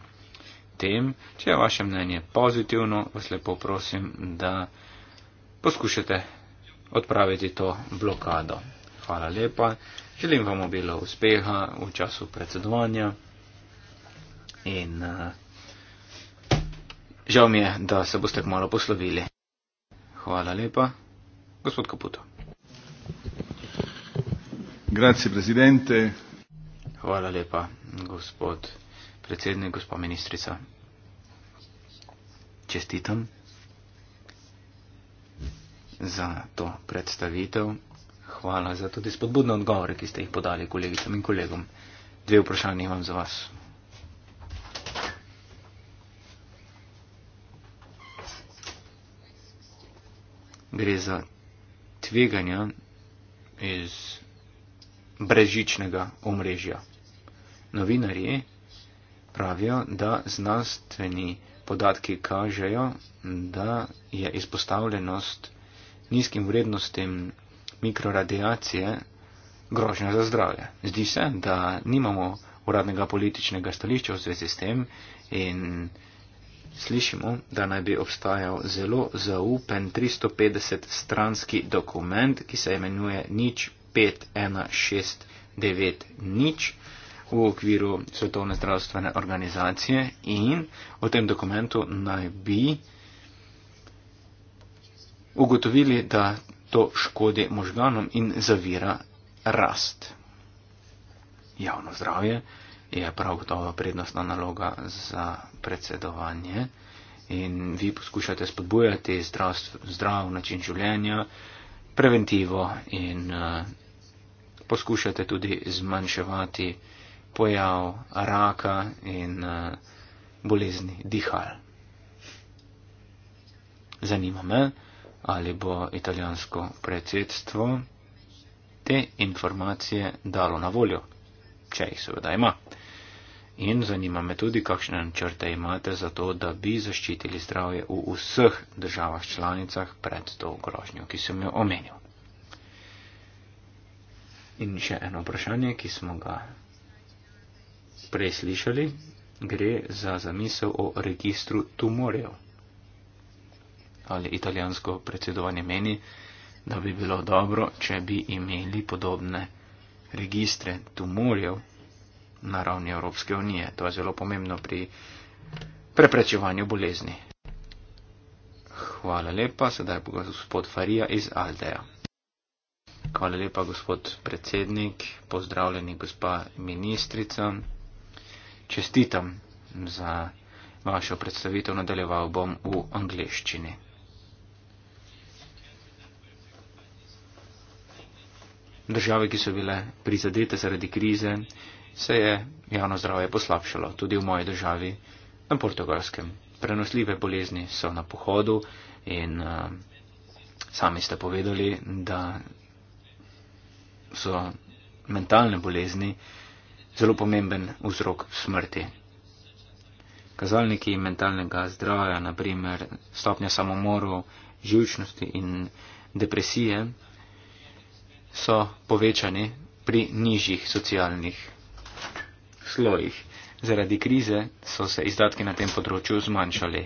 tem. Če je vaše mnenje pozitivno, vas lepo prosim, da poskušate odpraviti to blokado. Hvala lepa, želim vam obilo uspeha v času predsedovanja in uh, žal mi je, da se boste kmalo poslovili. Hvala lepa, gospod Kaputo. Grazie, Presidente. Hvala lepa, gospod predsednik, gospa ministrica. Čestitam za to predstavitev. Hvala za tudi spodbudne odgovore, ki ste jih podali kolegicam in kolegom. Dve vprašanje imam za vas. Gre za tveganja iz brežičnega omrežja. Novinarji pravijo, da znanstveni podatki kažejo, da je izpostavljenost nizkim vrednostim mikroradiacije grožnja za zdravje. Zdi se, da nimamo uradnega političnega stališča v zvezi s tem in slišimo, da naj bi obstajal zelo zaupen 350 stranski dokument, ki se imenuje nič 5169 nič v okviru Svetovne zdravstvene organizacije in v tem dokumentu naj bi ugotovili, da to škodi možganom in zavira rast. Javno zdravje je prav gotovo prednostna naloga za predsedovanje in vi poskušate spodbujati zdravstv, zdrav način življenja, preventivo in uh, poskušate tudi zmanjševati uh, pojav raka in uh, bolezni dihal. Zanima me, ali bo italijansko predsedstvo te informacije dalo na voljo, če jih seveda ima. In zanima me tudi, kakšne načrte imate za to, da bi zaščitili zdravje v vseh državah članicah pred to grožnjo, ki sem jo omenil. In še eno vprašanje, ki smo ga prej slišali, gre za zamisel o registru tumorjev. Ali italijansko predsedovanje meni, da bi bilo dobro, če bi imeli podobne registre tumorjev na ravni Evropske unije. To je zelo pomembno pri preprečevanju bolezni. Hvala lepa, sedaj pa gospod Farija iz Aldeja. Hvala lepa, gospod predsednik, pozdravljeni gospa ministrica čestitam za vašo predstavitev, nadaljeval bom v angliščini. Države, ki so bile prizadete zaradi krize, se je javno zdravje poslabšalo, tudi v moji državi, na portugalskem. Prenosljive bolezni so na pohodu in uh, sami ste povedali, da so mentalne bolezni uh, zelo pomemben vzrok smrti. Kazalniki mentalnega zdravja, naprimer stopnja samomorov, živčnosti in depresije, so povečani pri nižjih socialnih slojih. Zaradi krize so se izdatki na tem področju zmanjšali.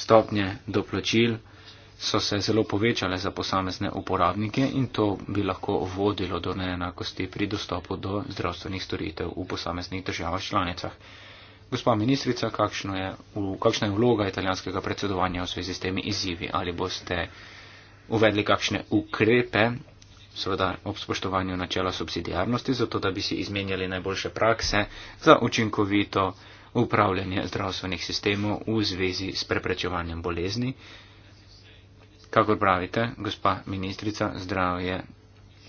Stopnje doplačil so se zelo povečale za posamezne uporabnike in to bi lahko vodilo do neenakosti pri dostopu do zdravstvenih storitev v posameznih državah članicah. Gospa ministrica, je, kakšna je vloga italijanskega predsedovanja v zvezi s temi izzivi? Ali boste uvedli kakšne ukrepe, seveda ob spoštovanju načela subsidijarnosti, zato da bi si izmenjali najboljše prakse za učinkovito upravljanje zdravstvenih sistemov v zvezi s preprečevanjem bolezni? Kakor pravite, gospa ministrica, zdravje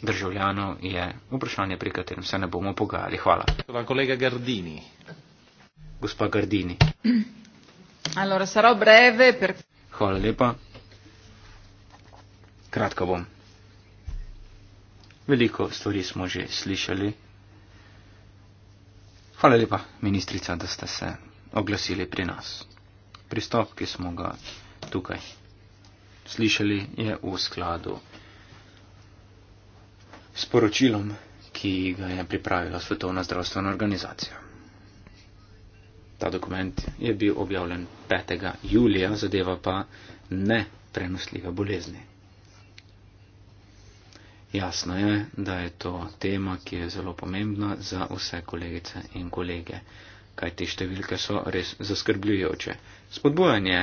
državljanov je vprašanje, pri katerem se ne bomo pogajali. Hvala. Kolega Gardini. Gospa Gardini. Allora, sarò breve per... Hvala lepa. Kratka bom. Veliko stvari smo že slišali. Hvala lepa, ministrica, da ste se oglasili pri nas. Pristop, ki smo ga tukaj slišali, je v skladu s poročilom, ki ga je pripravila Svetovna zdravstvena organizacija. Ta dokument je bil objavljen 5. julija, zadeva pa ne prenosljive bolezni. Jasno je, da je to tema, ki je zelo pomembna za vse kolegice in kolege kaj te številke so res zaskrbljujoče. Spodbojanje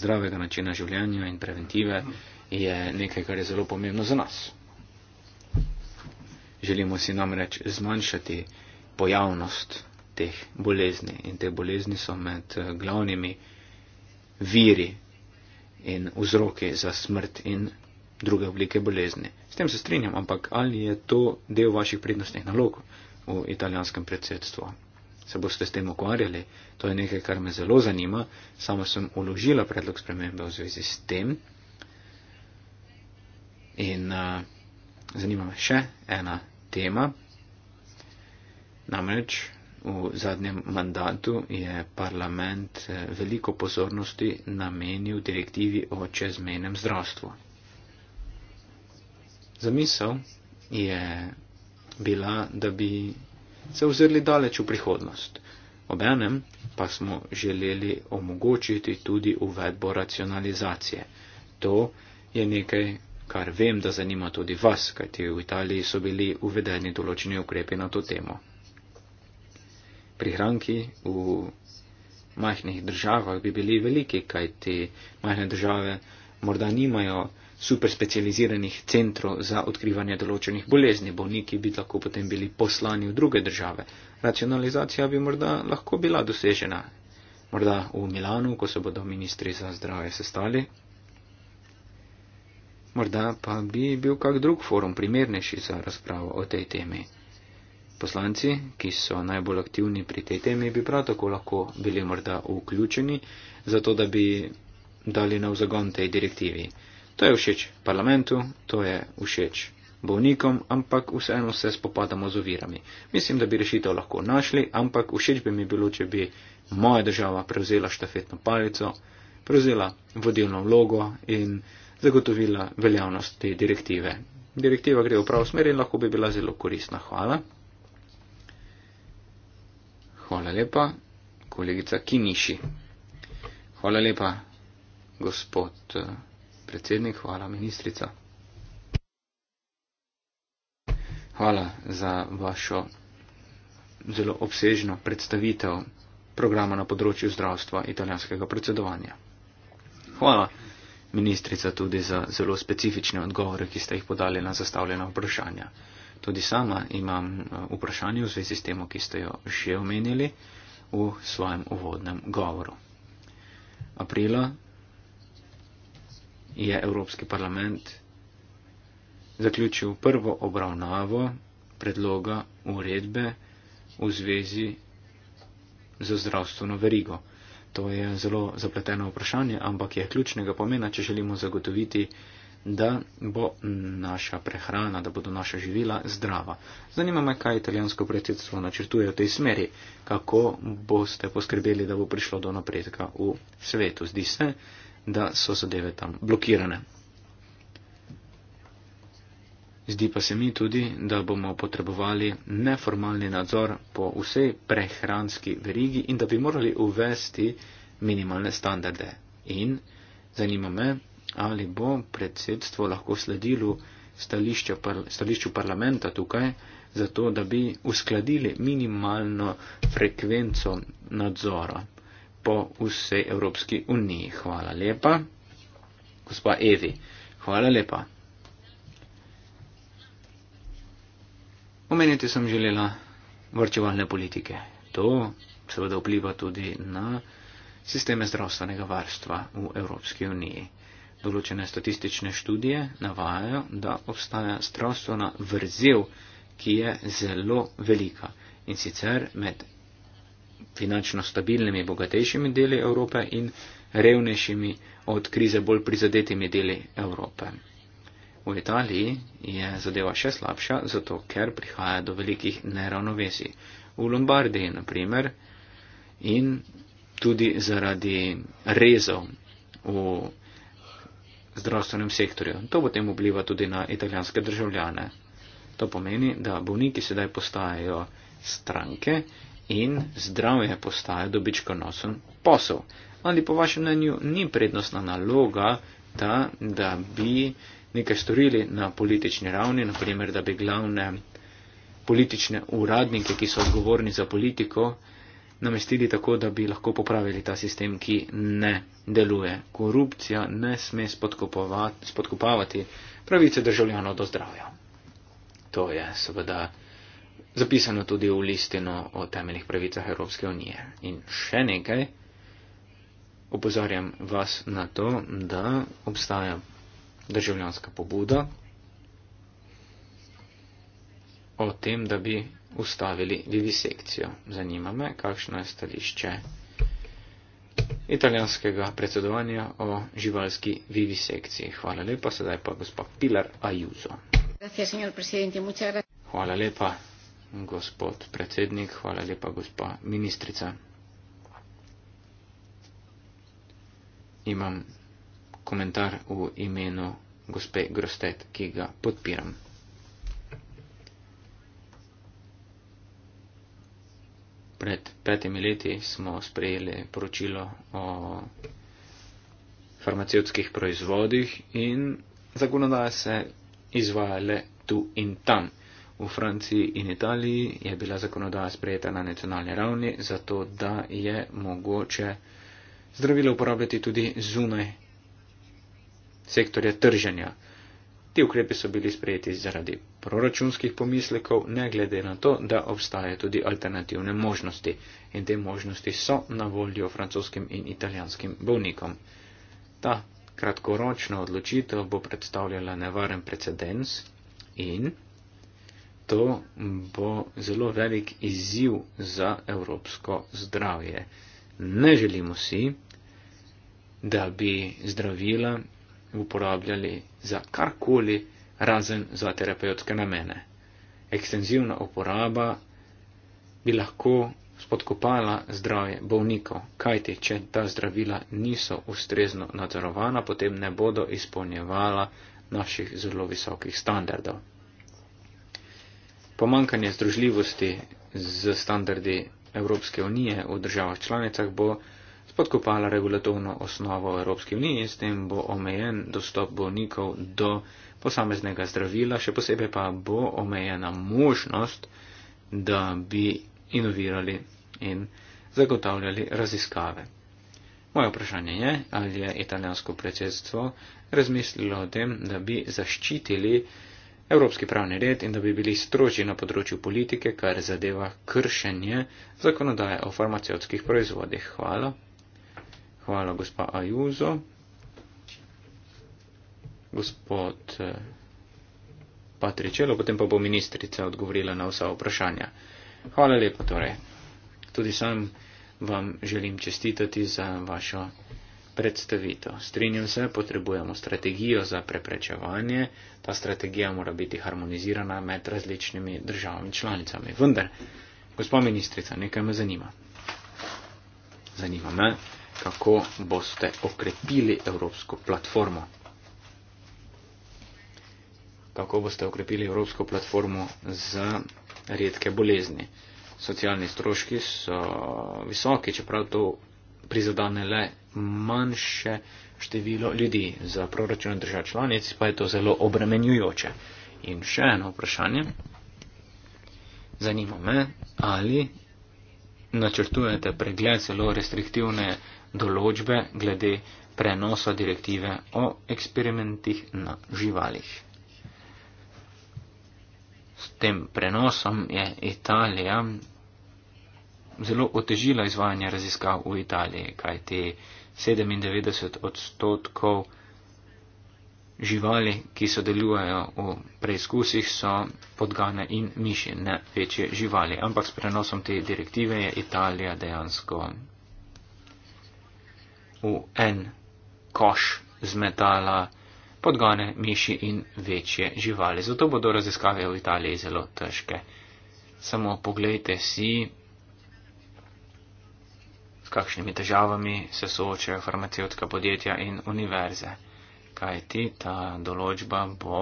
zdravega načina življenja in preventive je nekaj, kar je zelo pomembno za nas. Želimo si namreč zmanjšati pojavnost teh bolezni in te bolezni so med eh, glavnimi viri in vzroki za smrt in druge oblike bolezni. S tem se strinjam, ampak ali je to del vaših prednostnih nalog v italijanskem predsedstvu? se boste s tem ukvarjali, to je nekaj, kar me zelo zanima, sama sem uložila predlog spremembe v zvezi s tem. In uh, zanima me še ena tema, namreč v zadnjem mandatu je parlament e, veliko pozornosti namenil direktivi o čezmenem zdravstvu. Zamisel je bila, da bi se ozirli daleč v prihodnost. Obenem pa smo želeli omogočiti tudi uvedbo racionalizacije. To je nekaj, kar vem, da zanima tudi vas, kajti v Italiji so bili uvedeni določeni ukrepi na to temo. Prihranki v majhnih državah bi bili veliki, kajti majhne države morda nimajo superspecializiranih centrov za odkrivanje določenih bolezni. Bolniki bi lahko potem bili poslani v druge države. Racionalizacija bi morda lahko bila dosežena. Morda v Milanu, ko se bodo ministri za zdravje sestali. Morda pa bi bil kak drug forum primernejši za razpravo o tej temi. Poslanci, ki so najbolj aktivni pri tej temi, bi prav tako lahko bili morda vključeni, zato da bi dali na vzagon tej direktivi. To je všeč parlamentu, to je všeč bolnikom, ampak vseeno se spopadamo z ovirami. Mislim, da bi rešitev lahko našli, ampak všeč bi mi bilo, če bi moja država prevzela štafetno palico, prevzela vodilno vlogo in zagotovila veljavnost te direktive. Direktiva gre v prav smer in lahko bi bila zelo koristna. Hvala. Hvala lepa, kolegica Kiniši. Hvala lepa, gospod. Eh, predsednik, hvala ministrica. Hvala za vašo zelo obsežno predstavitev programa na področju zdravstva italijanskega predsedovanja. Hvala ministrica tudi za zelo specifične odgovore, ki ste jih podali na zastavljena vprašanja. Tudi sama imam eh, vprašanje v zvezi s tem, ki ste jo že omenili v svojem uvodnem govoru. Aprila je Evropski parlament zaključil prvo obravnavo predloga uredbe v zvezi z zdravstveno verigo. To je zelo zapleteno vprašanje, ampak je ključnega pomena, če želimo zagotoviti, da bo naša prehrana, da bodo naša živila zdrava. Zanima me, kaj italijansko predsedstvo načrtuje v tej smeri, kako boste poskrbeli, da bo prišlo do napredka v svetu. Zdi se, da so zadeve tam blokirane. Zdi pa se mi tudi, da bomo potrebovali neformalni nadzor po vsej prehranski verigi in da bi morali uvesti minimalne standarde. In zanima me, ali bo predsedstvo lahko sledilo stališču, par, stališču parlamenta tukaj, zato da bi uskladili minimalno frekvenco nadzora po vsej Evropski uniji. Hvala lepa. Gospa Evi, hvala lepa. Omeniti sem želela vrčevalne politike. To seveda vpliva tudi na sisteme zdravstvenega varstva v Evropski uniji. Določene statistične študije navajajo, da obstaja zdravstvena vrzel, ki je zelo velika in sicer med finančno stabilnimi bogatejšimi deli Evrope in revnejšimi od krize bolj prizadetimi deli Evrope. V Italiji je zadeva še slabša, zato ker prihaja do velikih neravnovesij. V Lombardiji, na primer, in tudi zaradi rezov v zdravstvenem sektorju. To potem vpliva tudi na italijanske državljane. To pomeni, da bolniki sedaj postajajo stranke in zdravje postaje dobičkonosen posel. Ali po vašem mnenju ni prednostna naloga ta, da bi nekaj storili na politični ravni, naprimer, da bi glavne politične uradnike, ki so odgovorni za politiko, namestili tako, da bi lahko popravili ta sistem, ki ne deluje. Korupcija ne sme spodkopavati pravice državljanov do zdravja. To je seveda zapisano tudi v listino o temeljnih pravicah Evropske unije. In še nekaj, opozarjam vas na to, da obstaja državljanska pobuda o tem, da bi ustavili vivisekcijo. Zanima me, kakšno je stališče italijanskega predsedovanja o živalski vivisekciji. Hvala lepa, sedaj pa gospod Pilar Ajuzo. Hvala lepa gospod predsednik, hvala lepa gospa ministrica. Imam komentar v imenu gospe Grostet, ki ga podpiram. Pred petimi leti smo sprejeli poročilo o farmacevtskih proizvodih in zakonodaje se izvajale tu in tam. V Franciji in Italiji je bila zakonodaja sprejeta na nacionalni ravni, zato da je mogoče zdravilo uporabljati tudi zunaj sektorja trženja. Ti ukrepi so bili sprejeti zaradi proračunskih pomislekov, ne glede na to, da obstajajo tudi alternativne možnosti. In te možnosti so na voljo francoskim in italijanskim bolnikom. Ta kratkoročna odločitev bo predstavljala nevaren precedens in to bo zelo velik izziv za evropsko zdravje. Ne želimo si, da bi zdravila uporabljali za karkoli, razen za terapevtske namene. Ekstenzivna uporaba bi lahko spodkopala zdravje bolnikov, kajti če ta zdravila niso ustrezno nadzorovana, potem ne bodo izpolnjevala naših zelo visokih standardov pomankanje združljivosti z standardi Evropske unije v državah članicah bo spodkopala regulatorno osnovo Evropske unije in s tem bo omejen dostop bolnikov do posameznega zdravila, še posebej pa bo omejena možnost, da bi inovirali in zagotavljali raziskave. Moje vprašanje je, ali je italijansko predsedstvo razmislilo o tem, da bi zaščitili evropski pravni red in da bi bili strožji na področju politike, kar zadeva kršenje zakonodaje o farmacevskih proizvodih. Hvala. Hvala, gospa Ajuzo. Gospod eh, Patričelo, potem pa bo ministrica odgovorila na vsa vprašanja. Hvala lepa torej. Tudi sam vam želim čestitati za vašo predstavitev. Strinjam se, potrebujemo strategijo za preprečevanje, ta strategija mora biti harmonizirana med različnimi državami članicami. Vendar, gospod ministrica, nekaj me zanima. Zanima me, kako boste okrepili evropsko platformo. Kako boste okrepili evropsko platformo za redke bolezni. Socialni stroški so visoki, čeprav to prizadane le manjše število ljudi. Za proračun držav članic pa je to zelo obremenjujoče. In še eno vprašanje. Zanima me, ali načrtujete pregled zelo restriktivne določbe glede prenosa direktive o eksperimentih na živalih. S tem prenosom je Italija zelo otežila izvajanje raziskav v Italiji, kaj ti 97 odstotkov živali, ki sodelujejo v preizkusih, so podgane in miši, ne večje živali. Ampak s prenosom te direktive je Italija dejansko v en koš zmetala podgane miši in večje živali. Zato bodo raziskave v Italiji zelo težke. Samo pogledajte si s kakšnimi težavami se soočajo farmacevtska podjetja in univerze, kajti ta določba bo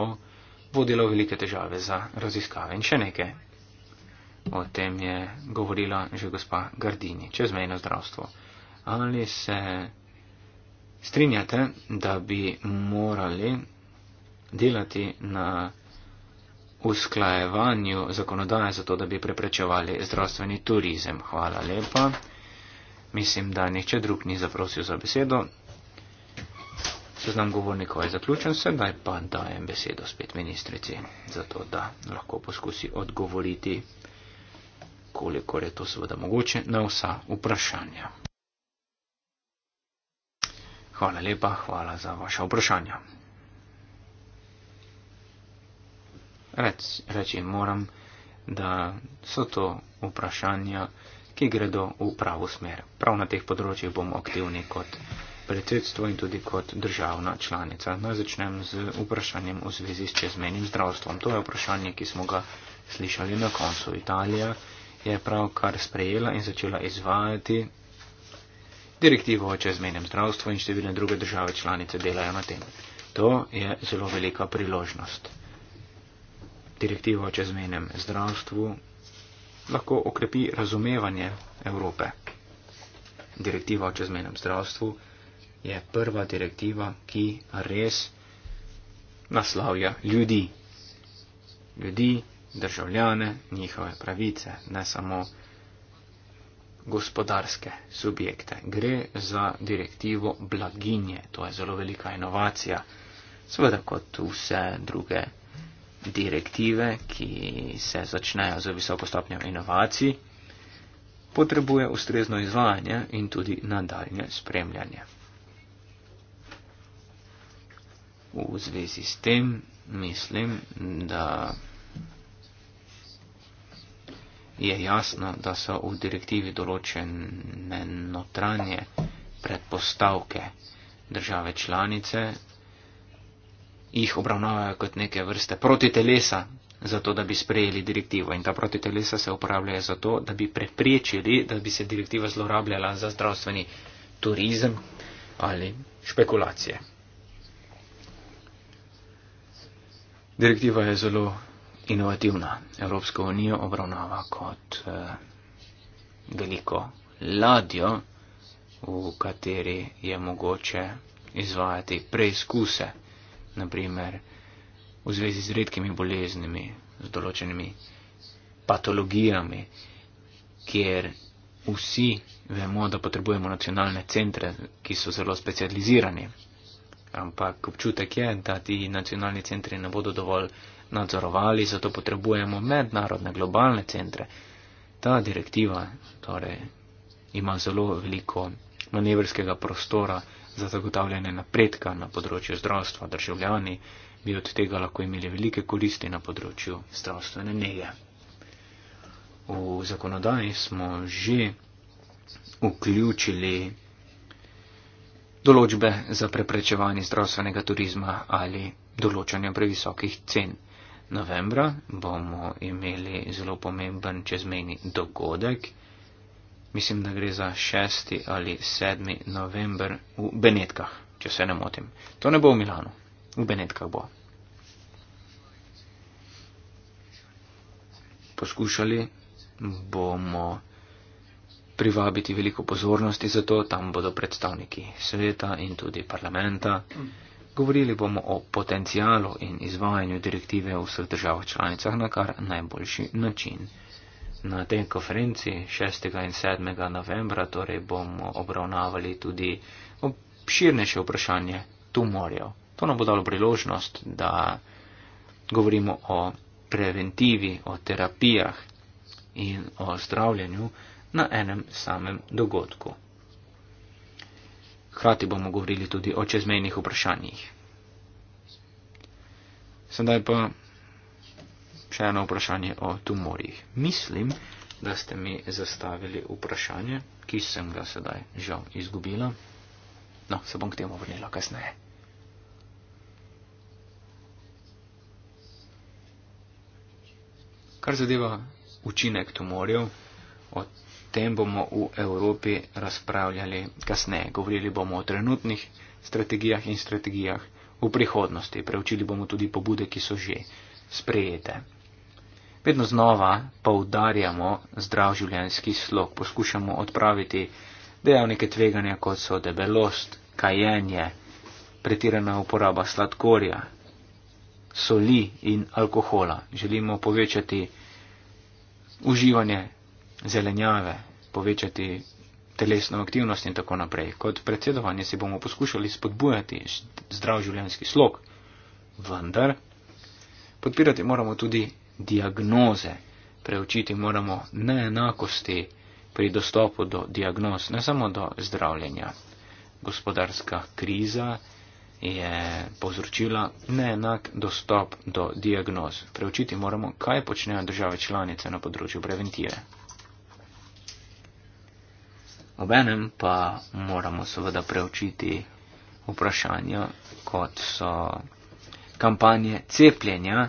vodila v velike težave za raziskave in še nekaj. O tem je govorila že gospa Gardini, čezmejno zdravstvo. Ali se strinjate, da bi morali delati na usklajevanju zakonodaje, zato da bi preprečevali zdravstveni turizem? Hvala lepa. Mislim, da nihče drug ni zaprosil za besedo. Seznam govornikov je zaključen, sedaj pa dajem besedo spet ministrici, zato da lahko poskusi odgovoriti, koliko je to seveda mogoče, na vsa vprašanja. Hvala lepa, hvala za vaše vprašanja. Rec, reči moram, da so to vprašanja ki gredo v pravo smer. Prav na teh področjih bomo aktivni kot predsedstvo in tudi kot državna članica. Naj začnem z vprašanjem v zvezi s čezmenim zdravstvom. To je vprašanje, ki smo ga slišali na koncu. Italija je pravkar sprejela in začela izvajati direktivo o čezmenem zdravstvu in številne druge države članice delajo na tem. To je zelo velika priložnost. Direktivo o čezmenem zdravstvu lahko okrepi razumevanje Evrope. Direktiva o čezmenem zdravstvu je prva direktiva, ki res naslavlja ljudi. Ljudi, državljane, njihove pravice, ne samo gospodarske subjekte. Gre za direktivo blaginje, to je zelo velika inovacija. Sveda kot vse druge direktive, ki se začnejo z visoko stopnjo inovacij, potrebuje ustrezno izvajanje in tudi nadaljne spremljanje. V zvezi s tem mislim, da je jasno, da so v direktivi določene notranje predpostavke države članice, jih obravnavajo kot neke vrste protitelesa, zato da bi sprejeli direktivo. In ta protitelesa se uporabljajo zato, da bi preprečili, da bi se direktiva zlorabljala za zdravstveni turizem ali špekulacije. Direktiva je zelo inovativna. Evropsko unijo obravnava kot eh, veliko ladjo, v kateri je mogoče izvajati preizkuse naprimer v zvezi z redkimi boleznimi, z določenimi patologijami, kjer vsi vemo, da potrebujemo nacionalne centre, ki so zelo specializirani. Ampak občutek je, da ti nacionalni centri ne bodo dovolj nadzorovali, zato potrebujemo mednarodne globalne centre. Ta direktiva torej, ima zelo veliko manevrskega prostora za zagotavljanje napredka na področju zdravstva državljani bi od tega lahko imeli velike koristi na področju zdravstvene nege. V zakonodaji smo že vključili določbe za preprečevanje zdravstvenega turizma ali določanje previsokih cen. Novembra bomo imeli zelo pomemben čezmeni dogodek, mislim, da gre za 6. ali 7. november v Benetkah, če se ne motim. To ne bo v Milano, v Benetkah bo. Poskušali bomo privabiti veliko pozornosti za to, tam bodo predstavniki sveta in tudi parlamenta. Govorili bomo o potencijalu in izvajanju direktive v vseh državah članicah na kar najboljši način na tej konferenci 6. in 7. novembra torej bomo obravnavali tudi obširnejše vprašanje tumorjev. To nam bo dalo priložnost, da govorimo o preventivi, o terapijah in o zdravljenju na enem samem dogodku. Hrati bomo govorili tudi o čezmejnih vprašanjih. Sedaj pa še eno vprašanje o tumorjih. Mislim, da ste mi zastavili vprašanje, ki sem ga sedaj žal izgubila. No, se bom k temu vrnila kasneje. Kar zadeva učinek tumorjev, o tem bomo v Evropi razpravljali kasneje. Govorili bomo o trenutnih strategijah in strategijah v prihodnosti. Preučili bomo tudi pobude, ki so že sprejete vedno znova poudarjamo zdrav življenjski slog, poskušamo odpraviti dejavnike tveganja, kot so debelost, kajenje, pretirana uporaba sladkorja, soli in alkohola. Želimo povečati uživanje zelenjave, povečati telesno aktivnost in tako naprej. Kot predsedovanje si bomo poskušali spodbujati zdrav življenjski slog, vendar podpirati moramo tudi diagnoze, preučiti moramo neenakosti pri dostopu do diagnoz, ne samo do zdravljenja. Gospodarska kriza je povzročila neenak dostop do diagnoz. Preučiti moramo, kaj počnejo države članice na področju preventive. Obenem pa moramo seveda preučiti vprašanja, kot so kampanje cepljenja,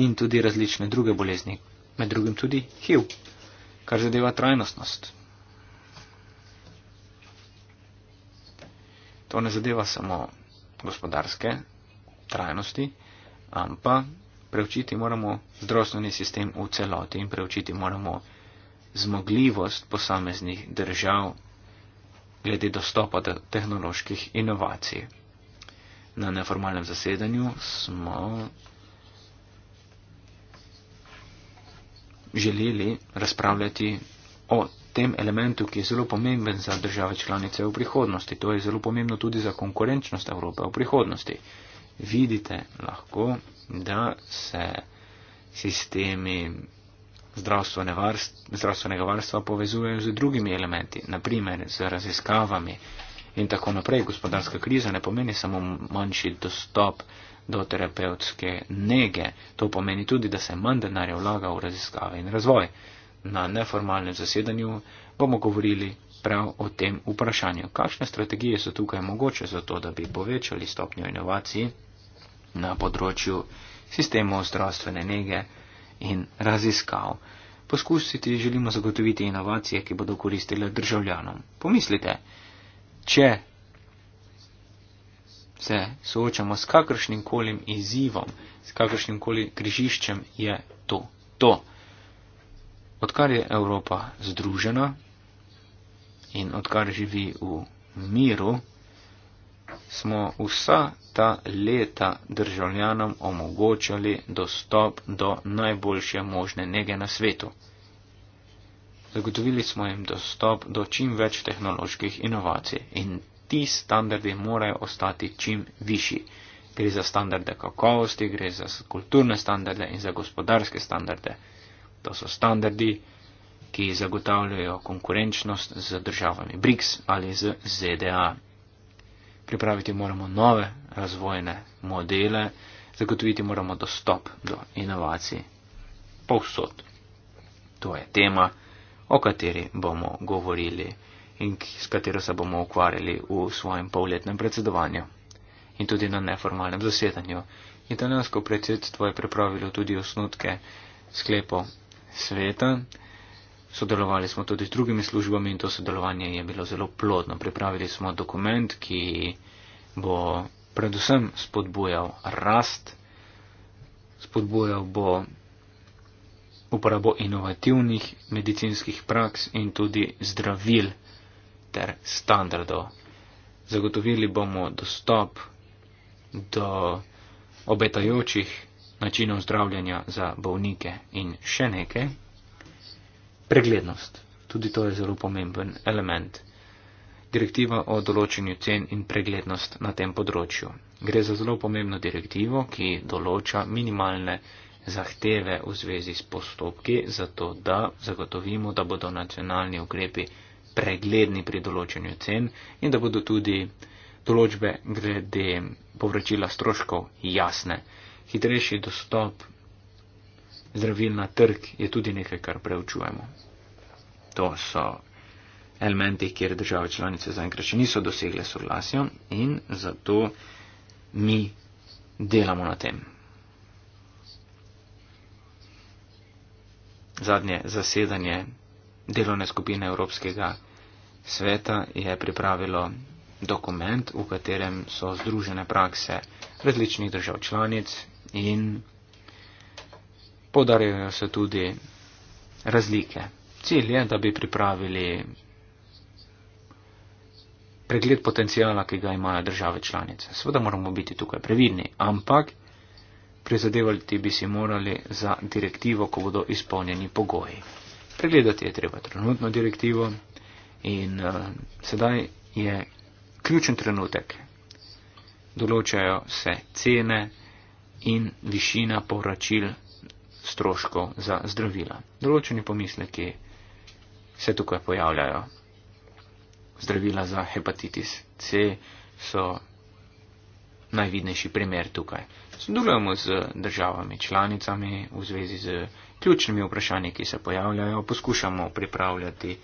in tudi različne druge bolezni, med drugim tudi HIV, kar zadeva trajnostnost. To ne zadeva samo gospodarske trajnosti, ampak preučiti moramo zdravstveni sistem v celoti in preučiti moramo zmogljivost posameznih držav glede dostopa do tehnoloških inovacij. Na neformalnem zasedanju smo želeli razpravljati o tem elementu, ki je zelo pomemben za države članice v prihodnosti. To je zelo pomembno tudi za konkurenčnost Evrope v prihodnosti. Vidite lahko, da se sistemi zdravstvene varst, zdravstvenega varstva povezujejo z drugimi elementi, naprimer z raziskavami in tako naprej. Gospodarska kriza ne pomeni samo manjši dostop do terapevtske nege. To pomeni tudi, da se manj denarja vlaga v raziskave in razvoj. Na neformalnem zasedanju bomo govorili prav o tem vprašanju. Kakšne strategije so tukaj mogoče za to, da bi povečali stopnjo inovacij na področju sistemov zdravstvene nege in raziskav? Poskusiti želimo zagotoviti inovacije, ki bodo koristile državljanom. Pomislite, če se soočamo s kakršnim koli izzivom, s kakršnim koli križiščem, je to. to. Odkar je Evropa združena in odkar živi v miru, smo vsa ta leta državljanom omogočali dostop do najboljše možne nege na svetu. Zagotovili smo jim dostop do čim več tehnoloških inovacij in ti standardi morajo ostati čim višji. Gre za standarde kakovosti, gre za kulturne standarde in za gospodarske standarde. To so standardi, ki zagotavljajo konkurenčnost z državami BRICS ali z ZDA. Pripraviti moramo nove razvojne modele, zagotoviti moramo dostop do inovacij povsod. To je tema, o kateri bomo govorili in s katero se bomo ukvarjali v svojem polletnem predsedovanju in tudi na neformalnem zasedanju. Italijansko predsedstvo je pripravilo tudi osnutke sklepo sveta. Sodelovali smo tudi z drugimi službami in to sodelovanje je bilo zelo plodno. Pripravili smo dokument, ki bo predvsem spodbujal rast, spodbujal bo uporabo inovativnih medicinskih praks in tudi zdravil ter standardov. Zagotovili bomo dostop do obetajočih načinov zdravljanja za bolnike in še nekaj. Preglednost. Tudi to je zelo pomemben element. Direktiva o določenju cen in preglednost na tem področju. Gre za zelo pomembno direktivo, ki določa minimalne zahteve v zvezi s postopki, zato da zagotovimo, da bodo nacionalni ukrepi pregledni pri določanju cen in da bodo tudi določbe glede povračila stroškov jasne. Hitrejši dostop zdravil na trg je tudi nekaj, kar preučujemo. To so elementi, kjer države članice zaenkrat še niso dosegle soglasja in zato mi delamo na tem. Zadnje zasedanje Delovna skupina Evropskega sveta je pripravilo dokument, v katerem so združene prakse različnih držav članic in podarjajo se tudi razlike. Cilj je, da bi pripravili pregled potencijala, ki ga imajo države članice. Sveda moramo biti tukaj previdni, ampak prizadevati bi si morali za direktivo, ko bodo izpolnjeni pogoji pregledati je treba trenutno direktivo in uh, sedaj je ključen trenutek. Določajo se cene in višina povračil stroškov za zdravila. Določeni pomisleki se tukaj pojavljajo. Zdravila za hepatitis C so najvidnejši primer tukaj. Sodelujemo z državami članicami v zvezi z ključnimi vprašanji, ki se pojavljajo, poskušamo pripravljati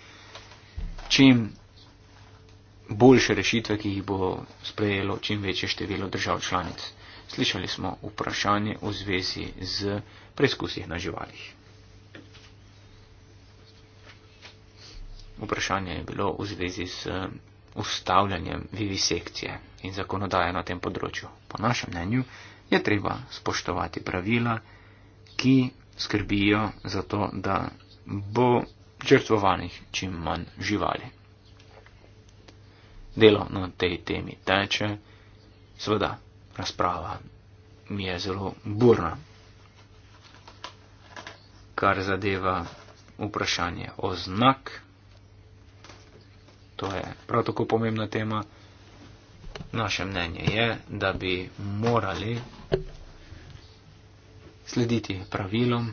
čim boljše rešitve, ki jih bo sprejelo čim večje število držav članic. Slišali smo vprašanje v zvezi z preizkusih na živalih. Vprašanje je bilo v zvezi z ustavljanjem vivisekcije in zakonodaje na tem področju. Po našem mnenju je treba spoštovati pravila, ki skrbijo za to, da bo žrtvovanih čim manj živali. Delo na tej temi teče, seveda razprava mi je zelo burna, kar zadeva vprašanje o znak. To je prav tako pomembna tema. Naše mnenje je, da bi morali slediti pravilom,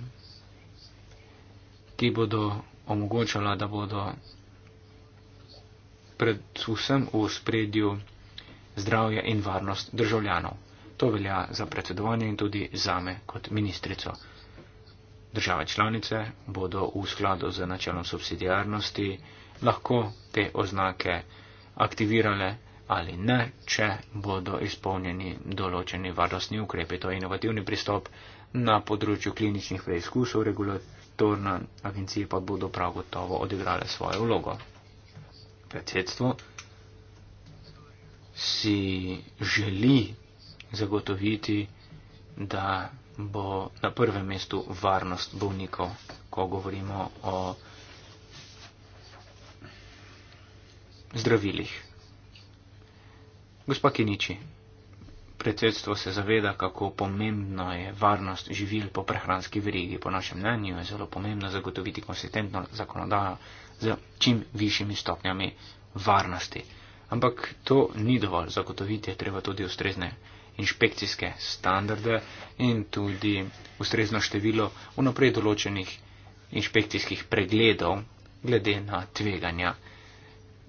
ki bodo omogočala, da bodo predvsem v spredju zdravje in varnost državljanov. To velja za predsedovanje in tudi zame kot ministrico. Države članice bodo v skladu z načelom subsidiarnosti lahko te oznake aktivirale ali ne, če bodo izpolnjeni določeni varnostni ukrepi. To je inovativni pristop, Na področju kliničnih preizkusov regulatorne agencije pa bodo prav gotovo odigrale svojo vlogo. Predsedstvo si želi zagotoviti, da bo na prvem mestu varnost bolnikov, ko govorimo o zdravilih. Gospa Kiniči predsedstvo se zaveda, kako pomembno je varnost živil po prehranski verigi. Po našem mnenju je zelo pomembno zagotoviti konsistentno zakonodajo z čim višjimi stopnjami varnosti. Ampak to ni dovolj. Zagotoviti je treba tudi ustrezne inšpekcijske standarde in tudi ustrezno število unaprej določenih inšpekcijskih pregledov glede na tveganja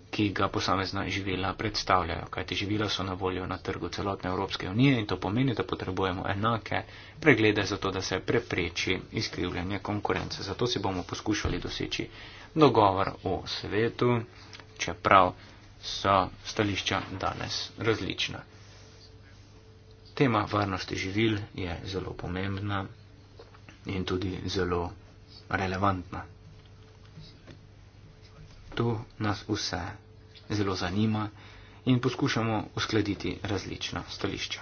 ki ga posamezna živila predstavljajo. Kajti živila so na voljo na trgu celotne Evropske unije in to pomeni, da potrebujemo enake preglede za to, da se prepreči izkrivljanje konkurence. Zato si bomo poskušali doseči dogovor o svetu, čeprav so stališča danes različna. Tema varnosti živil je zelo pomembna in tudi zelo relevantna. To nas vse zelo zanima in poskušamo uskladiti različna stališča.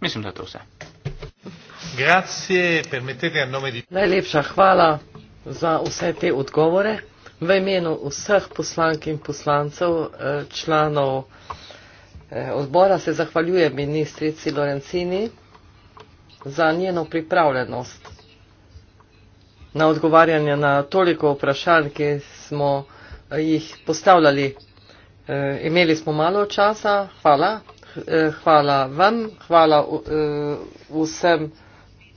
Mislim, da je to vse. Najlepša hvala za vse te odgovore. V imenu vseh poslank in poslancev, eh, članov eh, odbora se zahvaljuje ministrici Lorencini za njeno pripravljenost na odgovarjanje na toliko vprašanj, ki smo eh, jih postavljali. E, imeli smo malo časa, hvala. Eh, hvala vam, hvala vsem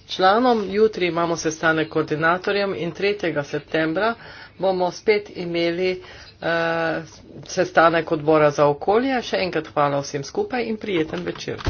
članom. Jutri imamo sestanek koordinatorjem in 3. septembra bomo spet imeli sestanek odbora za okolje. Še enkrat hvala vsem skupaj in prijeten večer.